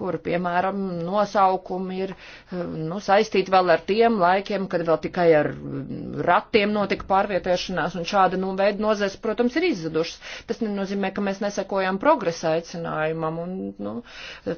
kur, piemēram, nosaukumi ir nu, saistīti vēl ar tiem laikiem, kad vēl tikai ar ratiem notika pārvietošanās, un šāda nu, veida nozēs, protams, ir izzudušas. Tas nenozīmē, ka mēs nesakojam progresa aicinājumam, un nu,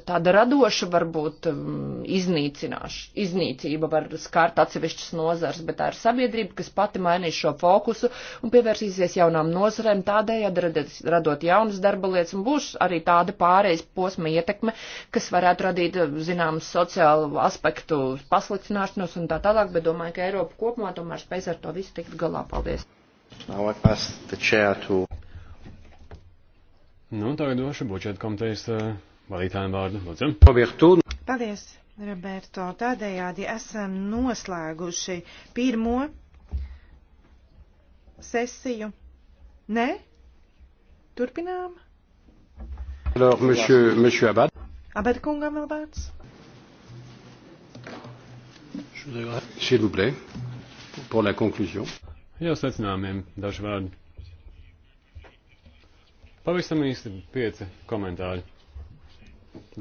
tāda radoša varbūt um, iznīcība var skārt atsevišķas nozars, bet tā ir sabiedrība, kas pati mainīs šo fokusu un pievērsīsies jaunām nozarēm, tādējādi radot jaunas darba lietas, un būs arī tāda pārējais posma ietekme, kas varētu radīt zināmas sociālu aspektu pasliktināšanos un tā tālāk, bet domāju, ka Eiropa kopumā tomēr spēj ar to visu tikt galā. Paldies! To... Nu, tagad došu budžeta komitejas eh, vadītājiem vārdu. Lūdzu. Paldies, Roberto. Tādējādi esam noslēguši pirmo sesiju. Nē? Turpinām? Alors, monsieur, monsieur Abad. Abed kungam vēl vārds. S'il vous plaît, pour la conclusion. Jau secinājumiem daži vārdi. Pavisam īsti pieci komentāri.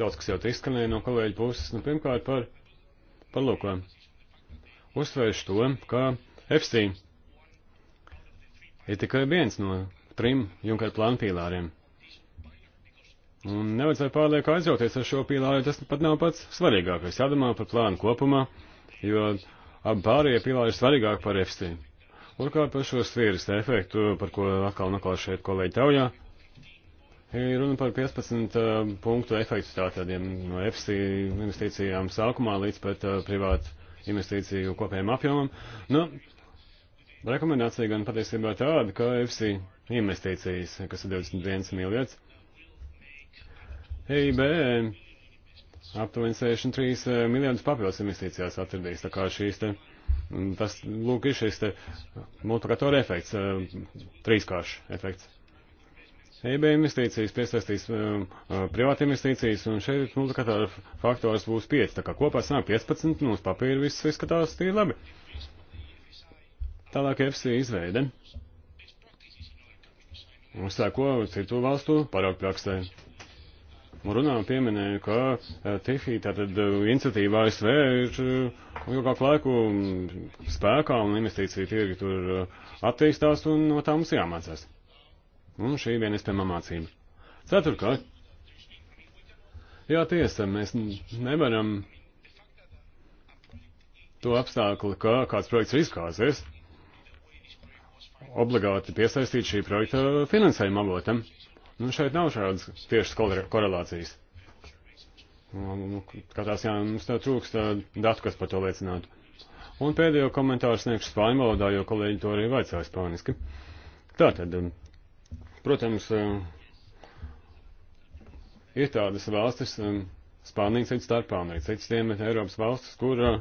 Daudz, kas jau te izskanēja no kolēģa puses. Nu, pirmkārt par, par lūko. Uzsvēršu to, ka FC ir tikai viens no trim Junkara plānpīlāriem. Un nevajadzētu pārlieku aizjauties ar šo pīlāru, jo tas pat nav pats svarīgākais. Jādomā par plānu kopumā, jo abi pārējie pīlāri ir svarīgāki par FC. Turklāt par šo sfīras efektu, par ko atkal nakal šeit kolēģi taujā, ir runa par 15 uh, punktu efektu tātadiem no FC investīcijām sākumā līdz pat uh, privātu investīciju kopējiem apjomam. Nu, rekomendācija gan patiesībā tāda, ka FC investīcijas, kas ir 21 miljards, EIB aptuveni 63 eh, miljonus papildus investīcijās atradīs. Tā kā šīs te, mm, tas, lūk, ir šis te multiplikatora efekts, eh, trīskāršs efekts. EIB investīcijas piesaistīs eh, privāti investīcijas, un šeit multiplikatora faktors būs 5. Tā kā kopā sanāk 15, un uz papīra viss izskatās tīri labi. Tālāk FC izveide. Un sēko citu valstu paraugpraksē. praksē runā pieminēju, ka eh, TIFI, tātad eh, iniciatīva ASV ir eh, ilgāk laiku spēkā un investīcija tirgi tur attīstās un no tā mums jāmācās. Un šī viena iespējama mācība. Ceturkārt. Jā, tiesa, mēs nevaram to apstākli, ka kāds projekts ir izkāsies, obligāti piesaistīt šī projekta finansējuma avotam. Nu, šeit nav šādas tiešas korelācijas. Nu, nu, nu, Katrā ziņā mums tā trūkst datu, kas par to liecinātu. Un pēdējo komentāru sniegšu spāņu valodā, jo kolēģi to arī vaicāja spāniski. Tātad, protams, ir tādas valstis, Spānija cits starpā un arī cits tiem Eiropas valstis, kur uh,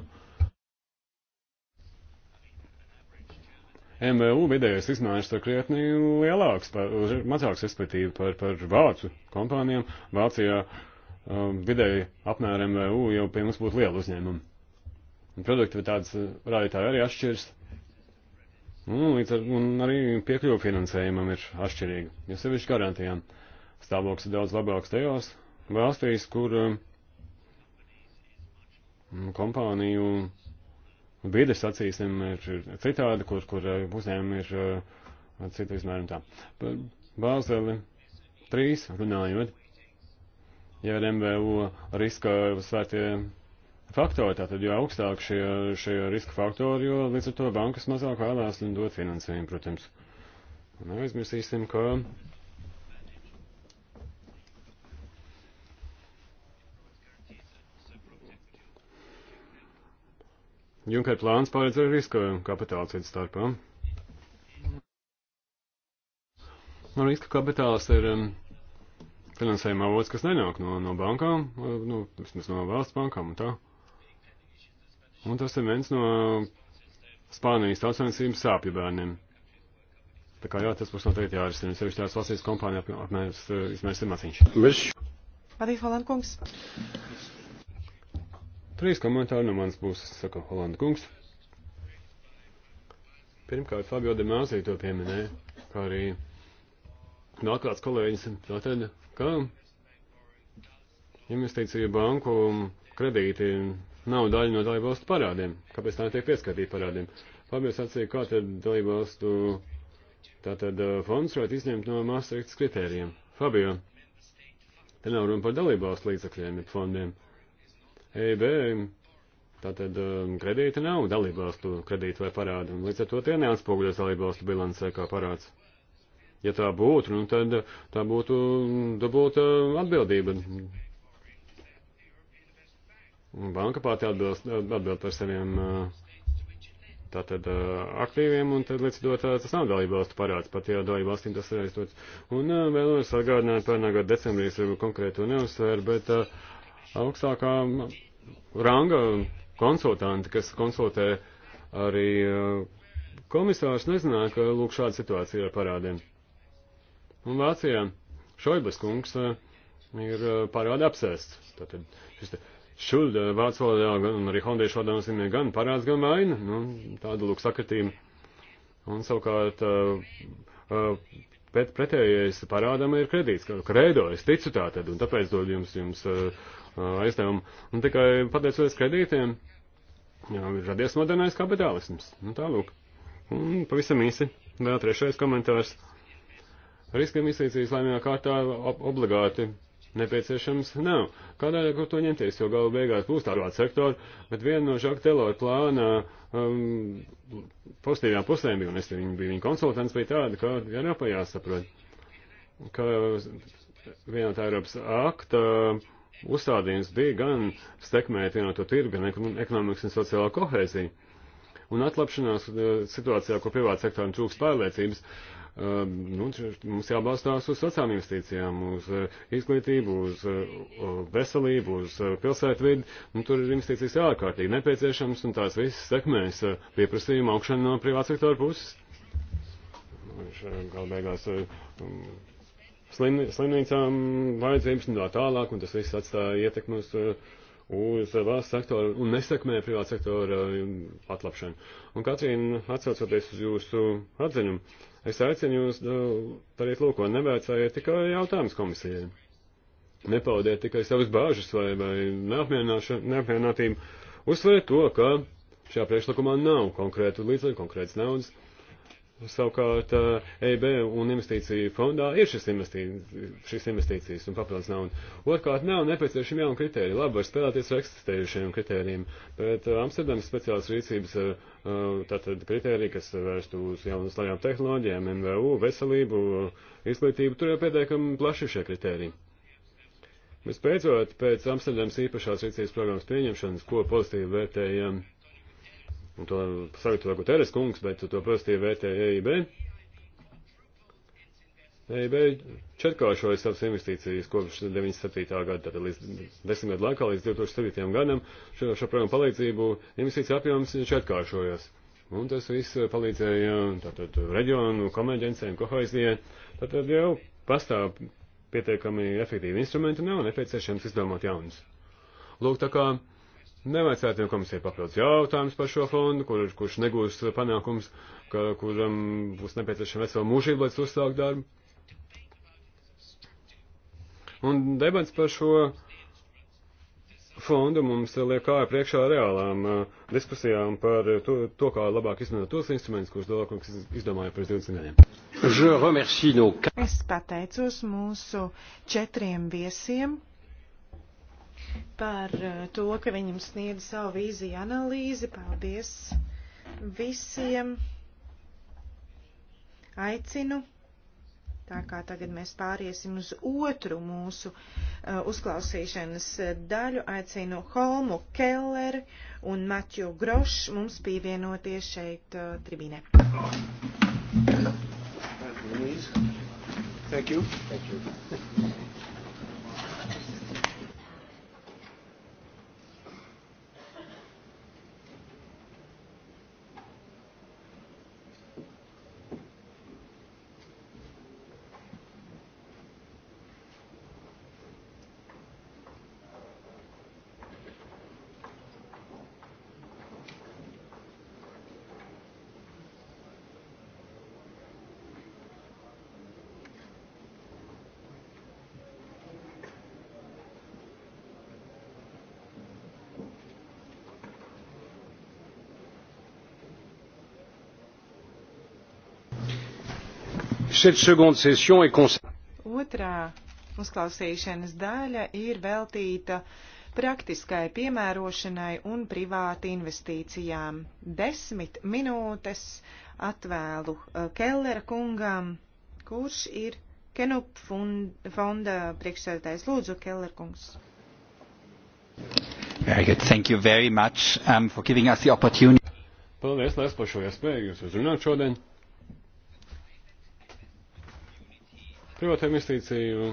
MVU vidējais izmērs ir krietni lielāks, par, mazāks respektīvi par, par vācu kompānijām. Vācijā um, vidēji apmēra MVU jau pie mums būtu liela uzņēmuma. Un produktivitātes uh, rādītāji arī atšķirs. Un, līdz ar, un arī piekļuvu finansējumam ir atšķirīga, jo sevišķi garantijām. Stāvoklis ir daudz labāks tajos valstīs, kur um, kompāniju vides, sacīsim, ir, ir citāda, kur, kur eh, uzņēmumi ir eh, cita izmēra un tā. Par Bāzeli 3 runājot, ja ar MVU riska svētie faktori, tātad jo augstāk šie, šie riska faktori, jo līdz ar to bankas mazāk vēlās dot finansējumu, protams. Neaizmirsīsim, ka Junker plāns pārēdz ar riska kapitālu citu starpā. Un nu, riska kapitāls ir um, finansējuma avots, kas nenāk no, no bankām, uh, nu, vismaz no valsts bankām un tā. Un tas ir viens no Spānijas tautsainicības sāpju bērniem. Tā kā jā, tas būs noteikti jārisina, sevišķi tās valstīs kompānija apmērs, apmērs uh, ir maciņš. Paldies, Valenkungs. Trīs komentāri no manas puses, saka Holanda kungs. Pirmkārt, Fabio de Māzī to pieminēja, kā arī vēl kāds kolēģis. Tātad, ka investīciju banku kredīti nav daļa no dalībvalstu parādiem. Kāpēc tā netiek pieskatīta parādiem? Fabio sacīja, kā tad dalībvalstu tātad uh, fonds varētu izņemt no Maastrichtas kritērijiem. Fabio, te nav runa par dalībvalstu līdzakļiem, bet fondiem. Uh, EIB tātad um, kredīti nav dalībvalstu kredīti vai parādi, un līdz ar to tie neatspoguļas dalībvalstu bilancē kā parāds. Ja tā būtu, nu tad tā būtu dubulta atbildība. Banka pati atbilst, atbild par saviem uh, tātad uh, aktīviem, un tad līdz to tā, tas nav dalībvalstu parāds, pat ja dalībvalstīm tas ir aizdots. Un uh, vēlos atgādināt par nākotnē decembrī, es varbūt konkrēto neuzsveru, bet uh, augstākā ranga konsultanti, kas konsultē arī uh, komisārs, nezināja, ka lūk šāda situācija ar parādiem. Un Vācijā Šoibas kungs uh, ir uh, parāda apsēsts. Tātad šis te šuld vācu valodā, gan arī hondiešu valodā nozīmē gan parāds, gan vaina. Nu, tāda lūk sakatība. Un savukārt pret, pretējais parādam ir kredīts, ka kredo, es ticu tātad, un tāpēc dod jums, jums uh, aizdevumu. Un tikai pateicoties kredītiem, jā, ir radies modernais kapitālisms. Nu, tālūk. Un pavisam īsi vēl trešais komentārs. Riska investīcijas laimīgā kārtā ob obligāti nepieciešams nav. Kādēļ, kur to ņemties, jo galu beigās būs tādā sektora, bet viena no Žaka Telora plāna um, pozitīvām pusēm bija, un es viņu biju viņa konsultants, bija tāda, ka jānapajās saprot, ka vienotā Eiropas akta uzstādījums bija gan stekmēt vienoto tirgu, gan ekonomikas un sociālā kohēzija. Un atlapšanās eh, situācijā, kur privāta sektora trūkst pārliecības, eh, nu, mums jābalstās uz sociālām investīcijām, uz eh, izglītību, uz veselību, uz pilsētvidi. Nu, tur ir investīcijas ārkārtīgi nepieciešams, un tās visas sekmēs pieprasījuma augšana no privāta sektora puses. Viņš galu beigās slim, slimnīcām vajadzības un tā tālāk, un tas viss atstāja ietekmi uz, uh, uz valsts sektoru un nesakmē privāta sektora uh, atlapšanu. Un Katrīna, atsaucoties uz jūsu atziņumu, es aicinu jūs uh, darīt lūko, nevajadzējiet tikai jautājumus komisijai. Nepaudiet tikai savas bāžas vai, vai neapmierinātību. Uzsvērt to, ka šajā priekšlikumā nav konkrētu līdzekļu, konkrētas naudas Savukārt EIB eh, e un investīcija fondā ir šis investīcijas, šis investīcijas un papildus nav. Un otrkārt, nav nepieciešami jauni kriteriji. Labi, var spēlēties ar eksistējušiem kriterijiem, bet eh, Amsterdamas speciālas rīcības eh, tātad kriteriji, kas vērst uz jaunas lajām tehnoloģijām, MVU, veselību, izglītību, tur jau pietiekami plaši šie kriteriji. Vispēcot, pēc Amsterdamas īpašās rīcības programmas pieņemšanas, ko pozitīvi vērtējam. Um, Un to sagatavoja Guterres kungs, bet to pozitīvi vērtēja EIB. EIB četkāršoja savas investīcijas kopš 97. gada, tātad līdz desmit gadu laikā, līdz 2007. gadam, šo, šo programmu palīdzību investīcija apjoms četkāršojas. Un tas viss palīdzēja tātad reģionu, konverģencijai un kohēzijai. Tātad jau pastāv pietiekami efektīvi instrumenti un nav nepieciešams izdomāt jaunus. Lūk, tā kā Nevajadzētu jau komisijai papildus jautājumus par šo fondu, kur, kurš negūs panākums, ka, kuram būs nepieciešama vesela mūžība, lai uzsākt darbu. Un debats par šo fondu mums liek kā priekšā reālām uh, diskusijām par to, to, kā labāk izmantot tos instrumentus, kurus Dolakungs izdomāja pirms 20 gadiem. Es pateicos mūsu četriem viesiem par eh, to, ka viņam sniedz savu vīziju analīzi. Paldies visiem. Aicinu. Tā kā tagad mēs pāriesim uz otru mūsu uh, uzklausīšanas eh, daļu, aicinu Holmu Kelleri un Matju Grošu mums pievienoties šeit uh, tribīnē. Thank you. Thank you. cette seconde session est consacrée. Otrā uzklausīšanas daļa ir veltīta praktiskai piemērošanai un privāti investīcijām. Desmit minūtes atvēlu uh, Kellera kungam, kurš ir Kenup fonda priekšsēdētājs. Lūdzu, Keller kungs. Very good. Thank you very much um, for giving us the opportunity. Paldies, Lēs, par šo iespēju jūs uzrunāt šodien. privāto investīciju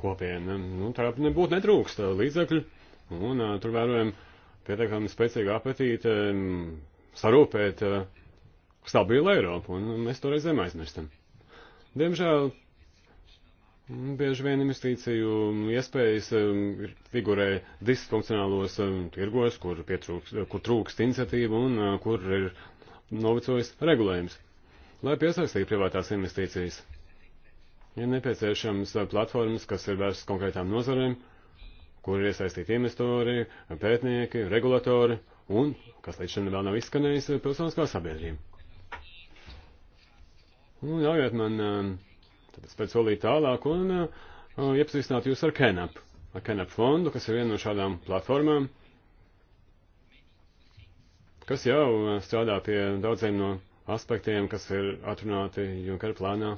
kopiena. Nu, tā nebūtu netrūkst eh, līdzekļu, un uh, tur vērojam pietiekami spēcīgu apetīti um, sarūpēt uh, stabilu Eiropu, un mēs to reizēm aizmirstam. Diemžēl mm, bieži vien investīciju iespējas um, figurē disfunkcionālos um, tirgos, kur, pietrūks, kur trūkst iniciatīva un uh, kur ir novecojis regulējums, lai piesaistītu privātās investīcijas. Ir nepieciešams uh, platformas, kas ir vērstas konkrētām nozarēm, kur ir iesaistīti investori, pētnieki, regulatori un, kas līdz šim vēl nav izskanējis, uh, pilsoniskā sabiedrība. Un nu, ļaujiet man um, tāpēc pēc solīt tālāk un uh, iepazīstināt jūs ar Kenap, ar Kenap fondu, kas ir viena no šādām platformām, kas jau strādā pie daudziem no aspektiem, kas ir atrunāti Junkera plānā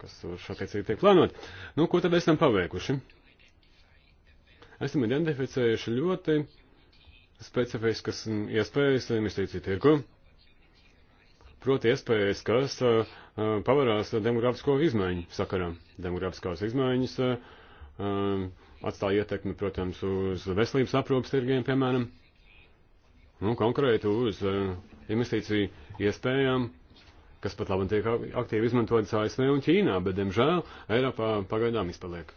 kas attiecīgi tiek plānot. Nu, ko tad esam paveikuši? Esam identificējuši ļoti specifiskas iespējas investīciju tirgu, proti iespējas, kas uh, uh pavarās demografisko izmaiņu sakarā. Demografiskās izmaiņas uh, um, atstāja ietekmi, protams, uz veselības aprūpas tirgiem, piemēram, nu, konkrēti uz uh, investīciju iespējām kas pat labi tiek aktīvi izmantotas ASV un Ķīnā, bet, diemžēl, Eiropā pagaidām izpaliek.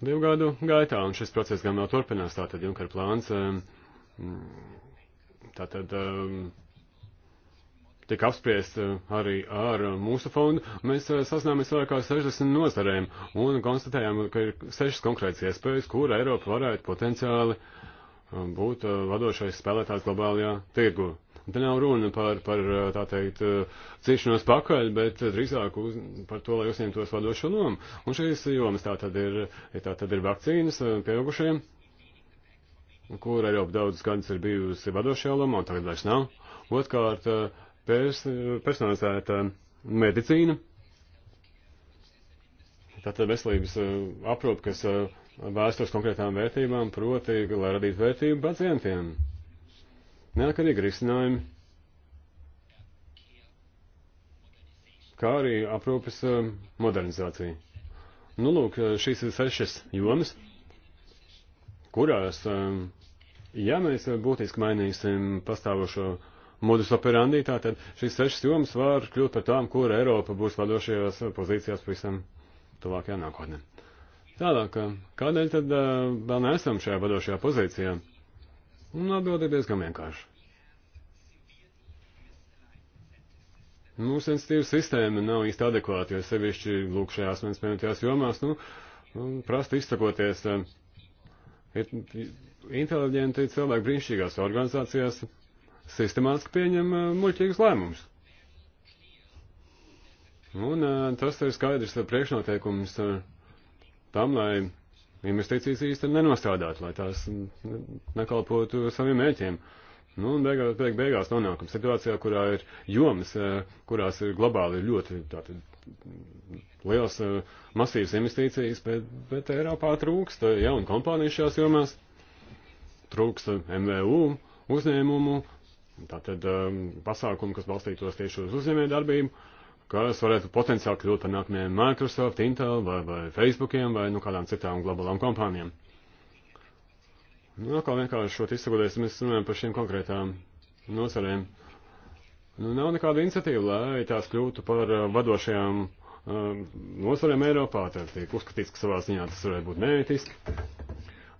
Divu gadu gaitā, un šis process gan vēl turpinās, tātad Junkar plāns, tātad tika apspriest arī ar mūsu fondu. Mēs sasnāmies vairāk kā 60 nozarēm un konstatējām, ka ir sešas konkrētas iespējas, kur Eiropa varētu potenciāli būt vadošais spēlētājs globālajā tirgu. Te nav runa par, par eh, tā teikt, eh, cīšanos pakaļ, bet drīzāk uz, par to, lai uzņemtos vadošo lomu. Un šīs jomas tā tad ir, tā tad ir vakcīnas eh, pieaugušajiem, kur Eiropa daudz gadus ir bijusi vadošajā lomā, un tagad vairs nav. Otkārt, pers, personalizēta medicīna. Tātad veselības aprūpe, kas vēstos konkrētām vērtībām, proti, lai radītu vērtību pacientiem neatkarīgi risinājumi, kā arī aprūpes eh, modernizācija. Nu, lūk, eh, šīs ir sešas jomas, kurās, eh, ja mēs būtiski mainīsim pastāvošo modus operandi, tātad šīs sešas jomas var kļūt par tām, kur Eiropa būs vadošajās pozīcijās pavisam tuvākajā nākotnē. Tālāk, kādēļ tad vēl neesam šajā vadošajā pozīcijā? Un atbildi ir diezgan vienkārši. Nu, sensitīva sistēma nav īsti adekvāta, jo sevišķi lūk šajās manas pieminētajās jomās, nu, prasta izsakoties. Eh, ir inteliģenti cilvēki brīnišķīgās organizācijās sistemātiski pieņem eh, muļķīgus lēmumus. Un eh, tas ir skaidrs priekšnoteikums tam, lai investīcijas īsti nenostrādātu, lai tās nekalpotu saviem mēķiem. Nu, un beigās, beig, beigās nonākam situācijā, kurā ir jomas, eh, kurās ir globāli ļoti tātad, liels eh, masīvas investīcijas, bet, bet Eiropā trūkst jaunu kompāniju šajās jomās, trūkst MVU uzņēmumu, tātad eh, pasākumu, kas balstītos tieši uz uzņēmē darbību. Uh, kas varētu potenciāli kļūt par nākamajiem Microsoft, Intel vai, vai Facebookiem vai nu kādām citām globālām kompānijām. Nu, atkal vienkārši šot izsakoties, mēs runājam par šīm konkrētām nozarēm. Nu, nav nekāda iniciatīva, lai tās kļūtu par uh, vadošajām uh, nozarēm Eiropā. Tā tiek uzskatīts, ka savā ziņā tas varētu būt neētiski.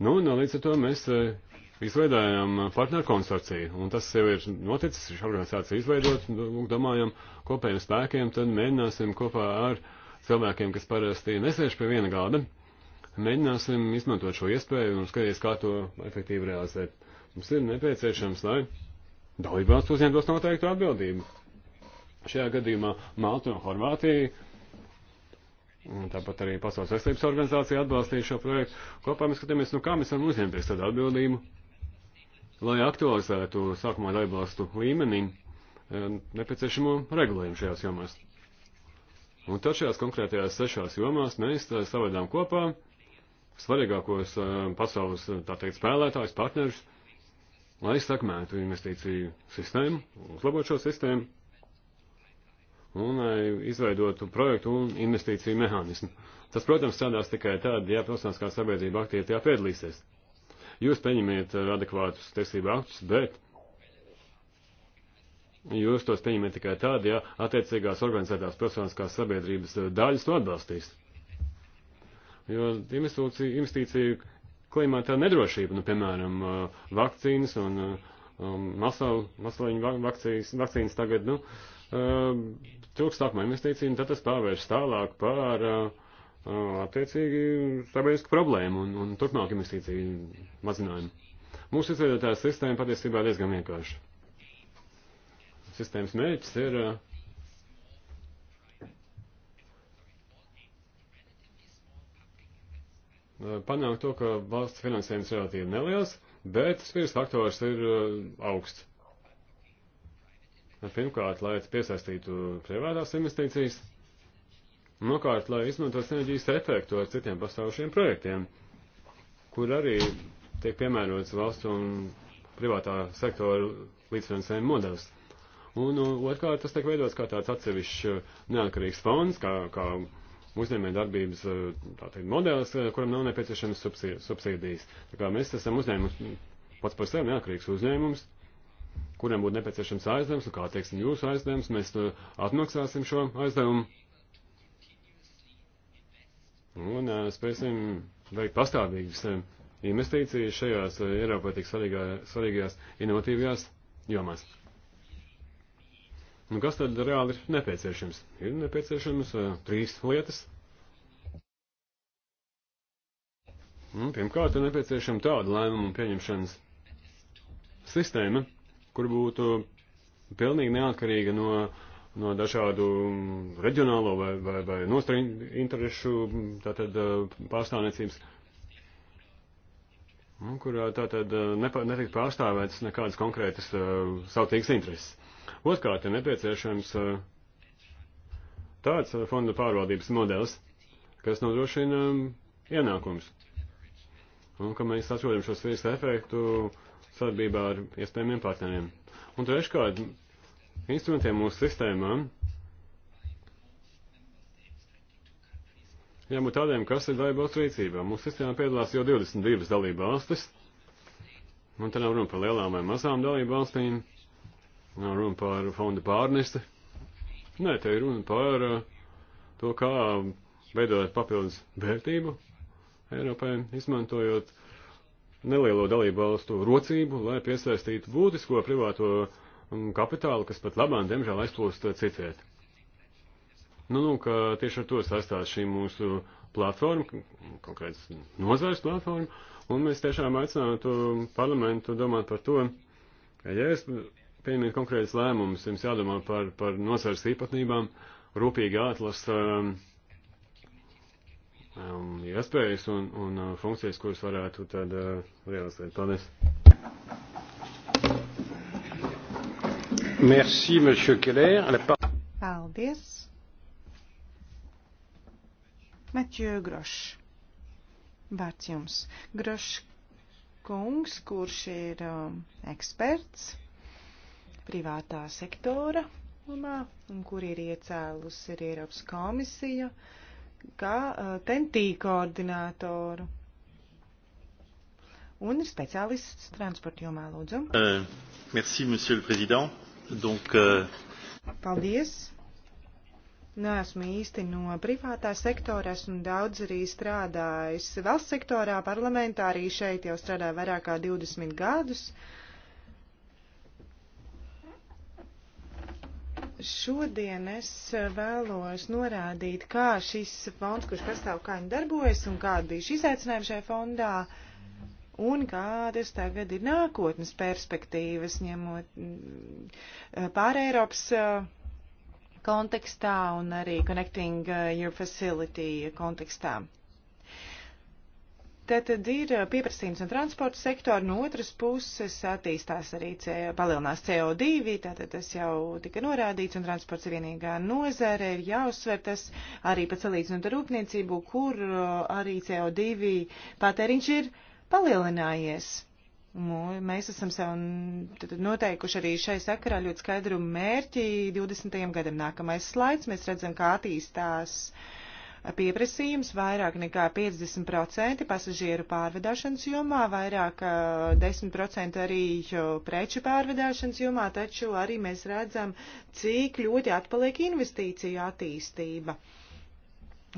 Nu, un uh, līdz ar to mēs uh, izveidojam partnerkonsorciju, un tas jau ir noticis, šī organizācija izveidot, nu, domājam, kopējiem spēkiem, tad mēģināsim kopā ar cilvēkiem, kas parasti nesēž pie viena gada, mēģināsim izmantot šo iespēju un skatīties, kā to efektīvi realizēt. Mums ir nepieciešams, lai dalībvalsts uzņemtos noteiktu atbildību. Šajā gadījumā Malta un Horvātija Tāpat arī Pasaules veselības organizācija atbalstīja šo projektu. Kopā mēs skatāmies, nu kā mēs varam uzņemties tādu atbildību lai aktualizētu sākumā ar atbalstu līmenī eh, nepieciešamo regulējumu šajās jomās. Un tad šajās konkrētajās sešās jomās mēs eh, savādām kopā svarīgākos eh, pasaules, tā teikt, spēlētājus, partnerus, lai sakmētu investīciju sistēmu, uzlabotu šo sistēmu un lai izveidotu projektu un investīciju mehānismu. Tas, protams, strādās tikai tad, ja pilsētiskā sabiedrība aktīvi tajā piedalīsies. Jūs pieņemiet eh, adekvātus tiesību aktus, bet jūs tos pieņemiet tikai tad, ja attiecīgās organizētās pilsoniskās sabiedrības eh, daļas to atbalstīs. Jo investīciju, investīciju klimata nedrošība, nu, piemēram, eh, vakcīnas un um, masal, masaliņu vakcīnas, vakcīnas tagad, nu, trūkst tāpma investīciju, un tad tas pārvērš tālāk par uh, attiecīgi sabiedriska problēma un, un turpmāk investīciju mazinājumu. Mūsu izveidotā sistēma patiesībā diezgan vienkārša. Sistēmas mērķis ir uh, panākt to, ka valsts finansējums relatīvi neliels, bet spīrs faktors ir uh, augsts. Pirmkārt, lai piesaistītu privātās investīcijas, Nokārt, lai izmantot sinerģijas efektu ar citiem pasaušiem projektiem, kur arī tiek piemērots valsts un privātā sektora līdzfinansējuma modelis. Un nu, otrkārt, tas tiek veidots kā tāds atsevišķs uh, neatkarīgs fonds, kā, kā uzņēmē darbības uh, teikt, modelis, uh, kuram nav nepieciešams subsīdijas. Tā kā mēs esam uzņēmums pats par sevi neatkarīgs uzņēmums, kuram būtu nepieciešams aizdevums, un kā teiksim jūsu aizdevums, mēs atmaksāsim šo aizdevumu Un spēsim veikt pastāvīgas investīcijas šajās Eiropā tik svarīgā, svarīgajās inovatīvajās jomās. Nu, kas tad reāli ir nepieciešams? Ir nepieciešams uh, trīs lietas. Un, nu, pirmkārt, ir nepieciešama tāda lēmuma pieņemšanas sistēma, kur būtu pilnīgi neatkarīga no uh, no dažādu reģionālo vai, vai, vai nostru interesu tātad, eh, pārstāvniecības, kurā tātad eh, nepa, netiek pārstāvētas nekādas konkrētas uh, eh, sautīgas intereses. Otkārt, ir nepieciešams uh, tāds fonda pārvaldības modelis, kas nodrošina um, ienākums. Un ka mēs atrodam šo svīras efektu sadarbībā ar iespējamiem partneriem. Un treškārt, instrumentiem, mūsu sistēmām, jābūt tādiem, kas ir dalībvalstu rīcībā. Mūsu sistēmā piedalās jau 22 dalībvalstis, un te nav runa par lielām vai mazām dalībvalstīm, nav runa par fondu pārnesti. Nē, te ir runa par uh, to, kā veidot papildus vērtību Eiropai, izmantojot nelielo dalībvalstu rocību, lai piesaistītu būtisko privāto kapitālu, kas pat labāk, diemžēl, aizplūst uh, citviet. Nu, nu, uh, ka tieši ar to sastās šī mūsu platforma, konkrēts nozares platforma, un mēs tiešām aicinātu parlamentu domāt par to, ka, ja es pieņemu konkrētas lēmumus, jums jādomā par, par nozares īpatnībām, rūpīgi jāatlasa um, um, iespējas un, un uh, funkcijas, kuras varētu tad uh, realizēt. Paldies! Merci, monsieur Keller. La... Paldies. Matjū Grošs. Vārds jums. Grošs kungs, kurš ir um, eksperts privātā sektora lomā un kur ir iecēlusi arī Eiropas komisija kā uh, tentī koordinātoru. Un ir speciālists transporta jomā, lūdzu. Uh, merci, monsieur le président. Donc, uh... Paldies! Neesmu īsti no privātā sektora, esmu daudz arī strādājis valsts sektorā, parlamentā, arī šeit jau strādāju vairāk kā 20 gadus. Šodien es vēlos norādīt, kā šis fonds, kurš pastāv, kā viņi darbojas un kāda bija šī izaicinājuma šajā fondā. Uh, un kādas tagad ir nākotnes perspektīvas, ņemot mm, pār Eiropas kontekstā un arī Connecting Your Facility kontekstā. Tātad ir pieprasījums un transporta sektora, no otras puses attīstās arī C, palielinās CO2, tātad tas jau tika norādīts, un transports ir vienīgā nozare, ir jāuzsver tas arī pat salīdzinot ar rūpniecību, kur arī CO2 patēriņš ir uh, palielinājies. Mēs esam sev noteikuši arī šai sakarā ļoti skaidru mērķi 20. gadam. Nākamais slaids, mēs redzam, kā attīstās pieprasījums vairāk nekā 50% pasažieru pārvedāšanas jomā, vairāk 10% arī preču pārvedāšanas jomā, taču arī mēs redzam, cik ļoti atpaliek investīciju attīstība. Uh,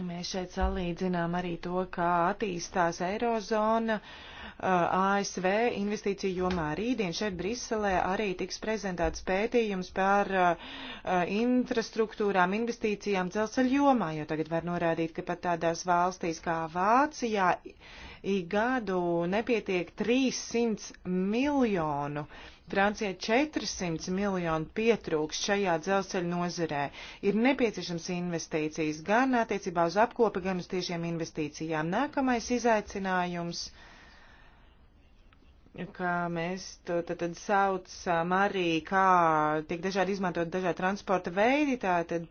Mēs šeit salīdzinām arī to, kā attīstās Eirozona ASV investīciju jomā. Rītdien šeit Briselē arī tiks prezentēts pētījums par infrastruktūrām, investīcijām dzelzceļu jomā, jo tagad var norādīt, ka pat tādās valstīs kā Vācijā ik gadu nepietiek 300 miljonu. Francijai 400 miljonu pietrūks šajā dzelzceļa nozarē. Ir nepieciešams investīcijas gan attiecībā uz apkopi, gan uz tiešiem investīcijām. Nākamais izaicinājums kā mēs to tad, tad saucam arī, kā tiek dažādi izmantot dažādi transporta veidi, tā tad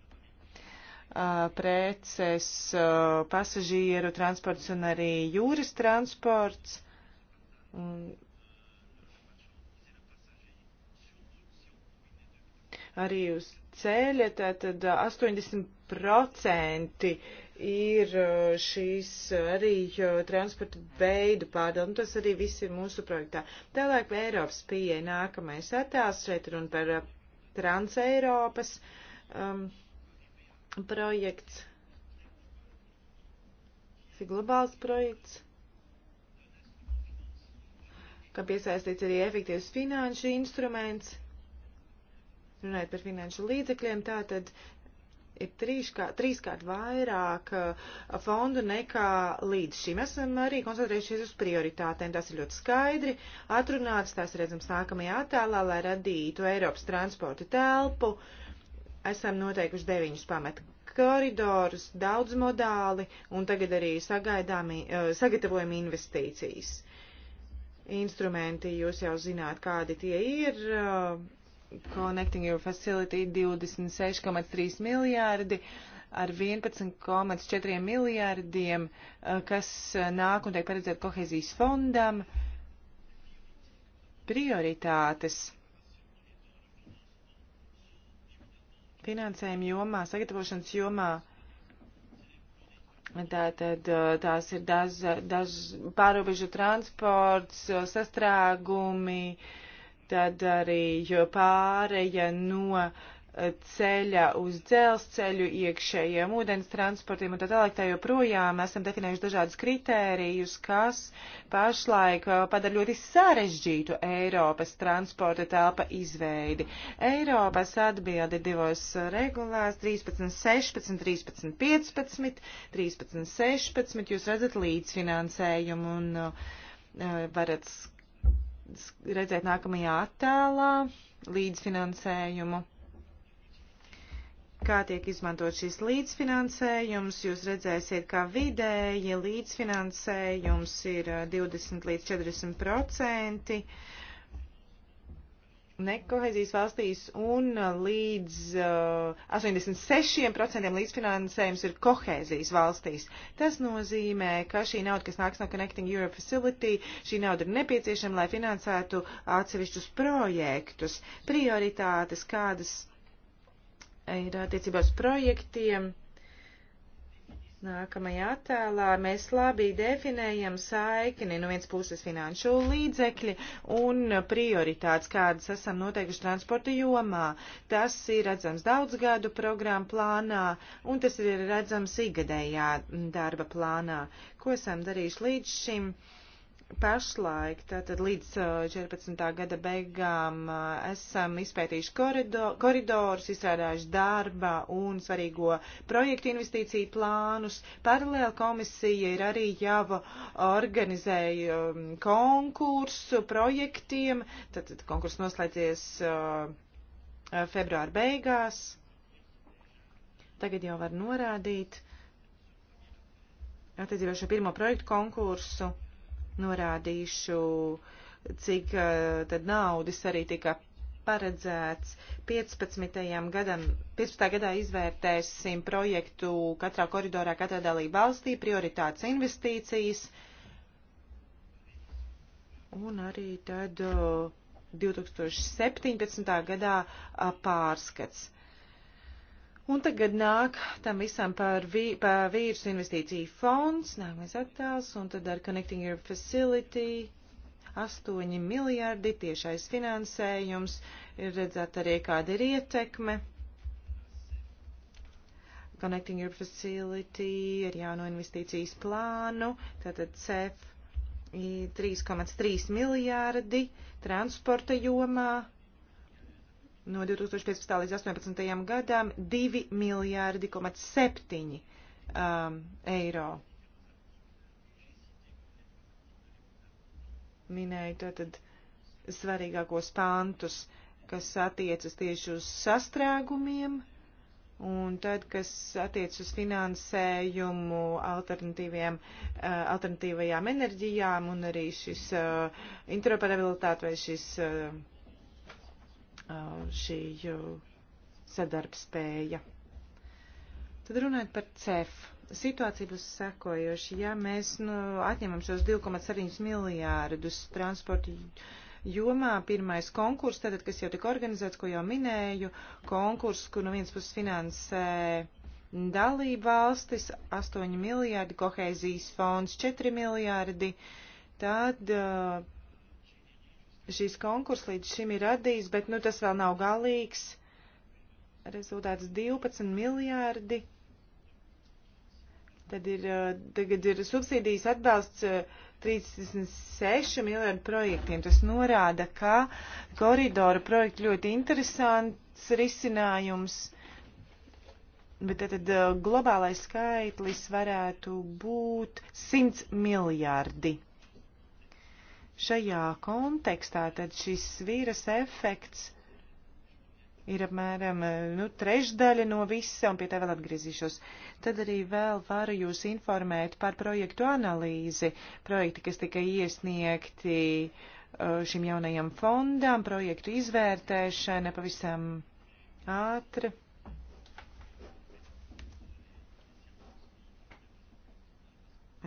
Uh, preces, uh, pasažieru transports un arī jūras transports. Arī uz ceļa tātad 80% uh, ir šīs arī transporta veidu pārdala, un nu, tas arī viss ir mūsu projektā. Tālāk Eiropas pieeja nākamais attēls, šeit runa par Transeiropas. Um, projekts. Tas ir globāls projekts, kam piesaistīts arī efektīvs finanšu instruments. Runājot par finanšu līdzekļiem, tātad ir trīskārt, trīskārt vairāk uh, fondu nekā līdz šim. Esam arī koncentrējušies uz prioritātēm. Tas ir ļoti skaidri atrunāts, tās redzams nākamajā attēlā, lai radītu Eiropas transporta telpu. Uh, esam noteikuši deviņus pamatu koridorus, daudz modāli un tagad arī eh, sagatavojam investīcijas. Instrumenti jūs jau zināt, kādi tie ir. Eh, Connecting Your Facility 26,3 miljārdi ar 11,4 miljārdiem, eh, kas nāk un tiek paredzēt kohezijas fondam. Prioritātes finansējuma jomā, sagatavošanas jomā. Tātad tās ir daž, daž pārobežu transports, sastrēgumi, tad arī pāreja no uh, ceļa uz dzelzceļu, iekšējiem ūdens transportiem un tā tālāk, tā joprojām esam definējuši dažādas kritērijus, kas pašlaik eh, padara ļoti sarežģītu Eiropas transporta telpa izveidi. Eiropas atbildi divos regulās 13, 16, 13, 15, 13, 16, jūs redzat līdzfinansējumu un eh, varat redzēt nākamajā attēlā līdzfinansējumu kā tiek izmantot šis līdzfinansējums. Jūs redzēsiet, ka vidēji līdzfinansējums ir 20 eh, līdz 40 procenti nekohezijas valstīs un eh, līdz uh, eh, 86% līdzfinansējums ir kohēzijas valstīs. Tas nozīmē, ka šī nauda, kas nāks no Connecting Europe Facility, šī nauda ir nepieciešama, lai finansētu atsevišķus projektus, prioritātes, kādas ir attiecībā uz projektiem. Nākamajā attēlā mēs labi definējam saikni no nu vienas puses finanšu līdzekļi un prioritātes, kādas esam noteikuši transporta jomā. Tas ir redzams daudzgadu programmu plānā un tas ir redzams igadējā darba plānā, ko esam darījuši līdz šim. Uh, pašlaik, tātad līdz 14. gada beigām, esam izpētījuši koridor, koridorus, izstrādājuši darba un svarīgo projektu investīciju plānus. Paralēli komisija ir arī jau organizēja um, konkursu projektiem, tātad konkurss noslēdzies februāra beigās. Tagad jau var norādīt attiecībā šo pirmo projektu konkursu norādīšu, cik eh, tad naudas arī tika paredzēts 15. gadam, 15. gadā izvērtēsim projektu katrā koridorā, katrā dalība valstī, prioritātes investīcijas. Un arī tad 2017. Eh, gadā eh, pārskats. Un tagad nāk tam visam par, vī, par vīrusu investīciju fonds, nākamais attēls, un tad ar Connecting Europe Facility 8 miljardi tiešais finansējums, ir redzēt arī kāda ir ietekme. Connecting Europe Facility ar jauno investīcijas plānu, tātad CEF 3,3 miljārdi transporta jomā no 2015. līdz 2018. gadam 2 miljārdi, 7 um, eiro. Minēju tātad svarīgākos pāntus, kas attiecas tieši uz sastrēgumiem, un tad, kas attiec uz finansējumu alternatīvajām, uh, alternatīvajām enerģijām, un arī šis uh, interoperabilitāte vai šis uh, Uh, šī uh, sadarbspēja. Tad runājot par CEF. Situācija būs sekojoša. Ja mēs nu, atņemam šos 2,7 miljārdus transporta jomā, pirmais konkurs, tātad, kas jau tika organizēts, ko jau minēju, konkurs, kur no nu viens puses finansē dalība valstis, 8 miljārdi, kohēzijas fonds 4 miljārdi, tad uh, šīs konkurss līdz šim ir radījis, bet nu, tas vēl nav galīgs. Rezultāts 12 miljārdi. Tad ir, tagad ir subsīdijas atbalsts 36 miljardu projektiem. Tas norāda, ka koridora projekti ļoti interesants risinājums, bet tad, tad globālais skaitlis varētu būt 100 miljardi. Šajā kontekstā tad šis vīras efekts ir apmēram nu, trešdaļa no visa, un pie tā vēl atgriezīšos. Tad arī vēl varu jūs informēt par projektu analīzi, projekti, kas tika iesniegti uh, šim jaunajam fondam, projektu izvērtēšana pavisam ātri.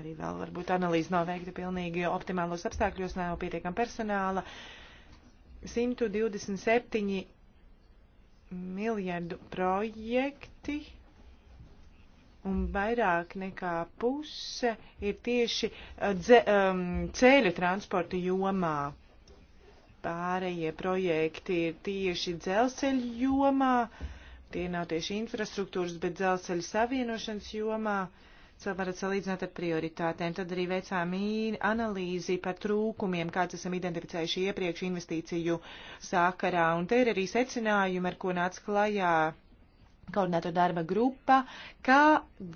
arī vēl varbūt analīze nav veikta pilnīgi optimālos apstākļos, nav pietiekam personāla. 127 miljardu projekti un vairāk nekā puse ir tieši eh, dze, um, ceļu transporta jomā. Pārējie projekti ir tieši dzelzceļu jomā, tie nav tieši infrastruktūras, bet dzelzceļu savienošanas jomā. Uh, varat salīdzināt ar prioritātēm. Tad arī veicām analīzi par trūkumiem, kāds esam identificējuši iepriekš investīciju sākarā. Un te ir arī secinājumi, ar ko nāca klajā koordinēto darba grupa, kā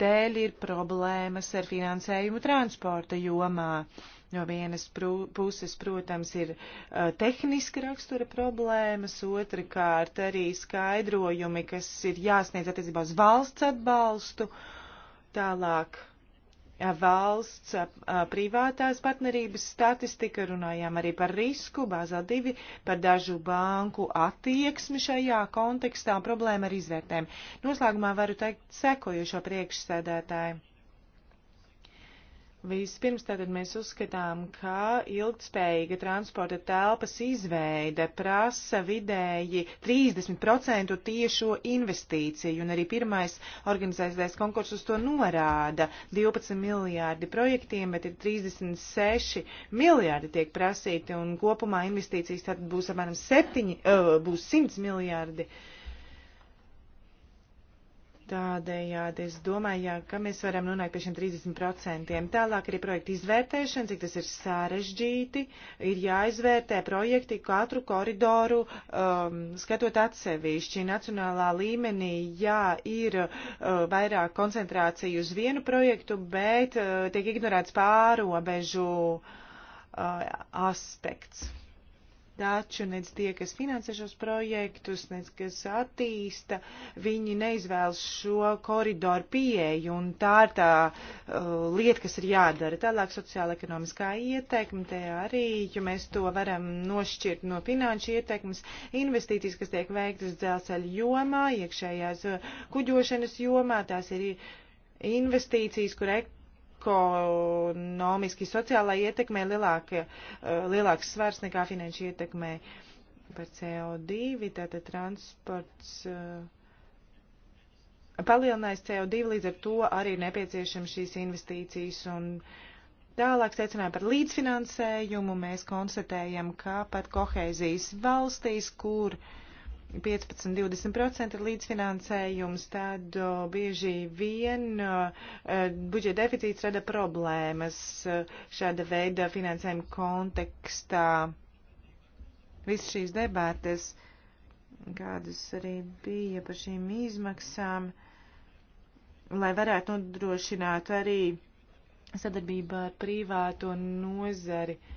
dēļ ir problēmas ar finansējumu transporta jomā. No vienas puses, protams, ir uh, tehniska rakstura problēmas, otrkārt arī skaidrojumi, kas ir jāsniedz attiecībā uz valsts atbalstu. Uh, Tālāk valsts privātās partnerības statistika, runājām arī par risku, bāzā divi, par dažu banku attieksmi šajā kontekstā un problēma ar izvērtēm. Noslēgumā varu teikt sekojošo priekšsēdētāju. Vispirms tātad mēs uzskatām, ka ilgtspējīga transporta telpas izveide prasa vidēji 30% tiešo investīciju, un arī pirmais organizētais konkurss uz to norāda. 12 miljārdi projektiem, bet ir 36 miljārdi tiek prasīti, un kopumā investīcijas tātad būs apmēram 7, uh, eh, būs 100 miljārdi. Uh, Tādējādi es domāju, jā, ka mēs varam nonākt pie šiem 30%. Tālāk arī projekta izvērtēšana, cik tas ir sarežģīti, ir jāizvērtē projekti katru koridoru, um, skatot atsevišķi. Nacionālā līmenī, jā, ir uh, vairāk koncentrācija uz vienu projektu, bet uh, tiek ignorēts pārobežu uh, aspekts. Taču nec tie, kas finansē šos projektus, nec kas attīsta, viņi neizvēlas šo koridoru pieeju, un tā ir tā uh, lieta, kas ir jādara. Tālāk sociāla-ekonomiskā ietekme, te arī, jo mēs to varam nošķirt no finanšu ietekmes, investīcijas, kas tiek veiktas dzelzceļa jomā, iekšējās uh, kuģošanas jomā, tās ir investīcijas, kur ek ekonomiski, sociālai ietekmē lielāka, eh, lielāks svars nekā finanšu ietekmē par CO2, tātad transports eh, palielinājis CO2, līdz ar to arī ir nepieciešams šīs investīcijas un Tālāk secinājumu par līdzfinansējumu mēs konstatējam, ka pat koheizijas valstīs, kur uh, 15-20% ir līdzfinansējums, tad bieži vien e, budžeta deficīts rada problēmas šāda veida finansējuma kontekstā. Viss šīs debātes, kādas arī bija par šīm izmaksām, lai varētu nodrošināt arī sadarbību ar privāto nozari. Uh,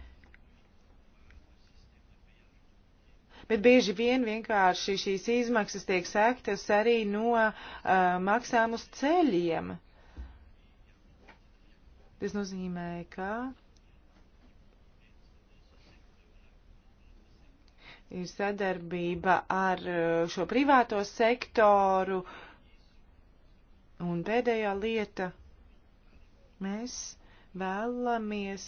Bet bieži vien vienkārši šīs izmaksas tiek sektas arī no uh, maksām uz ceļiem. Tas nozīmē, ka ir sadarbība ar uh, šo privāto sektoru. Un pēdējā lieta. Mēs vēlamies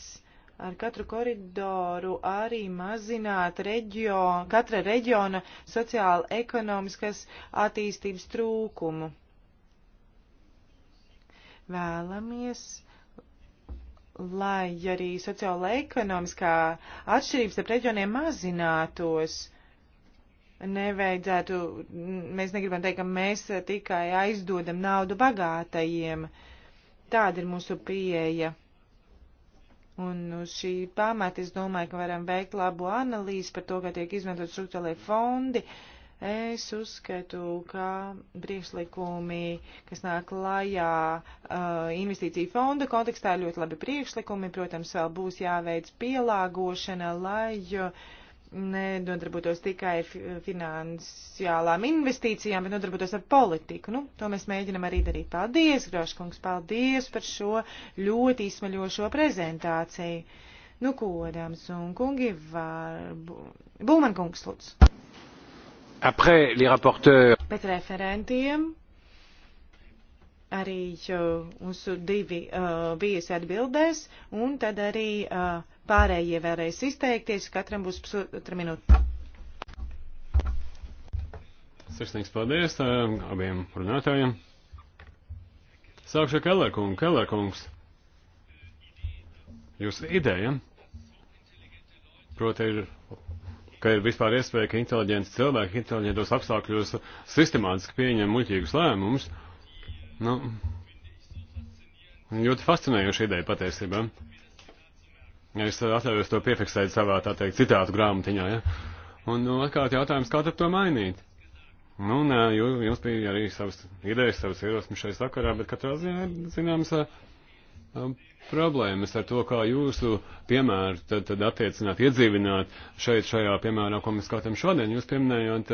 ar katru koridoru arī mazināt reģion, katra reģiona sociāla ekonomiskas attīstības trūkumu. Vēlamies, lai arī sociāla ekonomiskā atšķirības ar reģioniem mazinātos nevajadzētu, mēs negribam teikt, ka mēs tikai aizdodam naudu bagātajiem. Tāda ir mūsu pieeja. Un uz šī pamata es domāju, ka varam veikt labu analīzi par to, kā tiek izmantot struktūrālai fondi. Es uzskatu, ka priekšlikumi, kas nāk klajā uh, investīciju fonda kontekstā, ļoti labi priekšlikumi. Protams, vēl būs jāveic pielāgošana, lai. Uh, nenodarbotos tikai finansiālām investīcijām, bet nodarbotos ar politiku. Nu, to mēs mēģinam arī darīt. Paldies, Groškungs, paldies par šo ļoti izsmaļošo prezentāciju. Nu, ko, dāmas un kungi, var... Būman kungs, lūdzu. Après les rapporteurs. Pēc referentiem arī mūsu divi uh, bijis atbildēs, un tad arī uh, Pārējie vēlreiz izteikties, katram būs pusotra minūte. Sirsnīgs paldies abiem runātājiem. Sākšu ar Kellerkungu. Kellerkungs, jūsu ideja, proti, ir, ka ir vispār iespēja, ka inteliģents cilvēki inteliģentos apstākļos sistemātiski pieņem muļķīgus lēmumus. Nu, ļoti fascinējoša ideja patiesībā. Es atļaujos to piefiksēt savā, tā teikt, citātu grāmatiņā, ja? Un, nu, atkārt jautājums, kā tad to mainīt? Nu, nē, jums bija arī savas idejas, savas ierosmes šai sakarā, bet katrā ziņā ir zināms problēmas ar to, kā jūsu piemēru tad, tad attiecināt, iedzīvināt šeit, šajā piemērā, ko mēs skatām šodien. Jūs pieminējāt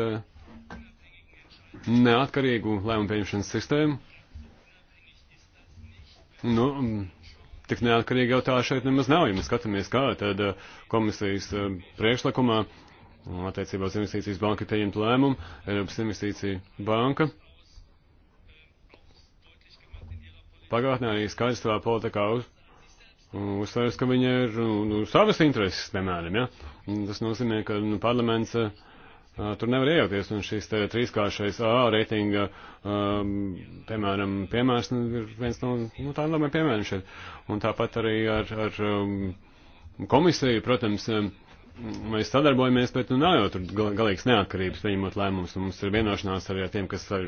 neatkarīgu lēmumu pieņemšanas sistēmu. Nu, tik neatkarīgi jau tā šeit nemaz nav. Ja mēs skatāmies, kā tad eh, komisijas eh, priekšlikumā attiecībā uz investīcijas banka pieņemt lēmumu, Eiropas investīcija banka pagātnē arī skaidrs savā politikā uz, uzsvērts, ka viņa ir nu, nu savas intereses, piemēram, ja? Tas nozīmē, ka nu, parlaments uh, Uh, tur nevar iejaukties, un šis te trīskāršais A reitinga, um, piemēram, piemērs nu, ir viens no, nu, tādiem labiem piemēriem šeit. Un tāpat arī ar, ar um, komisiju, protams, um, mēs sadarbojamies, bet, nu, nav jau tur gal, galīgs neatkarības pieņemot lēmumus, un mums ir vienošanās arī ar tiem, kas, ar,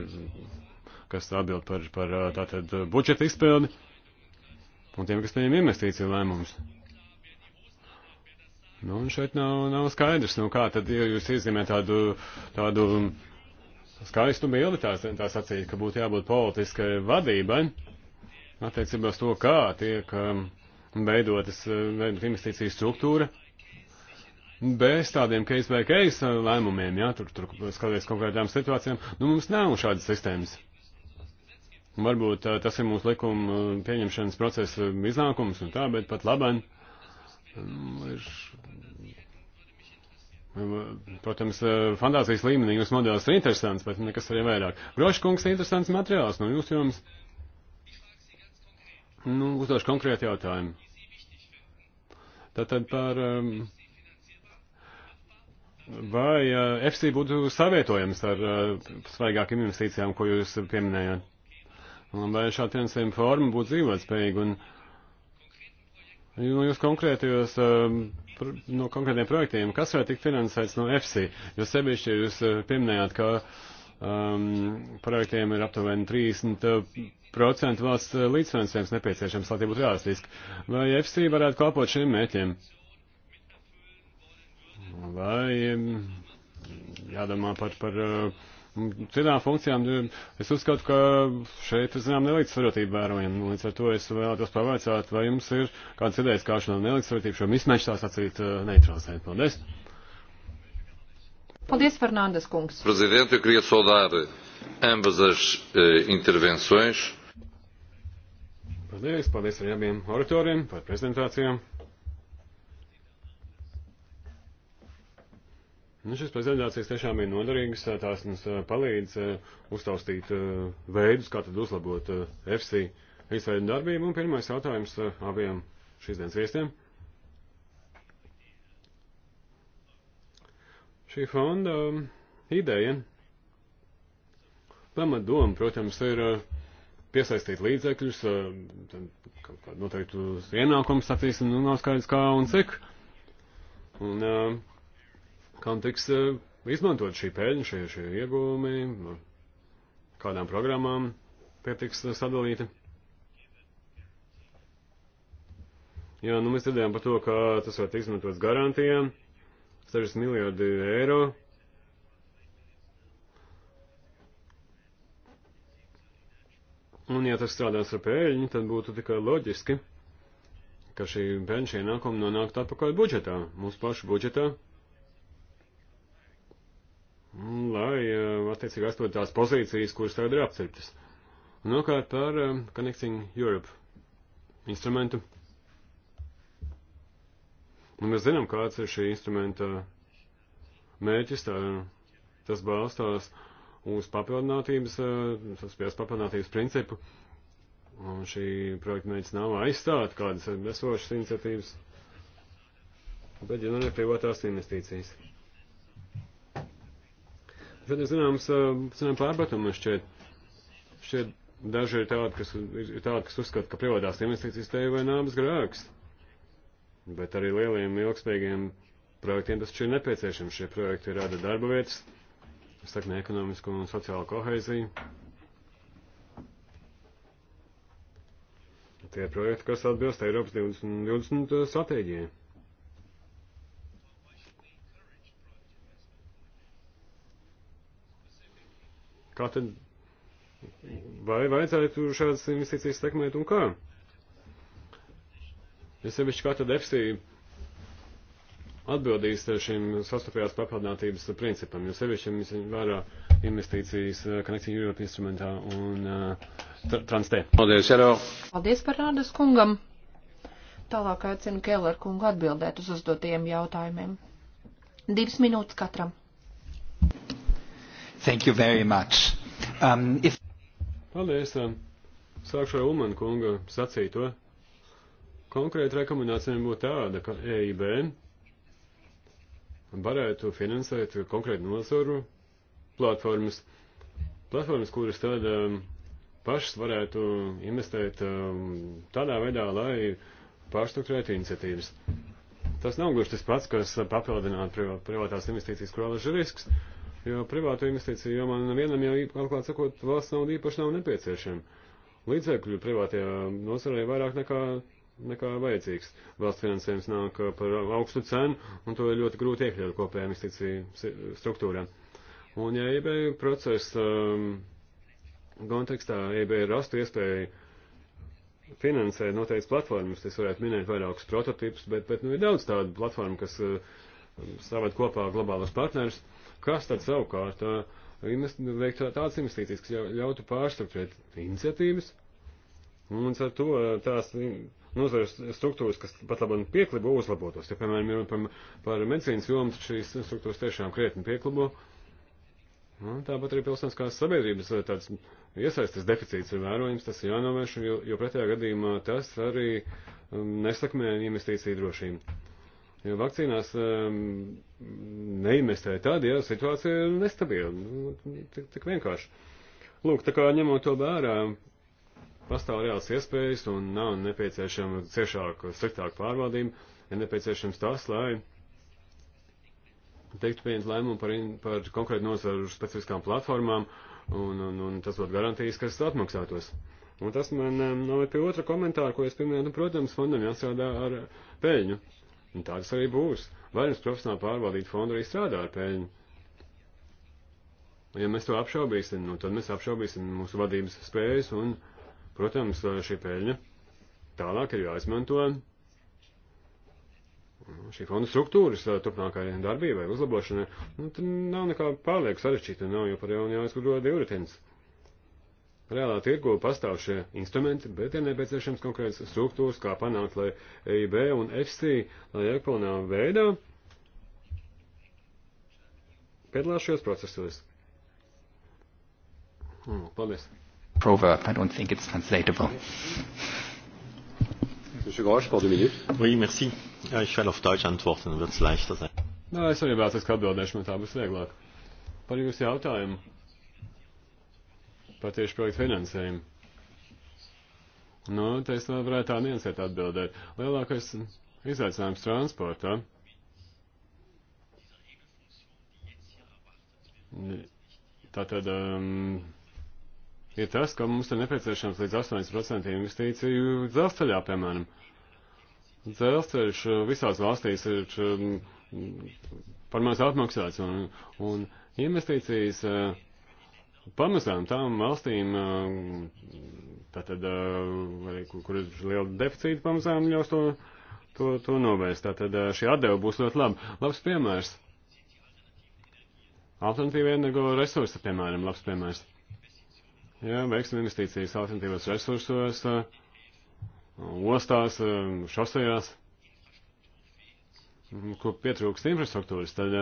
kas atbild par, par uh, tātad budžeta izpildi, un tiem, kas pieņem investīciju lēmumus. Nu, un šeit nav, nav skaidrs, nu kā tad ja jūs iezīmē tādu, tādu skaistu bildi, tās, tās acīs, ka būtu jābūt politiskai vadībai attiecībā uz to, kā tiek um, veidotas uh, veidot investīciju struktūra. Bez tādiem case by case lēmumiem, jā, tur, tur skatoties konkrētām situācijām, nu mums nav šādas sistēmas. Varbūt tā, uh, tas ir mūsu likuma uh, pieņemšanas procesa iznākums un tā, bet pat labāk ir, protams, fantāzijas līmenī jūsu modelis ir interesants, bet nekas arī vairāk. Groškungs ir interesants materiāls no jūs jums. Nu, uzdošu konkrēti jautājumu. Tātad par. Um, vai uh, FC būtu savietojams ar uh, svaigākiem investīcijām, ko jūs pieminējāt? Un vai šāda finansējuma forma būtu dzīvotspējīga? Un, uh, no nu, jūs konkrētajos, um, no konkrētiem projektiem, kas var tikt finansēts no EFSI? Jo sevišķi jūs uh, pieminējāt, ka um, projektiem ir aptuveni 30% valsts uh, līdzfinansējums nepieciešams, lai tie būtu realistiski. Vai EFSI varētu kalpot šiem mēķiem? Vai um, jādomā par, par uh, Citām funkcijām nu, es uzskatu, ka šeit, zinām, nelīdzsvarotība vērojama. Līdz ar to es vēlētos pavaicāt, vai jums ir kāds idejas, kā šo nelīdzsvarotību, šo mismešu tā sacīt, eh, neutralizēt. Paldies! Paldies, Fernandes kungs. Presidente, eu queria saudar eh, ambas as eh, intervenções. Paldies, paldies arī abiem oratoriem par prezentācijām. Nu, šis prezentācijas tiešām ir noderīgas, eh, tās mums eh, palīdz eh, uztaustīt veidus, kā tad uzlabot FC izveidu darbību. Un pirmais jautājums abiem šīs dienas viestiem. Šī fonda ideja, pamat doma, protams, ir piesaistīt līdzekļus, kaut kādu noteiktu ienākumu sacīsim, nu nav skaidrs kā un cik. Un, uh, kam tiks eh, izmantot šī peļņa, šie, šie ieguvumi, nu, kādām programmām pietiks eh, sadalīti. Jā, nu mēs dzirdējām par to, ka tas var tikt izmantots garantijām, 60 miljardi eiro. Un ja tas strādās ar pēļņu, tad būtu tikai loģiski, ka šī pēļņa šie nākumi nonāktu atpakaļ budžetā, mūsu pašu budžetā lai eh, attiecīgi atstot tās pozīcijas, kuras tagad ir apceptas. Un nu, nokārt par eh, Connecting Europe instrumentu. Un nu, mēs zinām, kāds ir šī instrumenta mērķis. Tā, tas balstās uz papildinātības, eh, tas pēc papildinātības principu. Un šī projekta mērķis nav aizstāt kādas esošas iniciatīvas, bet ģenerēt ja privātās investīcijas. Tad ir zināms, zinām pārpratums šķiet. Šķiet daži ir tādi, kas, ir tādi, kas uzskata, ka privātās investīcijas te vai nāves grēks. Bet arī lieliem ilgspējīgiem projektiem tas ir nepieciešams. Šie projekti rada darba vietas, sakne ekonomisko un sociālo koheiziju. Tie projekti, kas atbilst Eiropas 2020 stratēģijai. Kā tad, vai vajadzētu šādas investīcijas sekmēt un kā? Es sevišķi kā tad EFSI atbildīs šim sastopējās papildinātības principam, jo sevišķi mums ir vērā investīcijas eh, Connecting Europe instrumentā un uh, tr Transtē. Paldies, Jero. Paldies par rādas kungam. Tālāk aicinu Keller kungu atbildēt uz uzdotajiem jautājumiem. Divas minūtes katram. Thank you very much. Um, if... Paldies. Um, sākšu ar Ulmanu kunga sacīto. Konkrēta rekomendācija būtu tāda, ka EIB varētu finansēt konkrētu nozaru platformas, platformas, kuras tad um, pašas varētu investēt um, tādā veidā, lai pārstruktūrētu iniciatīvas. Tas nav gluži tas pats, kas papildinātu privātās investīcijas, kurā lež risks. Uh, jo privātu investīciju jomā nevienam jau, atklāt sakot, valsts nauda īpaši nav nepieciešama. Līdzekļu privātajā nozarē vairāk nekā, nekā vajadzīgs. Valsts finansējums nāk par augstu cenu, un to ir ļoti grūti iekļaut kopējā investīciju struktūrā. Un ja eBay procesa um, kontekstā eBay rastu iespēju finansēt noteikts platformas, es varētu minēt vairākus prototipus, bet, bet nu, ir daudz tādu platformu, kas uh, stāvēt kopā globālos partnerus. Uh, kas tad savukārt veiktu tādas investīcijas, kas ļautu pārstruktūrēt iniciatīvas, un ar to tās nozares struktūras, kas pat labam pieklibo, uzlabotos. Ja, piemēram, par, par medicīnas jomu šīs struktūras tiešām krietni pieklibo, Nu, tāpat arī pilsoniskās sabiedrības tāds iesaistas deficīts ir vērojams, tas ir jānovērš, jo, jo pretējā gadījumā tas arī um, nesakmē investīciju drošību. Jo vakcīnās um, ehm, neinvestē tad, ja situācija ir nestabila. Nu, tik, tik vienkārši. Lūk, tā kā ņemot to vērā, pastāv reāls iespējas un nav nepieciešama ciešāka, sliktāka pārvaldība, ir nepieciešams tas, lai teiktu pieņemt lēmumu par, par konkrētu nozaru specifiskām platformām, un, un, un tas būtu garantijas, kas atmaksātos. Un tas man ehm, noved pie otra komentāra, ko es pieminēju, nu, protams, fondam jāstrādā ar peļņu. Un tādas arī būs. Vairums profesionāli pārvaldīt fondu arī strādā ar peļņu. Ja mēs to apšaubīsim, nu, tad mēs apšaubīsim mūsu vadības spējas un, protams, šī peļņa tālāk ir jāizmanto šī fonda struktūras turpmākai darbībai, uzlabošanai. Nu, tad nav nekā pārlieku sarežģīta, nav jau par jaunu jāizgudro divritenis reālā tirgo pastāv šie instrumenti, bet ir nepieciešams konkrēts struktūras, kā panākt, lai EIB un FC, lai iekpilnā veidā piedalās šajos procesos. Mm, paldies. Proverb, I don't think it's translatable. Monsieur Grosch, pour deux minutes. Oui, merci. Ja, ich werde auf Deutsch antworten, dann wird es leichter sein. Nā, es arī vēlos, ka atbildēšu, man tā būs vieglāk. Par jūsu jautājumu par tieši projektu finansējumu. Nu, te es varētu tā niansēt atbildēt. Lielākais izaicinājums transportā. Tātad um, ir tas, ka mums ir nepieciešams līdz 8% investīciju dzelzceļā, piemēram. Dzelzceļš uh, visās valstīs ir um, par maz apmaksāts un, un investīcijas. Uh, pamazām tām valstīm, tātad, kur, kur ir liela deficīta, pamazām ļaus to, to, to novērst. Tātad šī atdeva būs ļoti laba. Labs piemērs. Alternatīva energo resursa, piemēram, labs piemērs. Jā, veiksim investīcijas alternatīvos resursos, ostās, šosejās, kur pietrūkst infrastruktūras, tad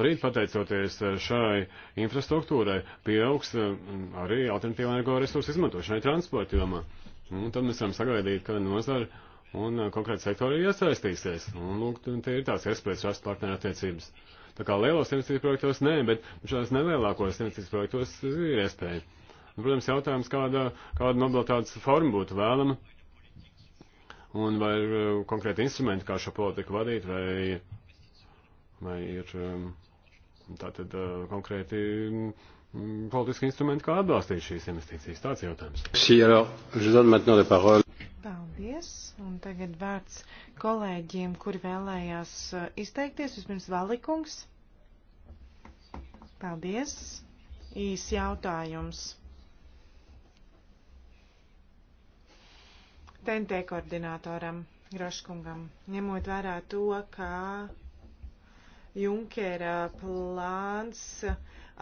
Rīt, pateicoties eh, šai infrastruktūrai, pieaugs eh, arī alternatīvā energoresursu izmantošanai transporta jomā. Un tad mēs varam sagaidīt, ka nozara un eh, konkrēti sektori iesaistīsies. Un, lūk, tie ir tās iespējas rast partneru attiecības. Tā kā lielos investīciju projektos nē, bet šādās nelielākos investīciju projektos ir iespēja. Un, protams, jautājums, kāda, kāda mobilitātes forma būtu vēlama, un vai ir konkrēti instrumenti, kā šo politiku vadīt, vai, vai ir um, tātad konkrēti politiski instrumenti, kā atbalstīt šīs investīcijas. Tāds jautājums. Paldies. Un tagad vārds kolēģiem, kuri vēlējās izteikties. Vispirms Valikungs. Paldies. Īs jautājums. TNT koordinatoram Groškungam, ņemot vērā to, ka Junkera plāns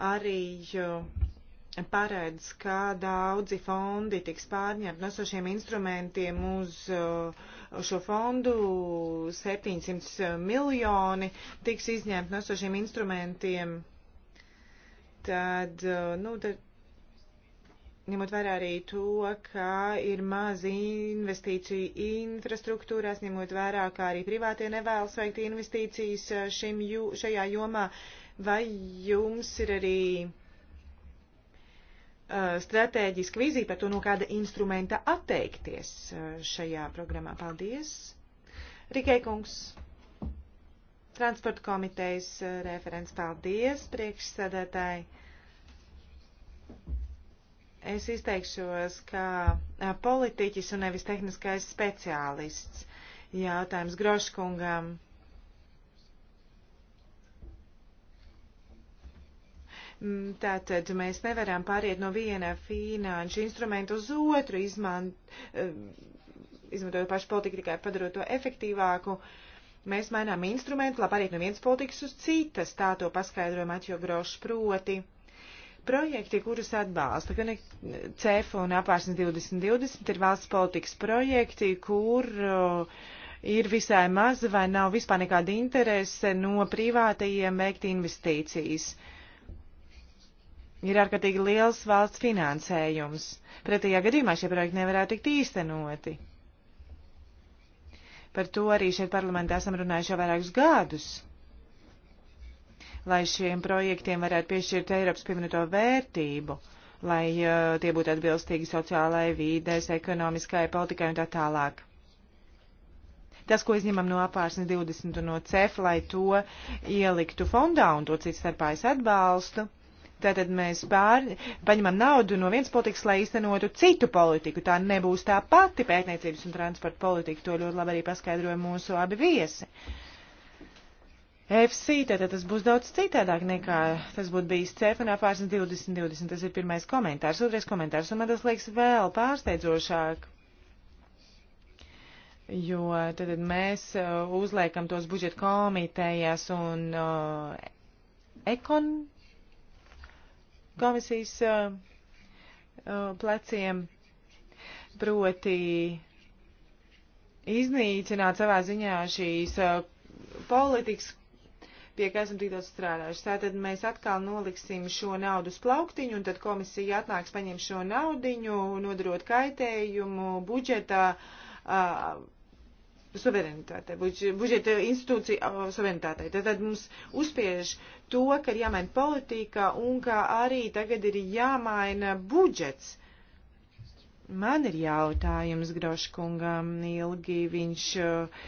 arī paredz, ka daudzi fondi tiks pārņemti nesošiem instrumentiem uz uh, šo fondu. 700 miljoni tiks izņemti nesošiem instrumentiem. Tad, uh, nu, tad ņemot vērā arī to, ka ir maz investīciju infrastruktūrās, ņemot vērā, ka arī privātie nevēlas veikt investīcijas eh, šim, jū, šajā jomā, vai jums ir arī uh, eh, stratēģiska vīzija par to, no kāda instrumenta atteikties eh, šajā programmā? Paldies! Rikai kungs! Transporta komitejas referents, paldies priekšsēdētāji! Es izteikšos kā politiķis un nevis tehniskais speciālists. Jautājums Groškungam. Mm, tātad mēs nevaram pāriet no viena finanšu instrumenta uz otru, izmant, e, izmantojot pašu politiku tikai padarot to efektīvāku. Mēs mainām instrumentu, lai pāriet no vienas politikas uz citas, tā to paskaidro Maķo Grošs proti. Projekti, kurus atbalsta gan CEF un apvērsnes 2020, ir valsts politikas projekti, kur uh, ir visai maza vai nav vispār nekāda interese no privātajiem veikt investīcijas. Ir ārkārtīgi liels valsts finansējums. Pretējā gadījumā šie projekti nevarētu tikt īstenoti. Par to arī šeit parlamentā esam runājuši jau vairākus gadus lai šiem projektiem varētu piešķirt Eiropas pieminēto vērtību, lai uh, tie būtu atbilstīgi sociālai vīdes, ekonomiskai politikai un tā tālāk. Tas, ko izņemam no apārsnes 20 un no CEF, lai to ieliktu fondā un to cits starpā es atbalstu. Tātad mēs pār, paņemam naudu no vienas politikas, lai īstenotu citu politiku. Tā nebūs tā pati pētniecības un transporta politika. To ļoti labi arī paskaidroja mūsu abi viesi. Uh, FC, tad tas būs daudz citādāk nekā tas būtu bijis CFNā pārsnes 2020. Tas ir pirmais komentārs. Otrais komentārs, un man tas liekas vēl pārsteidzošāk. Jo tad mēs uh, uzliekam tos budžeta komitējās un uh, ekon komisijas uh, uh, pleciem. Proti iznīcināt savā ziņā šīs uh, politikas, pie kā esam tik daudz strādājuši. Tātad mēs atkal noliksim šo naudu uz plauktiņu, un tad komisija atnāks paņem šo naudiņu, nodarot kaitējumu budžetā. Uh, suverenitātei, budžeta institūcija suverenitātei. Tad mums uzspiež to, ka ir jāmaina politika un ka arī tagad ir jāmaina budžets. Man ir jautājums Groškungam. Ilgi viņš eh,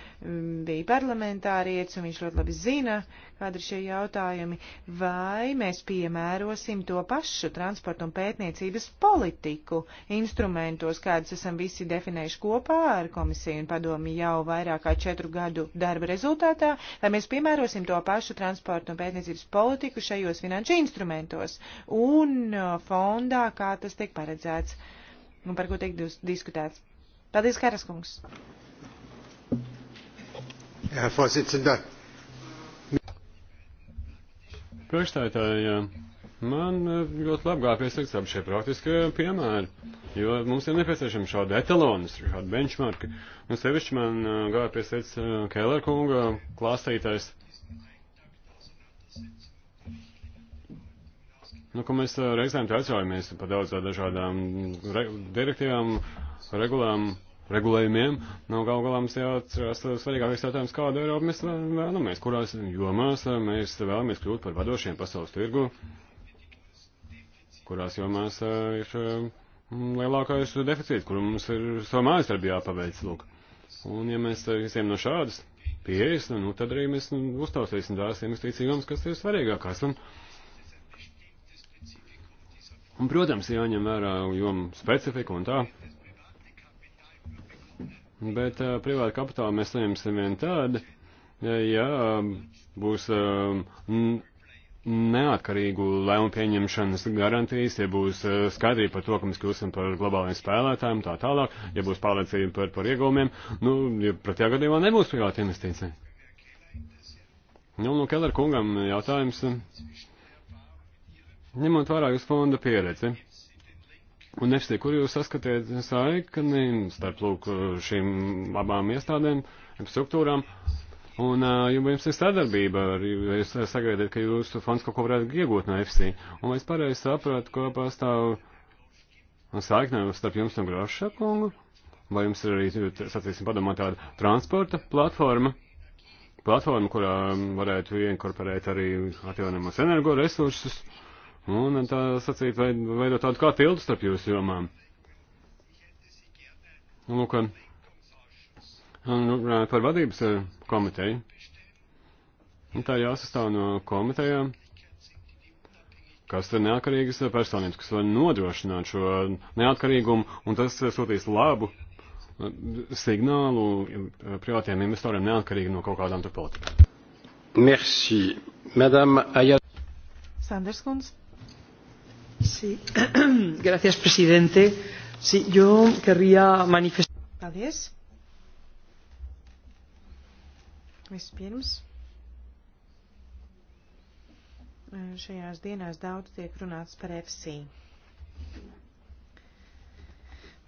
bija parlamentārietis un viņš ļoti labi zina, kāda ir šie jautājumi. Vai mēs piemērosim to pašu transportu un pētniecības politiku instrumentos, kādus esam visi definējuši kopā ar komisiju un padomi jau vairāk kā četru gadu darba rezultātā, vai mēs piemērosim to pašu transportu un pētniecības politiku šajos finanšu instrumentos un eh, fondā, kā tas tiek paredzēts? un nu, par ko tiek diskutēts. Paldies, Kāras kungs! Herr Vorsitzender. Priekšstādātāji, man eh, ļoti labāk piesakās ap šie praktiskie piemēri, jo mums ir nepieciešama šāda etalonas, šāda benchmarka. Un sevišķi man eh, gāja piesakās eh, Kēlera kunga klāstītais Nu, ka mēs reizēm traucējamies par daudzām dažādām re direktīvām, regulām, regulējumiem. Nu, gal galā mums jāatcerās svarīgākais jautājums, kādu Eiropu mēs vēlamies, kurās jomās mēs vēlamies kļūt par vadošiem pasaules tirgu, kurās jomās ir lielākais deficīts, kuru mums ir savu mājas darbu jāpaveic. Lūk. Un ja mēs visiem no šādas pieejas, nu, nu tad arī mēs nu, uztausīsim tās investīcijām, kas ir svarīgākās. Un, Un, protams, jāņem vērā jomu specifiku un tā. Bet uh, privāta kapitāla mēs saņemsim vien tādu, ja, ja būs uh, neatkarīgu lēmumu pieņemšanas garantijas, ja būs uh, skaidrība par to, ka mēs kļūsim par globāliem spēlētājiem tā tālāk, ja būs pārliecība par, par iegūmiem, nu, ja pretējā gadījumā nebūs privāta investīcija. Nu, nu, Keller kungam jautājums. Uh, Ņemot vērā jūs fonda pieredzi, un nefstī, kur jūs saskatiet saikni starp lūk šīm abām iestādēm, struktūrām, un uh, jums ir sadarbība, ar, jūs sagaidat, ka jūsu fonds kaut ko varētu iegūt no FC, un es pareizi sapratu, ko pastāv saiknē starp jums un Groša kungu, vai jums ir arī, sacīsim, padomā tāda transporta platforma, platforma, kurā varētu ieinkorporēt arī atjaunamos energoresursus, resursus, un tā sacīt, veidot tādu kā tiltu starp jūsu jomām. Un, lūk, un, nu, par vadības eh, komiteju. Un nu, tā jāsastāv no komitejām, kas ir neatkarīgas eh, personības, kas var nodrošināt šo neatkarīgumu, un tas eh, sūtīs labu signālu privātiem investoriem neatkarīgi no kaut kādām tur politikām. Merci. Madame Ayala. Sanders Kunz. Sí. Gracias, presidente. Sí, yo querría manifestar. Paldies. Vispirms. Šajās dienās daudz tiek runāts par FC.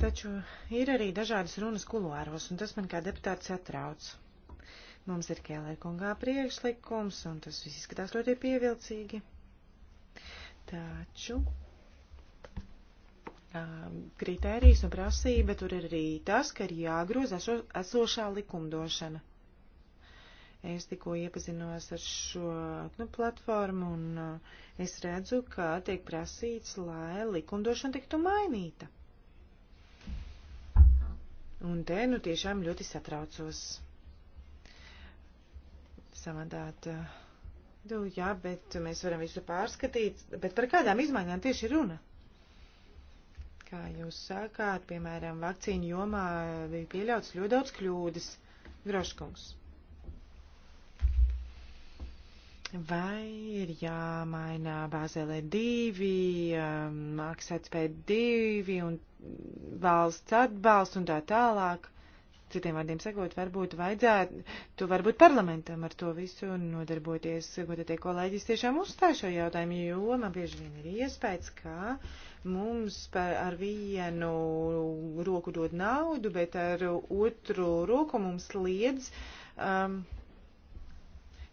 Taču ir arī dažādas runas kuluāros, un tas man kā deputāts satrauc. Mums ir Kēlēkungā priekšlikums, un tas viss izskatās ļoti pievilcīgi. Taču Um, kritērijas un prasība, tur ir arī tas, ka ir jāgroza esošā likumdošana. Es tikko iepazinos ar šo nu, platformu un uh, es redzu, ka tiek prasīts, lai likumdošana tiktu mainīta. Un te nu tiešām ļoti satraucos. Savādāt, nu uh, jā, bet mēs varam visu pārskatīt, bet par kādām izmaiņām tieši runa? Kā jūs sākāt, piemēram, vakcīnu jomā bija pieļauts ļoti daudz kļūdas. Groškungs. Vai ir jāmaina Bāzelē divi, um, maksātspēja divi un valsts atbalsts un tā tālāk? Citiem vārdiem sakot, varbūt vajadzētu, varbūt parlamentam ar to visu nodarboties, ko te tie kolēģis tiešām uzstāj šo jautājumu, jo man bieži vien ir iespējas, ka mums par, ar vienu roku dod naudu, bet ar otru roku mums liedz. Um,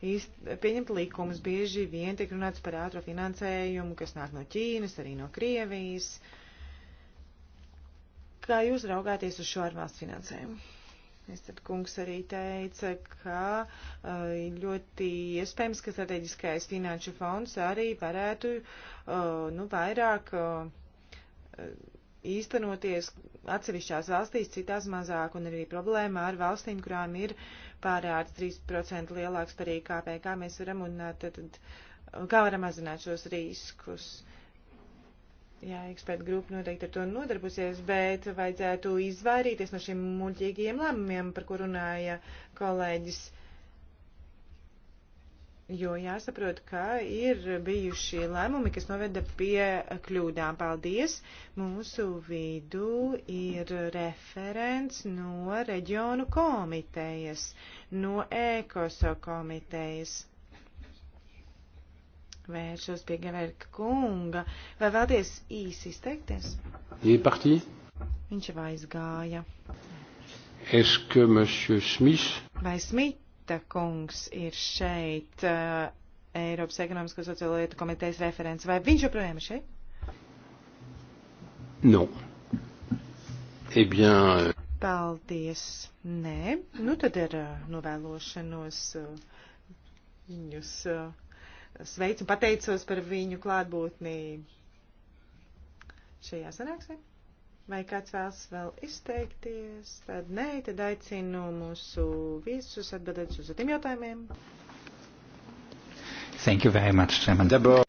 pieņemt likumus. Bieži vien tiek runāts par ātro finansējumu, kas nāk no Ķīnas, arī no Krievijas. Kā jūs raugāties uz šo ārvalstu finansējumu? Es tad kungs arī teica, ka ļoti iespējams, ka strateģiskais finanšu fonds arī varētu nu, vairāk īstenoties atsevišķās valstīs, citās mazāk, un arī problēma ar valstīm, kurām ir pārāds 3% lielāks par IKP, kā mēs varam un tad, kā varam mazināt šos riskus jā, eksperta grupa noteikti ar to nodarbosies, bet vajadzētu izvairīties no šiem muļķīgiem lēmumiem, par ko runāja kolēģis. Jo jāsaprot, ka ir bijuši lēmumi, kas noveda pie kļūdām. Paldies! Mūsu vidū ir referents no reģionu komitejas, no ekoso komitejas. Vēršos pie Gevērka kunga. Vai vēlties īsi izteikties? Iepartī. Viņš jau aizgāja. Eske, monsieur Smith? Vai Smita kungs ir šeit uh, Eiropas ekonomisko sociālo lietu komitejas referents? Vai viņš joprojām ir šeit? Non. Eh bien. Euh... Paldies. Nē, nu tad ar eh, novēlošanos eh, viņus. Uh, sveicu un pateicos par viņu klātbūtnī šajā sanāksmē. Vai kāds vēlas vēl izteikties? Tad nē, tad aicinu mūsu viesus atbildēt uz tiem jautājumiem. Thank you very much, Chairman. D'abord,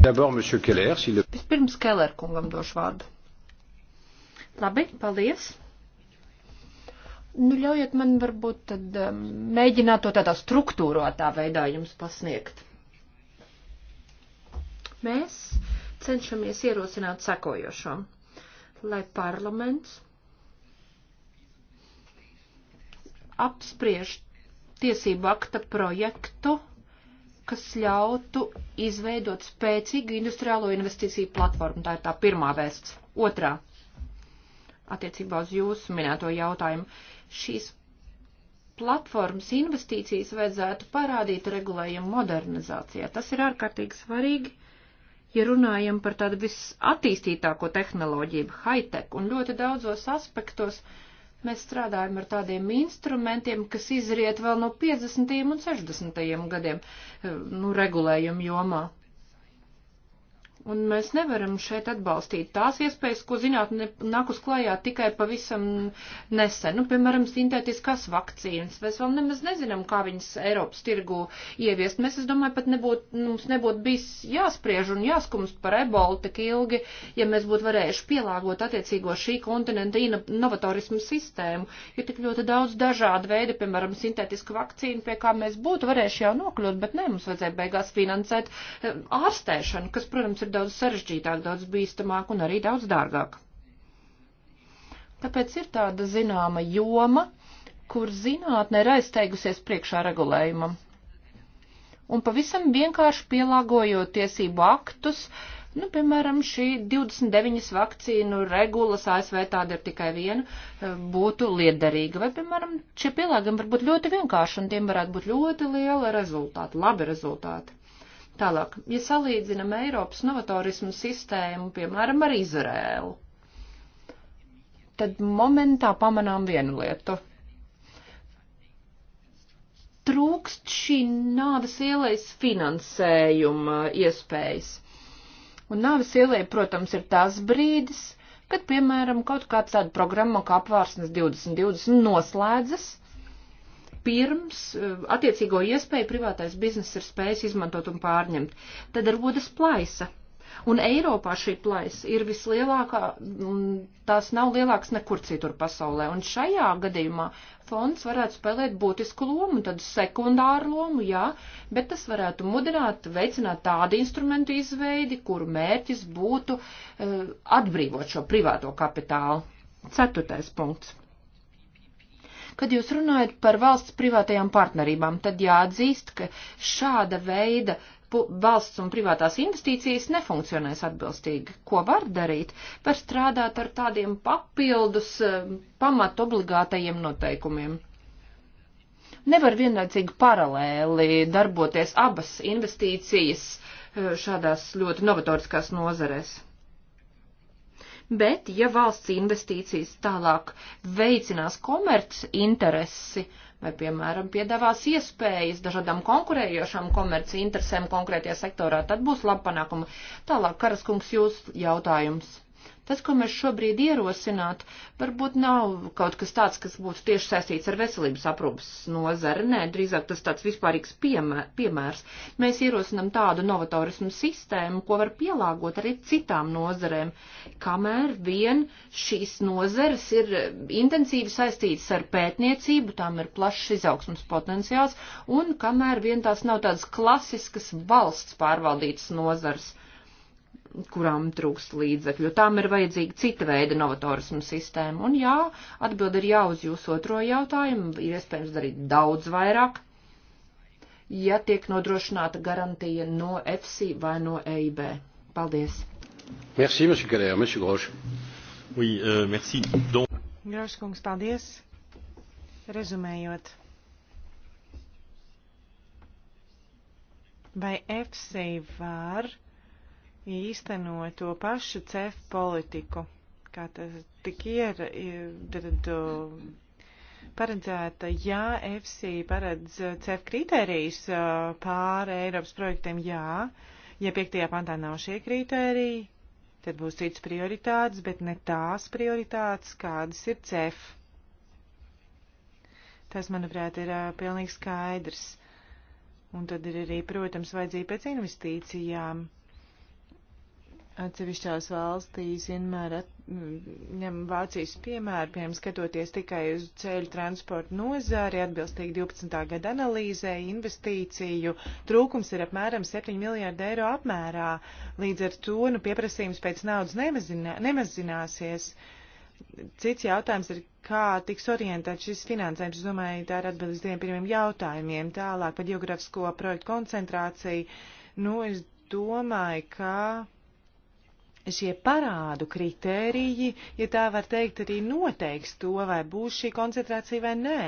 d'abord, Monsieur Keller, si le... Vispirms Keller kungam došu vārdu. Labi, paldies. Nu, ļaujiet man varbūt tad um, mēģināt to tādā struktūrotā veidā jums pasniegt. Mēs cenšamies ierosināt sekojošo, lai parlaments apspriež tiesību akta projektu, kas ļautu izveidot spēcīgu industriālo investīciju platformu. Tā ir tā pirmā vēsts. Otrā, attiecībā uz jūsu minēto jautājumu šīs platformas investīcijas vajadzētu parādīt regulējumu modernizācijā. Tas ir ārkārtīgi svarīgi, ja runājam par tādu visattīstītāko tehnoloģiju, high-tech, un ļoti daudzos aspektos mēs strādājam ar tādiem instrumentiem, kas izriet vēl no 50. un 60. gadiem, eh, nu, regulējumu jomā. Un mēs nevaram šeit atbalstīt tās iespējas, ko zinātne nāk uz klājā tikai pavisam nesen. Nu, piemēram, sintētiskās vakcīnas. Mēs vēl nemaz nezinām, kā viņas Eiropas tirgu ieviest. Mēs, es domāju, pat nebūt, mums nebūtu bijis jāspriež un jāskumst par ebolu tik ilgi, ja mēs būtu varējuši pielāgot attiecīgo šī kontinenta novatorismu sistēmu. Ir tik ļoti daudz dažādu veidu, piemēram, sintētisku vakcīnu, pie kā mēs būtu varējuši jau nokļūt, bet ne, mums vajadzēja beigās finansēt eh, ārstēšanu, kas, protams, ir daudz sarežģītāk, daudz bīstamāk un arī daudz dārgāk. Tāpēc ir tāda zināma joma, kur zinātne ir aizteigusies priekšā regulējumam. Un pavisam vienkārši pielāgojot tiesību aktus, nu, piemēram, šī 29 vakcīnu regulas ASV tāda ir tikai viena, eh, būtu liederīga. Vai, piemēram, šie pielāgojumi var būt ļoti vienkārši un tiem varētu būt ļoti liela rezultāta, labi rezultāti. Tālāk, ja salīdzinam Eiropas novatorismu sistēmu, piemēram, ar Izrēlu, tad momentā pamanām vienu lietu. Trūkst šī nāves ielais finansējuma iespējas. Un nāves ielai, protams, ir tas brīdis, kad, piemēram, kaut kāda tāda programma kā apvārsnes 2020 noslēdzas pirms eh, attiecīgo iespēju privātais biznes ir spējis izmantot un pārņemt. Tad rodas plaisa. Un Eiropā šī plaisa ir vislielākā, un tās nav lielākas nekur citur pasaulē. Un šajā gadījumā fonds varētu spēlēt būtisku lomu, tādu sekundāru lomu, jā, bet tas varētu mudināt, veicināt tādu instrumentu izveidi, kuru mērķis būtu uh, atbrīvot šo privāto kapitālu. Ceturtais punkts Kad jūs runājat par valsts privātajām partnerībām, tad jāatzīst, ka šāda veida valsts un privātās investīcijas nefunkcionēs atbilstīgi. Ko var darīt? Var strādāt ar tādiem papildus eh, pamat obligātajiem noteikumiem. Nevar vienlaicīgi paralēli darboties abas investīcijas eh, šādās ļoti novatoriskās nozarēs bet ja valsts investīcijas tālāk veicinās komerc interesi, vai, piemēram, piedāvās iespējas dažādām konkurējošām komerci interesēm konkrētajā sektorā, tad būs laba panākuma. Tālāk, Karaskungs, jūs jautājums. Tas, ko mēs šobrīd ierosināt, varbūt nav kaut kas tāds, kas būtu tieši saistīts ar veselības aprūpas nozari. Nē, drīzāk tas tāds vispārīgs piemēr, piemērs. Mēs ierosinam tādu novatorismu sistēmu, ko var pielāgot arī citām nozarēm, kamēr vien šīs nozares ir intensīvi saistītas ar pētniecību, tām ir plašs izaugsmas potenciāls, un kamēr vien tās nav tādas klasiskas valsts pārvaldītas nozars kurām trūks līdzekļu. Tām ir vajadzīga cita veida novatorismu sistēma. Un jā, atbild ir jā uz jūsu otro jautājumu, ir iespējams darīt daudz vairāk, ja tiek nodrošināta garantija no FC vai no EIB. Paldies! Merci, monsieur Galère, monsieur Groš. Oui, euh, merci. Donc... Groš kungs, paldies. Rezumējot. Vai FC var īsteno to pašu CEF politiku, kā tas tik ir, tad paredzēta, ja FC paredz CEF kritērijas pāri Eiropas projektiem, jā, ja piektajā pantā nav šie kritēriji, tad būs cits prioritātes, bet ne tās prioritātes, kādas ir CEF. Tas, manuprāt, ir uh, pilnīgi skaidrs. Un tad ir arī, protams, vajadzība pēc investīcijām. Uh, Atsevišķās valstīs vienmēr at, mm, ņem Vācijas piemēru, piemēram, skatoties tikai uz ceļu transportu nozari, atbilstīgi 12. gada analīzē, investīciju trūkums ir apmēram 7 miljārdu eiro apmērā. Līdz ar to nu, pieprasījums pēc naudas nemazinā, nemazināsies. Cits jautājums ir, kā tiks orientēts šis finansējums. Es domāju, tā ir atbildes diviem pirmiem jautājumiem. Tālāk par geogrāfisko projektu koncentrāciju. Nu, es domāju, ka šie parādu kritēriji, ja tā var teikt, arī noteiks to, vai būs šī koncentrācija vai nē.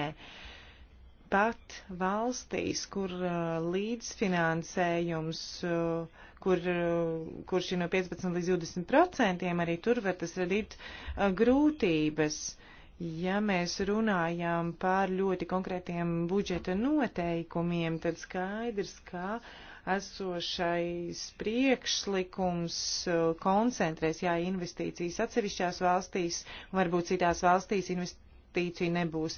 Pat valstīs, kur uh, līdzfinansējums, uh, kur, uh, kurš ir no 15 līdz 20 procentiem, arī tur var tas radīt uh, grūtības. Ja mēs runājam par ļoti konkrētiem budžeta noteikumiem, tad skaidrs, ka uh, esošais priekšlikums uh, koncentrēs, jā, investīcijas atsevišķās valstīs, varbūt citās valstīs investīciju nebūs.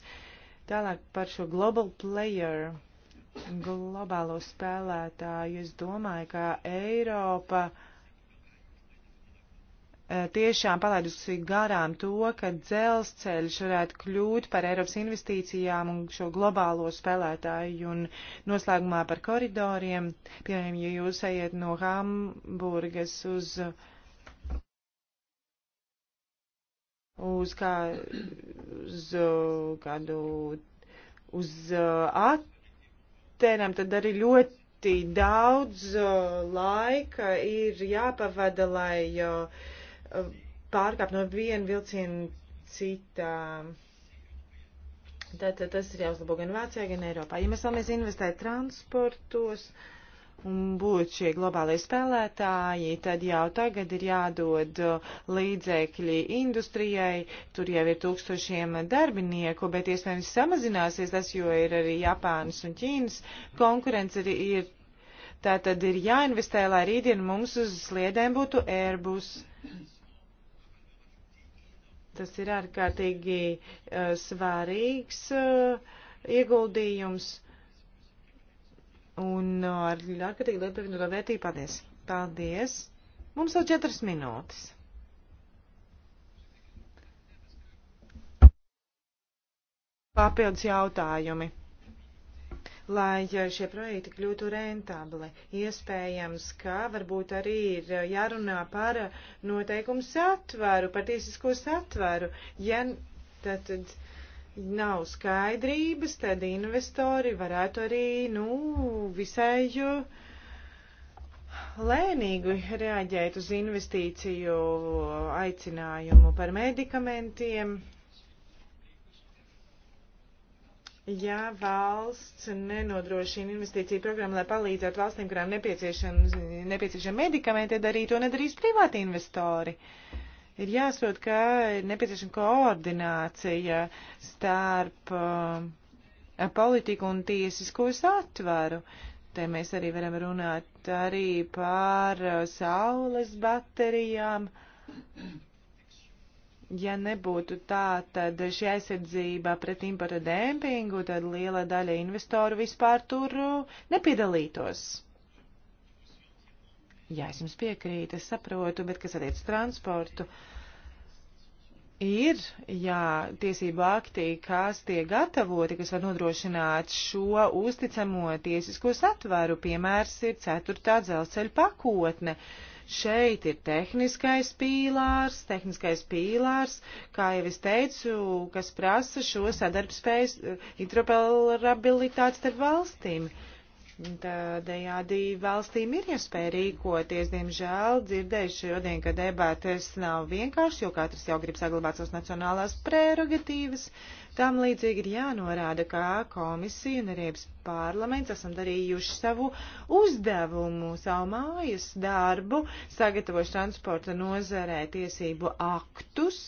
Tālāk par šo global player, globālo spēlētāju, es domāju, ka Eiropa uh, Eh, tiešām palaidusi garām to, ka dzelzceļš varētu kļūt par Eiropas investīcijām un šo globālo spēlētāju un noslēgumā par koridoriem. Piemēram, ja jūs ejat no Hamburgas uz. Uz, kā, uz kādu uz eh, Atenām, tad arī ļoti ļoti daudz eh, laika ir jāpavada, lai pārkāpt no viena vilciena citā. Tātad tas ir jāuzlabo gan Vācijā, gan Eiropā. Ja mēs vēlamies investēt transportos un būt šie globālie spēlētāji, tad jau tagad ir jādod līdzekļi industrijai. Tur jau ir tūkstošiem darbinieku, bet iespējams samazināsies tas, jo ir arī Japānas un Ķīnas konkurence ir. ir Tā tad ir jāinvestē, lai rītdien mums uz sliedēm būtu Airbus. Tas ir ārkārtīgi uh, svarīgs uh, ieguldījums un uh, ar ārkārtīgi lietpievienoto vērtību. Paldies! Paldies! Mums vēl četras minūtes. Papildus jautājumi lai šie projekti kļūtu rentabli. Iespējams, ka varbūt arī ir jārunā par noteikumu satvaru, par tiesisko satvaru. Ja tad, tad nav skaidrības, tad investori varētu arī, nu, visai lēnīgi reaģēt uz investīciju aicinājumu par medikamentiem. Ja valsts nenodrošina investīciju programmu, lai palīdzētu valstīm, kurām nepieciešami nepieciešam medikamenti, tad arī to nedarīs privāti investori. Ir jāsaprot, ka ir nepieciešama koordinācija starp uh, politiku un tiesisko satvaru. Te mēs arī varam runāt arī par uh, saules baterijām. Ja nebūtu tā, tad šī aizsardzība pret importa dēmpingu, tad liela daļa investoru vispār tur uh, nepiedalītos. Jā, es jums piekrītu, es saprotu, bet kas attiec transportu, ir, jā, tiesību aktī, kas tiek gatavoti, kas var nodrošināt šo uzticamo tiesisko satvaru. Piemērs ir ceturtā dzelzceļa pakotne. Uh, Šeit ir tehniskais pīlārs, tehniskais pīlārs, kā jau es teicu, kas prasa šo sadarbspējas interoperabilitāti starp valstīm. Uh, Tādējādi valstīm ir iespēja rīkoties. Diemžēl dzirdējuši šodien, ka debātes nav vienkārši, jo katrs jau grib saglabāt savas nacionālās prerogatīvas. Tam līdzīgi ir jānorāda, kā komisija un arī parlaments esam darījuši savu uzdevumu, savu mājas darbu, sagatavojuši transporta nozarē tiesību aktus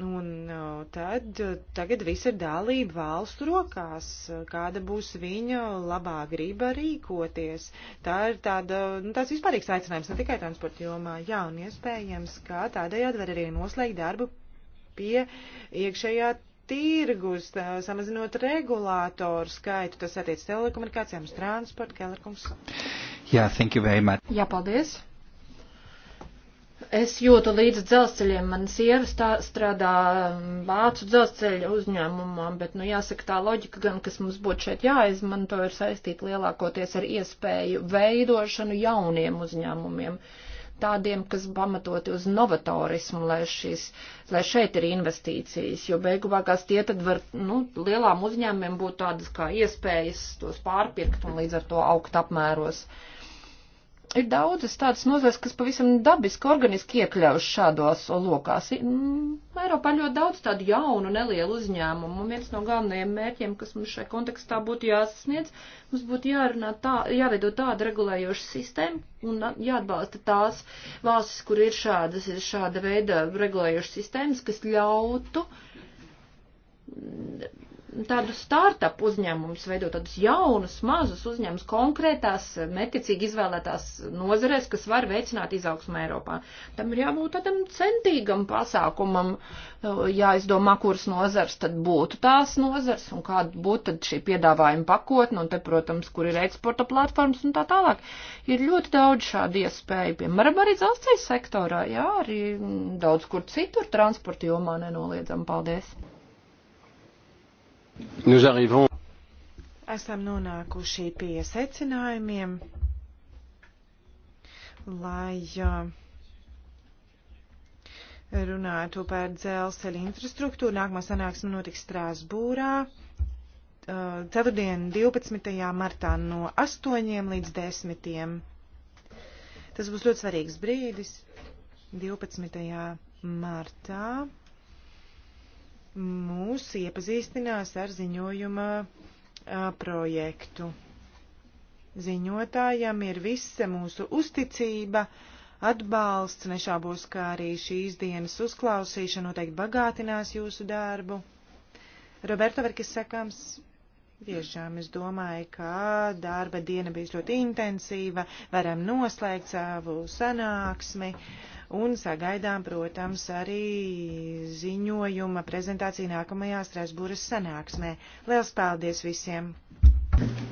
Un tad tagad viss ir dalība valstu rokās, kāda būs viņa labā grība rīkoties. Tā ir tāda, nu, tāds vispārīgs aicinājums ne tikai transporta jomā, jā, un iespējams, ka tādējādi var arī noslēgt darbu pie iekšējā tirgus, tā, samazinot regulātoru skaitu. Tas attiec telekomunikācijām uz transportu, Kellerkungs. Jā, yeah, thank you very much. Jā, paldies. Es jūtu līdz dzelzceļiem, man sieva stā, strādā um, vācu dzelzceļa uzņēmumā, bet, nu, jāsaka, tā loģika gan, kas mums būtu šeit jāizmanto, ir saistīta lielākoties ar iespēju veidošanu jauniem uzņēmumiem, tādiem, kas pamatoti uz novatorismu, lai, šis, lai šeit ir investīcijas, jo beigu vākās tie tad var, nu, lielām uzņēmumiem būt tādas kā iespējas tos pārpirkt un līdz ar to augt apmēros. Uh, ir daudzas tādas nozares, kas pavisam dabiski, organiski iekļaujas šādos lokās. Mm, Eiropā ļoti daudz tādu jaunu, nelielu uzņēmumu, un viens no galvenajiem mērķiem, kas mums šai kontekstā būtu jāsasniedz, mums būtu jārunā tā, jāveido tāda regulējoša sistēma un jāatbalsta tās valstis, kur ir šādas, ir šāda veida regulējošas sistēmas, kas ļautu tādu startup uzņēmumus, veidot tādus jaunus, mazus uzņēmumus konkrētās, mērķiecīgi izvēlētās nozarēs, kas var veicināt izaugsmu Eiropā. Tam ir jābūt tādam centīgam pasākumam, jāizdomā, kuras nozars tad būtu tās nozars un kāda būtu tad šī piedāvājuma pakotne, un te, protams, kur ir eksporta platformas un tā tālāk. Ir ļoti daudz šādu iespēju, piemēram, arī dzelzceļa sektorā, jā, arī daudz kur citur transporta jomā nenoliedzam. Paldies! Esam nonākuši pie secinājumiem, lai runātu par dzelzceļa infrastruktūru. Nākamā sanāksme notiks Strāsbūrā. Ceturtdien 12. martā no 8 līdz 10. Tas būs ļoti svarīgs brīdis 12. martā mūs iepazīstinās ar ziņojuma projektu. Ziņotājam ir visa mūsu uzticība, atbalsts, nešābos, kā arī šīs dienas uzklausīšana noteikti bagātinās jūsu darbu. Roberto Verkis sakāms, Tiešām es domāju, ka darba diena bija ļoti intensīva, varam noslēgt savu sanāksmi un sagaidām, protams, arī ziņojuma prezentāciju nākamajā Strasbūras sanāksmē. Liels paldies visiem! Thank you.